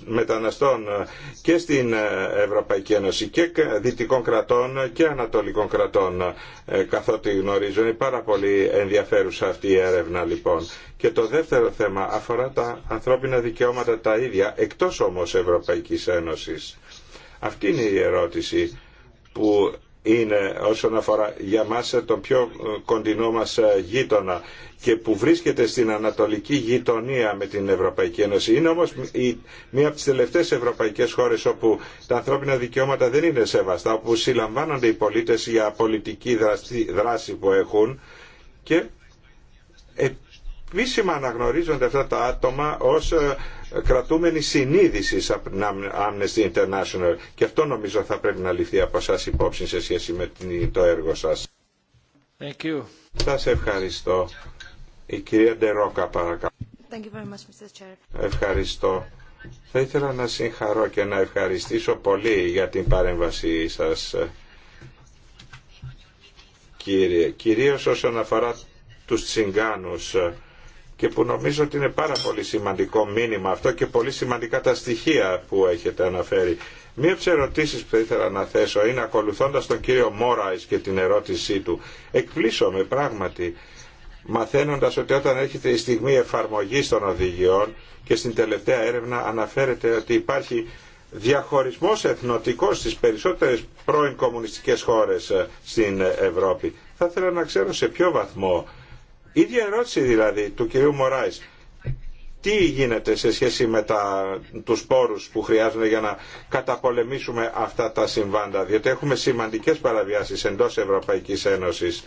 μεταναστών ε, και στην ε, Ευρωπαϊκή Ένωση και δυτικών κρατών και ανατολικών κρατών ε, καθότι γνωρίζω. Είναι πάρα πολύ ενδιαφέρουσα αυτή η έρευνα λοιπόν. Και το δεύτερο θέμα αφορά τα ανθρώπινα δικαιώματα τα ίδια εκτός όμως Ευρωπαϊκής Ένωσης. Αυτή είναι η ερώτηση που είναι όσον αφορά για μας τον πιο ε, κοντινό μας ε, γείτονα και που βρίσκεται στην ανατολική γειτονία με την Ευρωπαϊκή Ένωση. Είναι όμως μία από τις τελευταίες ευρωπαϊκές χώρες όπου τα ανθρώπινα δικαιώματα δεν είναι σεβαστά, όπου συλλαμβάνονται οι πολίτες για πολιτική δράση που έχουν και επίσημα αναγνωρίζονται αυτά τα άτομα ως ε, κρατούμενη συνείδησης Amnesty International και αυτό νομίζω θα πρέπει να ληφθεί από εσάς υπόψη σε σχέση με το έργο σας. Thank Σας ευχαριστώ. Η κυρία Ντερόκα παρακαλώ. Ευχαριστώ. Θα ήθελα να συγχαρώ και να ευχαριστήσω πολύ για την παρέμβασή σας, κύριε. Κυρίως όσον αφορά τους τσιγκάνους και που νομίζω ότι είναι πάρα πολύ σημαντικό μήνυμα αυτό και πολύ σημαντικά τα στοιχεία που έχετε αναφέρει. Μία από τι ερωτήσει που θα ήθελα να θέσω είναι ακολουθώντα τον κύριο Μόραη και την ερώτησή του. Εκπλήσω με πράγματι μαθαίνοντα ότι όταν έρχεται η στιγμή εφαρμογή των οδηγιών και στην τελευταία έρευνα αναφέρεται ότι υπάρχει διαχωρισμό εθνοτικό στις περισσότερε πρώην κομμουνιστικές χώρες ε, στην Ευρώπη. Θα ήθελα να ξέρω σε ποιο βαθμό Ίδια ερώτηση δηλαδή του κυρίου Μωράης. Τι γίνεται σε σχέση με τα, τους πόρους που χρειάζονται για να καταπολεμήσουμε αυτά τα συμβάντα, διότι έχουμε σημαντικές παραβιάσεις εντός Ευρωπαϊκής Ένωσης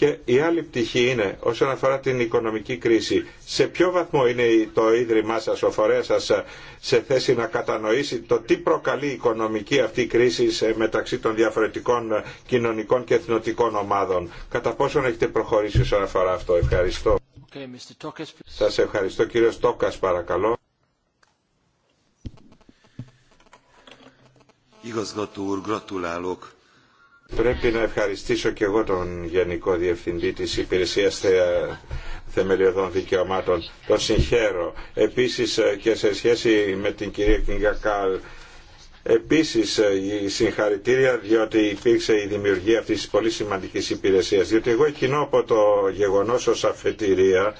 και η άλλη πτυχή είναι όσον αφορά την οικονομική κρίση. Σε ποιο βαθμό είναι το Ίδρυμά σας, ο φορέας σας ε, σε θέση να κατανοήσει το τι προκαλεί η οικονομική αυτή κρίση μεταξύ των διαφορετικών ε, κοινωνικών και εθνοτικών ομάδων. Κατά πόσον έχετε προχωρήσει όσον αφορά αυτό. Ευχαριστώ. Okay, Mr. σας ευχαριστώ κύριος Τόκας παρακαλώ. Igazgató gratulálok Πρέπει να ευχαριστήσω και εγώ τον Γενικό Διευθυντή της Υπηρεσίας Θεμελιωδών Δικαιωμάτων. Τον συγχαίρω. Επίσης ε, και σε σχέση με την κυρία Κιγκακάλ, Επίσης ε, η συγχαρητήρια διότι υπήρξε η δημιουργία αυτής της πολύ σημαντικής υπηρεσίας. Διότι εγώ εκείνο από το γεγονός ως αφετηρία,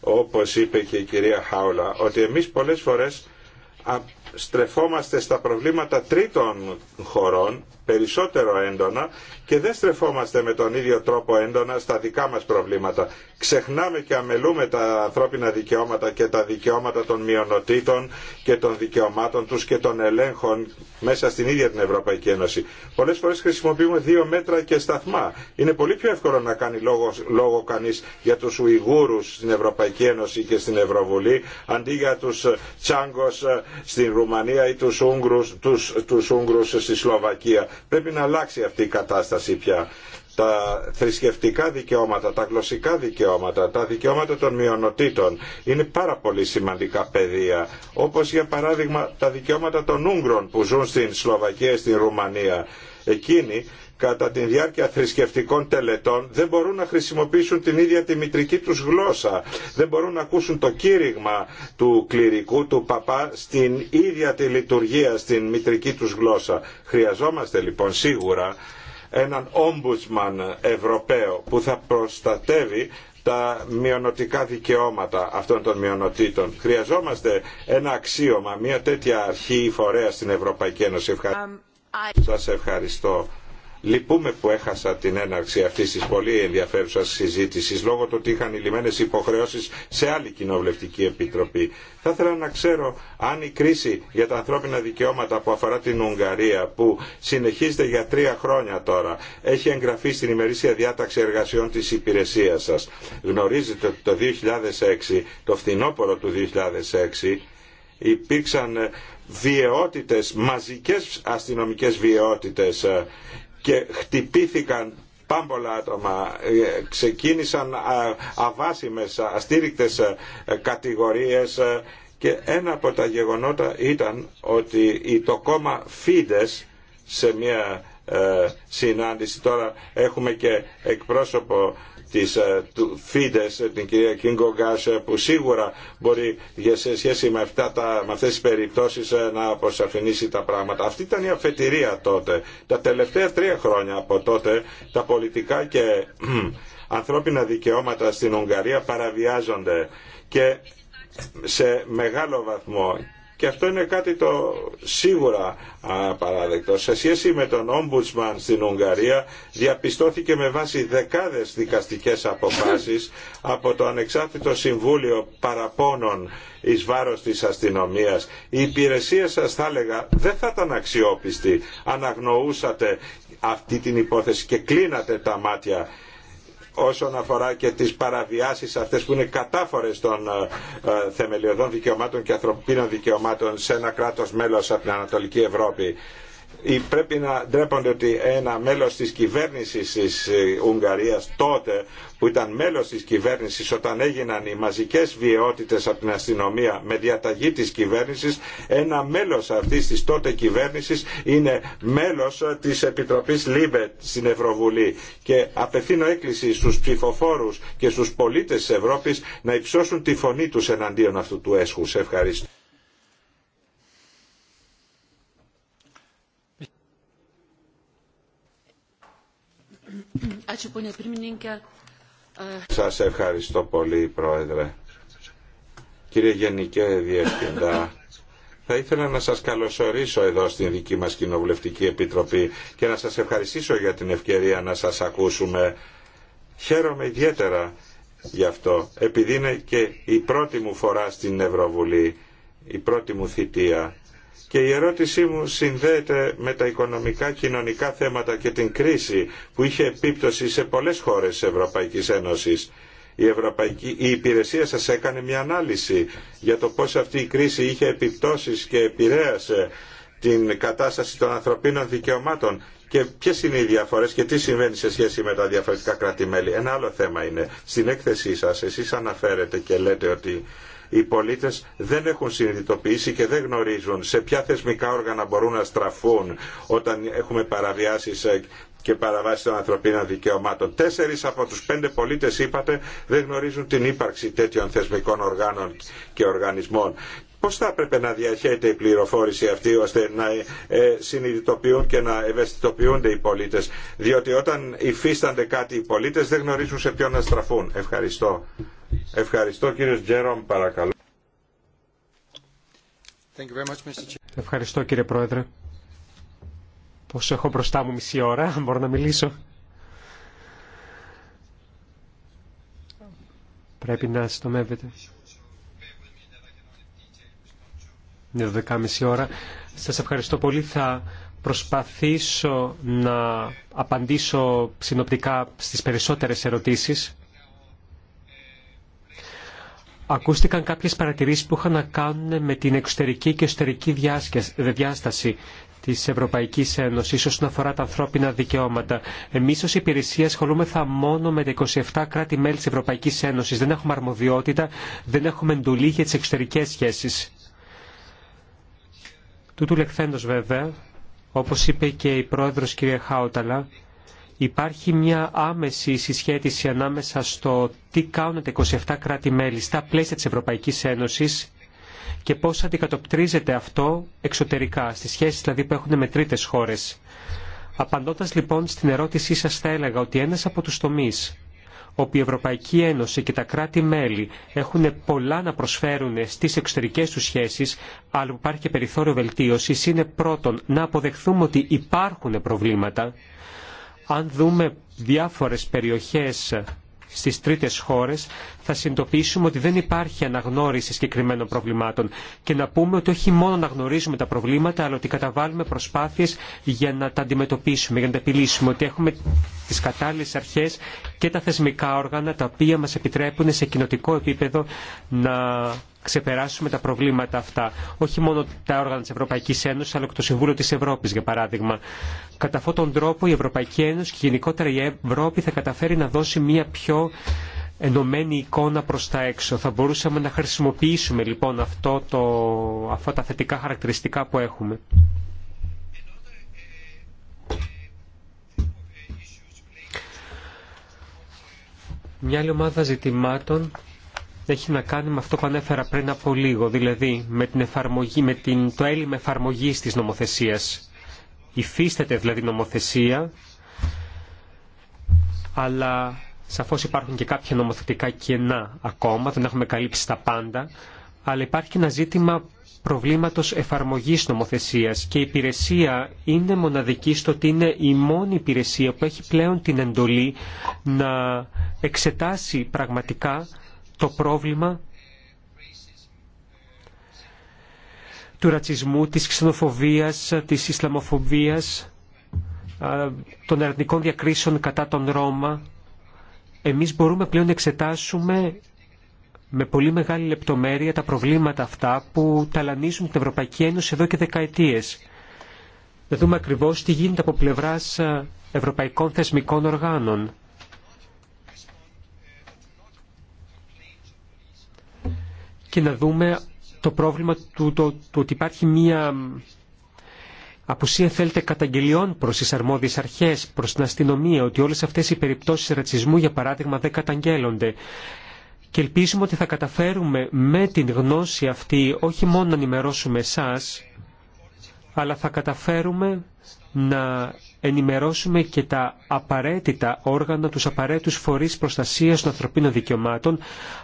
όπως είπε και η κυρία Χάουλα, ότι εμείς πολλές φορές στρεφόμαστε στα προβλήματα τρίτων χωρών περισσότερο έντονα και δεν στρεφόμαστε με τον ίδιο τρόπο έντονα στα δικά μας προβλήματα. Ξεχνάμε και αμελούμε τα ανθρώπινα δικαιώματα και τα δικαιώματα των μειονοτήτων και των δικαιωμάτων τους και των ελέγχων μέσα στην ίδια την Ευρωπαϊκή Ένωση. Πολλές φορές χρησιμοποιούμε δύο μέτρα και σταθμά. Είναι πολύ πιο εύκολο να κάνει λόγο, λόγο κανείς για τους Ουιγούρους στην Ευρωπαϊκή Ένωση και στην Ευρωβουλή αντί για τους Τσάγκος ε, στην Ρουμανία ή τους Ούγγρους, στη Σλοβακία. Πρέπει να αλλάξει αυτή η κατάσταση πια. Τα θρησκευτικά δικαιώματα, τα γλωσσικά δικαιώματα, τα δικαιώματα των μειονοτήτων είναι πάρα πολύ σημαντικά πεδία. Όπως για παράδειγμα τα δικαιώματα των Ούγγρων που ζουν στην Σλοβακία, στην Ρουμανία. Εκείνοι κατά τη διάρκεια θρησκευτικών τελετών δεν μπορούν να χρησιμοποιήσουν την ίδια τη μητρική τους γλώσσα. Δεν μπορούν να ακούσουν το κήρυγμα του κληρικού, του παπά στην ίδια τη λειτουργία, στην μητρική τους γλώσσα. Χρειαζόμαστε λοιπόν σίγουρα έναν ομπουσμαν Ευρωπαίο που θα προστατεύει τα μειονοτικά δικαιώματα αυτών των μειονοτήτων. Χρειαζόμαστε ένα αξίωμα, μια τέτοια αρχή ή φορέα στην Ευρωπαϊκή Ένωση. ευχαριστώ. Um, Λυπούμε που έχασα την έναρξη αυτή τη πολύ ενδιαφέρουσα συζήτηση λόγω του ότι είχαν λυμμένε υποχρεώσει σε άλλη κοινοβουλευτική επιτροπή. Θα ήθελα να ξέρω αν η κρίση για τα ανθρώπινα δικαιώματα που αφορά την Ουγγαρία, που συνεχίζεται για τρία χρόνια τώρα, έχει εγγραφεί στην ημερήσια διάταξη εργασιών τη υπηρεσία σα. Γνωρίζετε ότι το 2006, το φθινόπωρο του 2006, υπήρξαν ε, βιαιότητες, μαζικές αστυνομικές βιαιότητες ε, και χτυπήθηκαν πάμπολα άτομα ε, ξεκίνησαν αβάσιμες αστήρικτες ε, κατηγορίες ε, και ένα από τα γεγονότα ήταν ότι το κόμμα Φίδες σε μια συνάντηση τώρα έχουμε και εκπρόσωπο τις φίδες, ε, την κυρία Κίνγκο Γκάς, ε, που σίγουρα μπορεί σε σχέση με, αυτά τα, με αυτές τις περιπτώσεις ε, να αποσαφηνίσει τα πράγματα. Αυτή ήταν η αφετηρία τότε. Τα τελευταία τρία χρόνια από τότε τα πολιτικά και ανθρώπινα δικαιώματα στην Ουγγαρία παραβιάζονται και σε μεγάλο βαθμό και αυτό είναι κάτι το σίγουρα απαράδεκτο. Σε σχέση με τον Ombudsman στην Ουγγαρία διαπιστώθηκε με βάση δεκάδες δικαστικές αποφάσεις από το Ανεξάρτητο Συμβούλιο Παραπώνων εις βάρος της αστυνομίας. Η υπηρεσία σας θα έλεγα δεν θα ήταν αξιόπιστη αν αυτή την υπόθεση και κλείνατε τα μάτια όσον αφορά και τις παραβιάσεις αυτές που είναι κατάφορες των ε, ε, θεμελιωδών δικαιωμάτων και ανθρωπίνων δικαιωμάτων σε ένα κράτος μέλος από την Ανατολική Ευρώπη πρέπει να ντρέπονται ότι ένα μέλος της κυβέρνησης της ε, Ουγγαρίας τότε που ήταν μέλος της κυβέρνησης όταν έγιναν οι μαζικές βιαιότητες από την αστυνομία με διαταγή της κυβέρνησης ένα μέλος αυτής της τότε κυβέρνησης είναι μέλος της Επιτροπής LIBE στην Ευρωβουλή και απευθύνω έκκληση στους ψηφοφόρους και στους πολίτες της Ευρώπης να υψώσουν τη φωνή τους εναντίον αυτού του έσχους. Ευχαριστώ. Σας ευχαριστώ πολύ, Πρόεδρε. Κύριε Γενικέ Διευθυντά, θα ήθελα να σας καλωσορίσω εδώ στην δική μας Κοινοβουλευτική Επιτροπή και να σας ευχαριστήσω για την ευκαιρία να σας ακούσουμε. Χαίρομαι ιδιαίτερα γι' αυτό, επειδή είναι και η πρώτη μου φορά στην Ευρωβουλή, η πρώτη μου θητεία και η ερώτησή μου συνδέεται με τα οικονομικά κοινωνικά θέματα και την κρίση που είχε επίπτωση σε πολλές χώρες της Ευρωπαϊκής Ένωσης. Η, Ευρωπαϊκή, η υπηρεσία σας έκανε μια ανάλυση για το πώς αυτή η κρίση είχε επιπτώσεις και επηρέασε την κατάσταση των ανθρωπίνων δικαιωμάτων και ποιε είναι οι διαφορέ και τι συμβαίνει σε σχέση με τα διαφορετικά κράτη-μέλη. Ένα άλλο θέμα είναι. Στην έκθεσή σα, εσεί αναφέρετε και λέτε ότι οι πολίτες δεν έχουν συνειδητοποιήσει και δεν γνωρίζουν σε ποια θεσμικά όργανα μπορούν να στραφούν όταν έχουμε παραβιάσεις ε, και παραβάσει των ανθρωπίνων δικαιωμάτων. Τέσσερις από τους πέντε πολίτες, είπατε, δεν γνωρίζουν την ύπαρξη τέτοιων θεσμικών οργάνων και οργανισμών. Πώς θα έπρεπε να διαχέεται η πληροφόρηση αυτή ώστε να ε, ε, συνειδητοποιούν και να ευαισθητοποιούνται οι πολίτες. Διότι όταν υφίστανται κάτι οι πολίτε δεν γνωρίζουν σε ποιον να στραφούν. Ευχαριστώ. Ευχαριστώ κύριε Τζέρομ, παρακαλώ. Ευχαριστώ κύριε Πρόεδρε. πως έχω μπροστά μου μισή ώρα, μπορώ να μιλήσω. Πρέπει να αστομεύετε. Είναι 12.30 ώρα. Σας ευχαριστώ πολύ. Θα προσπαθήσω να απαντήσω συνοπτικά στις περισσότερες ερωτήσεις. Ακούστηκαν κάποιες παρατηρήσεις που είχαν να κάνουν με την εξωτερική και εσωτερική διάσταση της Ευρωπαϊκής Ένωσης όσον αφορά τα ανθρώπινα δικαιώματα. Εμείς ως υπηρεσία ασχολούμεθα μόνο με τα 27 κράτη-μέλη της Ευρωπαϊκής Ένωσης. Δεν έχουμε αρμοδιότητα, δεν έχουμε εντολή για τις εξωτερικές σχέσεις. Τούτου λεχθέντος βέβαια, όπως είπε και η πρόεδρος κυρία Χάουταλα, υπάρχει μια άμεση συσχέτιση ανάμεσα στο τι κάνουν τα 27 κράτη-μέλη στα πλαίσια της Ευρωπαϊκής Ένωσης και πώς αντικατοπτρίζεται αυτό εξωτερικά, στις σχέσεις δηλαδή που έχουν με τρίτες χώρες. Απαντώντας λοιπόν στην ερώτησή σας θα έλεγα ότι ένας από τους τομείς όπου η Ευρωπαϊκή Ένωση και τα κράτη-μέλη έχουν πολλά να προσφέρουν στις εξωτερικές τους σχέσεις, αλλά υπάρχει και περιθώριο βελτίωσης, είναι πρώτον να αποδεχθούμε ότι υπάρχουν προβλήματα αν δούμε διάφορες περιοχές στις τρίτες χώρες θα συνειδητοποιήσουμε ότι δεν υπάρχει αναγνώριση συγκεκριμένων προβλημάτων και να πούμε ότι όχι μόνο να γνωρίζουμε τα προβλήματα αλλά ότι καταβάλουμε προσπάθειες για να τα αντιμετωπίσουμε, για να τα επιλύσουμε, ότι έχουμε τις κατάλληλες αρχές και τα θεσμικά όργανα τα οποία μας επιτρέπουν σε κοινοτικό επίπεδο να ξεπεράσουμε τα προβλήματα αυτά. Όχι μόνο τα όργανα της Ευρωπαϊκής Ένωσης, αλλά και το Συμβούλιο της Ευρώπης, για παράδειγμα. Κατά αυτόν τον τρόπο η Ευρωπαϊκή Ένωση και γενικότερα η Ευρώπη θα καταφέρει να δώσει μια πιο ενωμένη εικόνα προς τα έξω. Θα μπορούσαμε να χρησιμοποιήσουμε λοιπόν αυτό το, αυτά τα θετικά χαρακτηριστικά που έχουμε. Μια άλλη ομάδα ζητημάτων έχει να κάνει με αυτό που ανέφερα πριν από λίγο, δηλαδή με, την εφαρμογή, με την, το έλλειμμα εφαρμογής της νομοθεσίας. Υφίσταται δηλαδή νομοθεσία, αλλά σαφώς υπάρχουν και κάποια νομοθετικά κενά ακόμα, δεν έχουμε καλύψει τα πάντα, αλλά υπάρχει και ένα ζήτημα προβλήματος εφαρμογής νομοθεσίας και η υπηρεσία είναι μοναδική στο ότι είναι η μόνη υπηρεσία που έχει πλέον την εντολή να εξετάσει πραγματικά το πρόβλημα του ρατσισμού, της ξενοφοβίας, της ισλαμοφοβίας, των αρνητικών διακρίσεων κατά τον Ρώμα. Εμείς μπορούμε πλέον να εξετάσουμε με πολύ μεγάλη λεπτομέρεια τα προβλήματα αυτά που ταλανίζουν την Ευρωπαϊκή Ένωση εδώ και δεκαετίες. Να δούμε ακριβώς τι γίνεται από πλευράς ευρωπαϊκών θεσμικών οργάνων. και να δούμε το πρόβλημα του, το, ότι υπάρχει μία απουσία θέλετε καταγγελιών προς τις αρμόδιες αρχές, προς την αστυνομία, ότι όλες αυτές οι περιπτώσεις ρατσισμού για παράδειγμα δεν καταγγέλλονται. Και ελπίζουμε ότι θα καταφέρουμε με την γνώση αυτή όχι μόνο να ενημερώσουμε εσά, αλλά θα καταφέρουμε να ενημερώσουμε και τα απαραίτητα όργανα, τους απαραίτητους φορείς προστασίας των ανθρωπίνων δικαιωμάτων,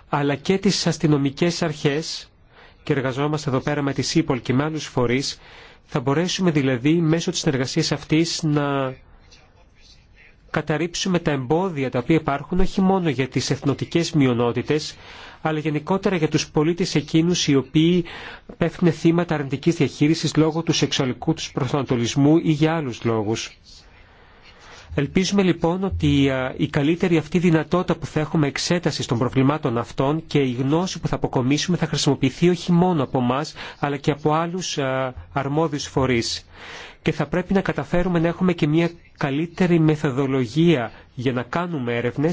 αλλά και τις αστυνομικές αρχές, και εργαζόμαστε εδώ πέρα με τη ΣΥΠΟΛ και με άλλους φορείς, θα μπορέσουμε δηλαδή μέσω της συνεργασίας αυτής να καταρρύψουμε τα εμπόδια τα οποία υπάρχουν όχι μόνο για τις εθνοτικές μειονότητες, αλλά γενικότερα για τους πολίτες εκείνους οι οποίοι πέφτουν θύματα αρνητικής διαχείρισης λόγω του σεξουαλικού τους προσανατολισμού ή για άλλους λόγους. Ελπίζουμε λοιπόν ότι η καλύτερη αυτή δυνατότητα που θα έχουμε εξέταση των προβλημάτων αυτών και η γνώση που θα αποκομίσουμε θα χρησιμοποιηθεί όχι μόνο από εμά αλλά και από άλλους αρμόδιους φορείς και θα πρέπει να καταφέρουμε να έχουμε και μια καλύτερη μεθοδολογία για να κάνουμε έρευνε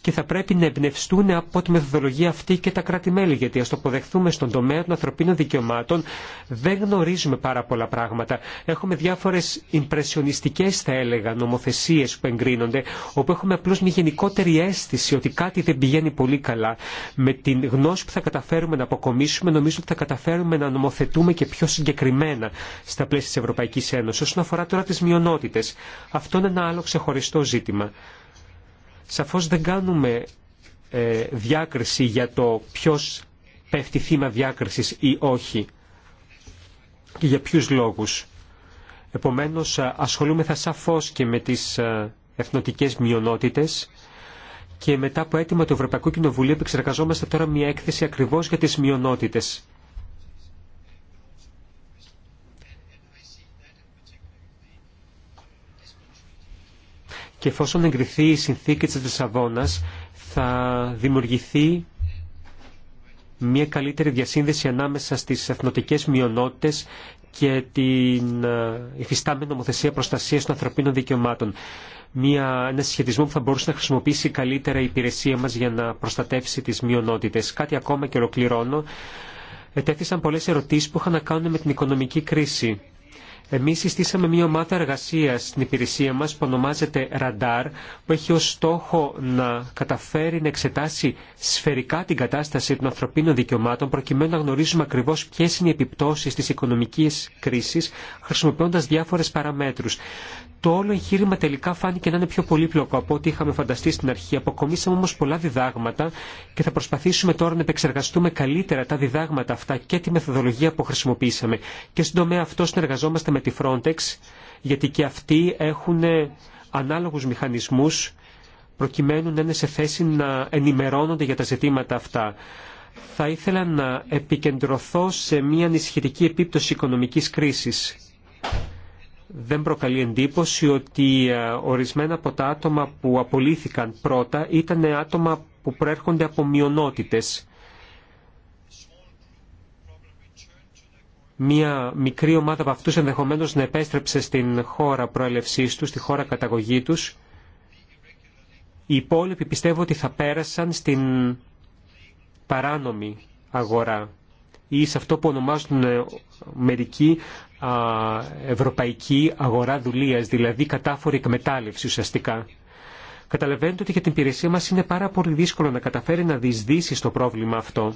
και θα πρέπει να εμπνευστούν από τη μεθοδολογία αυτή και τα κράτη-μέλη. Γιατί α το αποδεχθούμε στον τομέα των ανθρωπίνων δικαιωμάτων, δεν γνωρίζουμε πάρα πολλά πράγματα. Έχουμε διάφορε υπρεσιονιστικέ, θα έλεγα, νομοθεσίε που εγκρίνονται, όπου έχουμε απλώ μια γενικότερη αίσθηση ότι κάτι δεν πηγαίνει πολύ καλά. Με την γνώση που θα καταφέρουμε να αποκομίσουμε, νομίζω ότι θα καταφέρουμε να νομοθετούμε και πιο συγκεκριμένα στα πλαίσια τη Ευρωπαϊκή Ένωση. Όσον αφορά τώρα τι μειονότητε, αυτό είναι ένα άλλο ξεχωριστό ζήτημα. Σαφώς δεν κάνουμε ε, διάκριση για το ποιος πέφτει θύμα διάκρισης ή όχι και για ποιους λόγους. Επομένως ασχολούμεθα σαφώς και με τις εθνοτικές μειονότητες και μετά από αίτημα του Ευρωπαϊκού Κοινοβουλίου επεξεργαζόμαστε τώρα μια έκθεση ακριβώς για τις μειονότητες. και εφόσον εγκριθεί η συνθήκη της Λισαβόνα, θα δημιουργηθεί μια καλύτερη διασύνδεση ανάμεσα στις εθνοτικές μειονότητες και την ε, υφιστάμενη νομοθεσία προστασίας των ανθρωπίνων δικαιωμάτων. Μια, ένα σχετισμό που θα μπορούσε να χρησιμοποιήσει καλύτερα η υπηρεσία μας για να προστατεύσει τις μειονότητες. Κάτι ακόμα και ολοκληρώνω. Ετέθησαν πολλές ερωτήσεις που είχαν να κάνουν με την οικονομική κρίση. Εμείς συστήσαμε μια ομάδα εργασίας στην υπηρεσία μας που ονομάζεται RADAR που έχει ως στόχο να καταφέρει να εξετάσει σφαιρικά την κατάσταση των ανθρωπίνων δικαιωμάτων, προκειμένου να γνωρίζουμε ακριβώς ποιε είναι οι επιπτώσεις τη οικονομική κρίση, χρησιμοποιώντας διάφορες παραμέτρους το όλο εγχείρημα τελικά φάνηκε να είναι πιο πολύπλοκο από ό,τι είχαμε φανταστεί στην αρχή. Αποκομίσαμε όμω πολλά διδάγματα και θα προσπαθήσουμε τώρα να επεξεργαστούμε καλύτερα τα διδάγματα αυτά και τη μεθοδολογία που χρησιμοποιήσαμε. Και στον τομέα αυτό συνεργαζόμαστε με τη Frontex, γιατί και αυτοί έχουν ανάλογου μηχανισμού προκειμένου να είναι σε θέση να ενημερώνονται για τα ζητήματα αυτά. Θα ήθελα να επικεντρωθώ σε μια ανησυχητική επίπτωση οικονομικής κρίσης δεν προκαλεί εντύπωση ότι ε, ορισμένα από τα άτομα που απολύθηκαν πρώτα ήταν άτομα που προέρχονται από μειονότητες. Μία μικρή ομάδα από αυτούς ενδεχομένως να επέστρεψε στην χώρα προέλευσής τους, στη χώρα καταγωγή τους. Οι υπόλοιποι πιστεύω ότι θα πέρασαν στην παράνομη αγορά ή σε αυτό που ονομάζουν ε, μερικοί ευρωπαϊκή αγορά δουλείας, δηλαδή κατάφορη εκμετάλλευση ουσιαστικά. Καταλαβαίνετε ότι για την υπηρεσία μας είναι πάρα πολύ δύσκολο να καταφέρει να διεισδύσει στο πρόβλημα αυτό.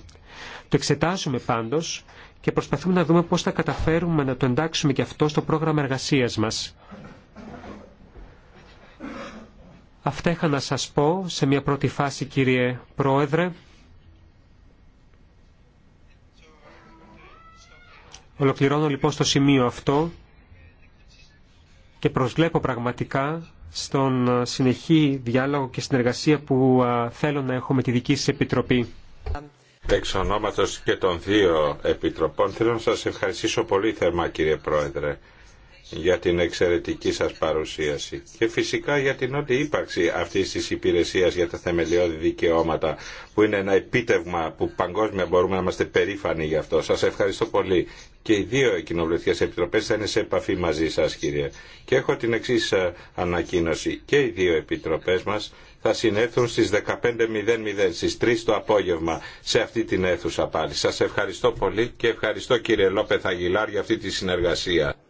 Το εξετάζουμε πάντως και προσπαθούμε να δούμε πώς θα καταφέρουμε να το εντάξουμε και αυτό στο πρόγραμμα εργασίας μας. Αυτά είχα να σας πω σε μια πρώτη φάση κύριε Πρόεδρε. Ολοκληρώνω λοιπόν στο σημείο αυτό και προσβλέπω πραγματικά στον ε, συνεχή διάλογο και συνεργασία που ε, θέλω να έχω με τη δική σας Επιτροπή. Εξ ονόματος και των δύο Επιτροπών θέλω να σας ευχαριστήσω πολύ θερμά κύριε Πρόεδρε για την εξαιρετική σας παρουσίαση και φυσικά για την ότι ύπαρξη αυτής της υπηρεσίας για τα θεμελιώδη δικαιώματα που είναι ένα επίτευγμα που παγκόσμια μπορούμε να είμαστε περήφανοι γι' αυτό. Σας ευχαριστώ πολύ και οι δύο κοινοβουλευτικές επιτροπές θα είναι σε επαφή μαζί σας κύριε. Και έχω την εξή ε, ανακοίνωση και οι δύο επιτροπές μας θα συνέλθουν στις 15.00 στις 3 το απόγευμα σε αυτή την αίθουσα πάλι. Σας ευχαριστώ πολύ και ευχαριστώ κύριε Λόπεθ Αγγιλάρ για αυτή τη συνεργασία.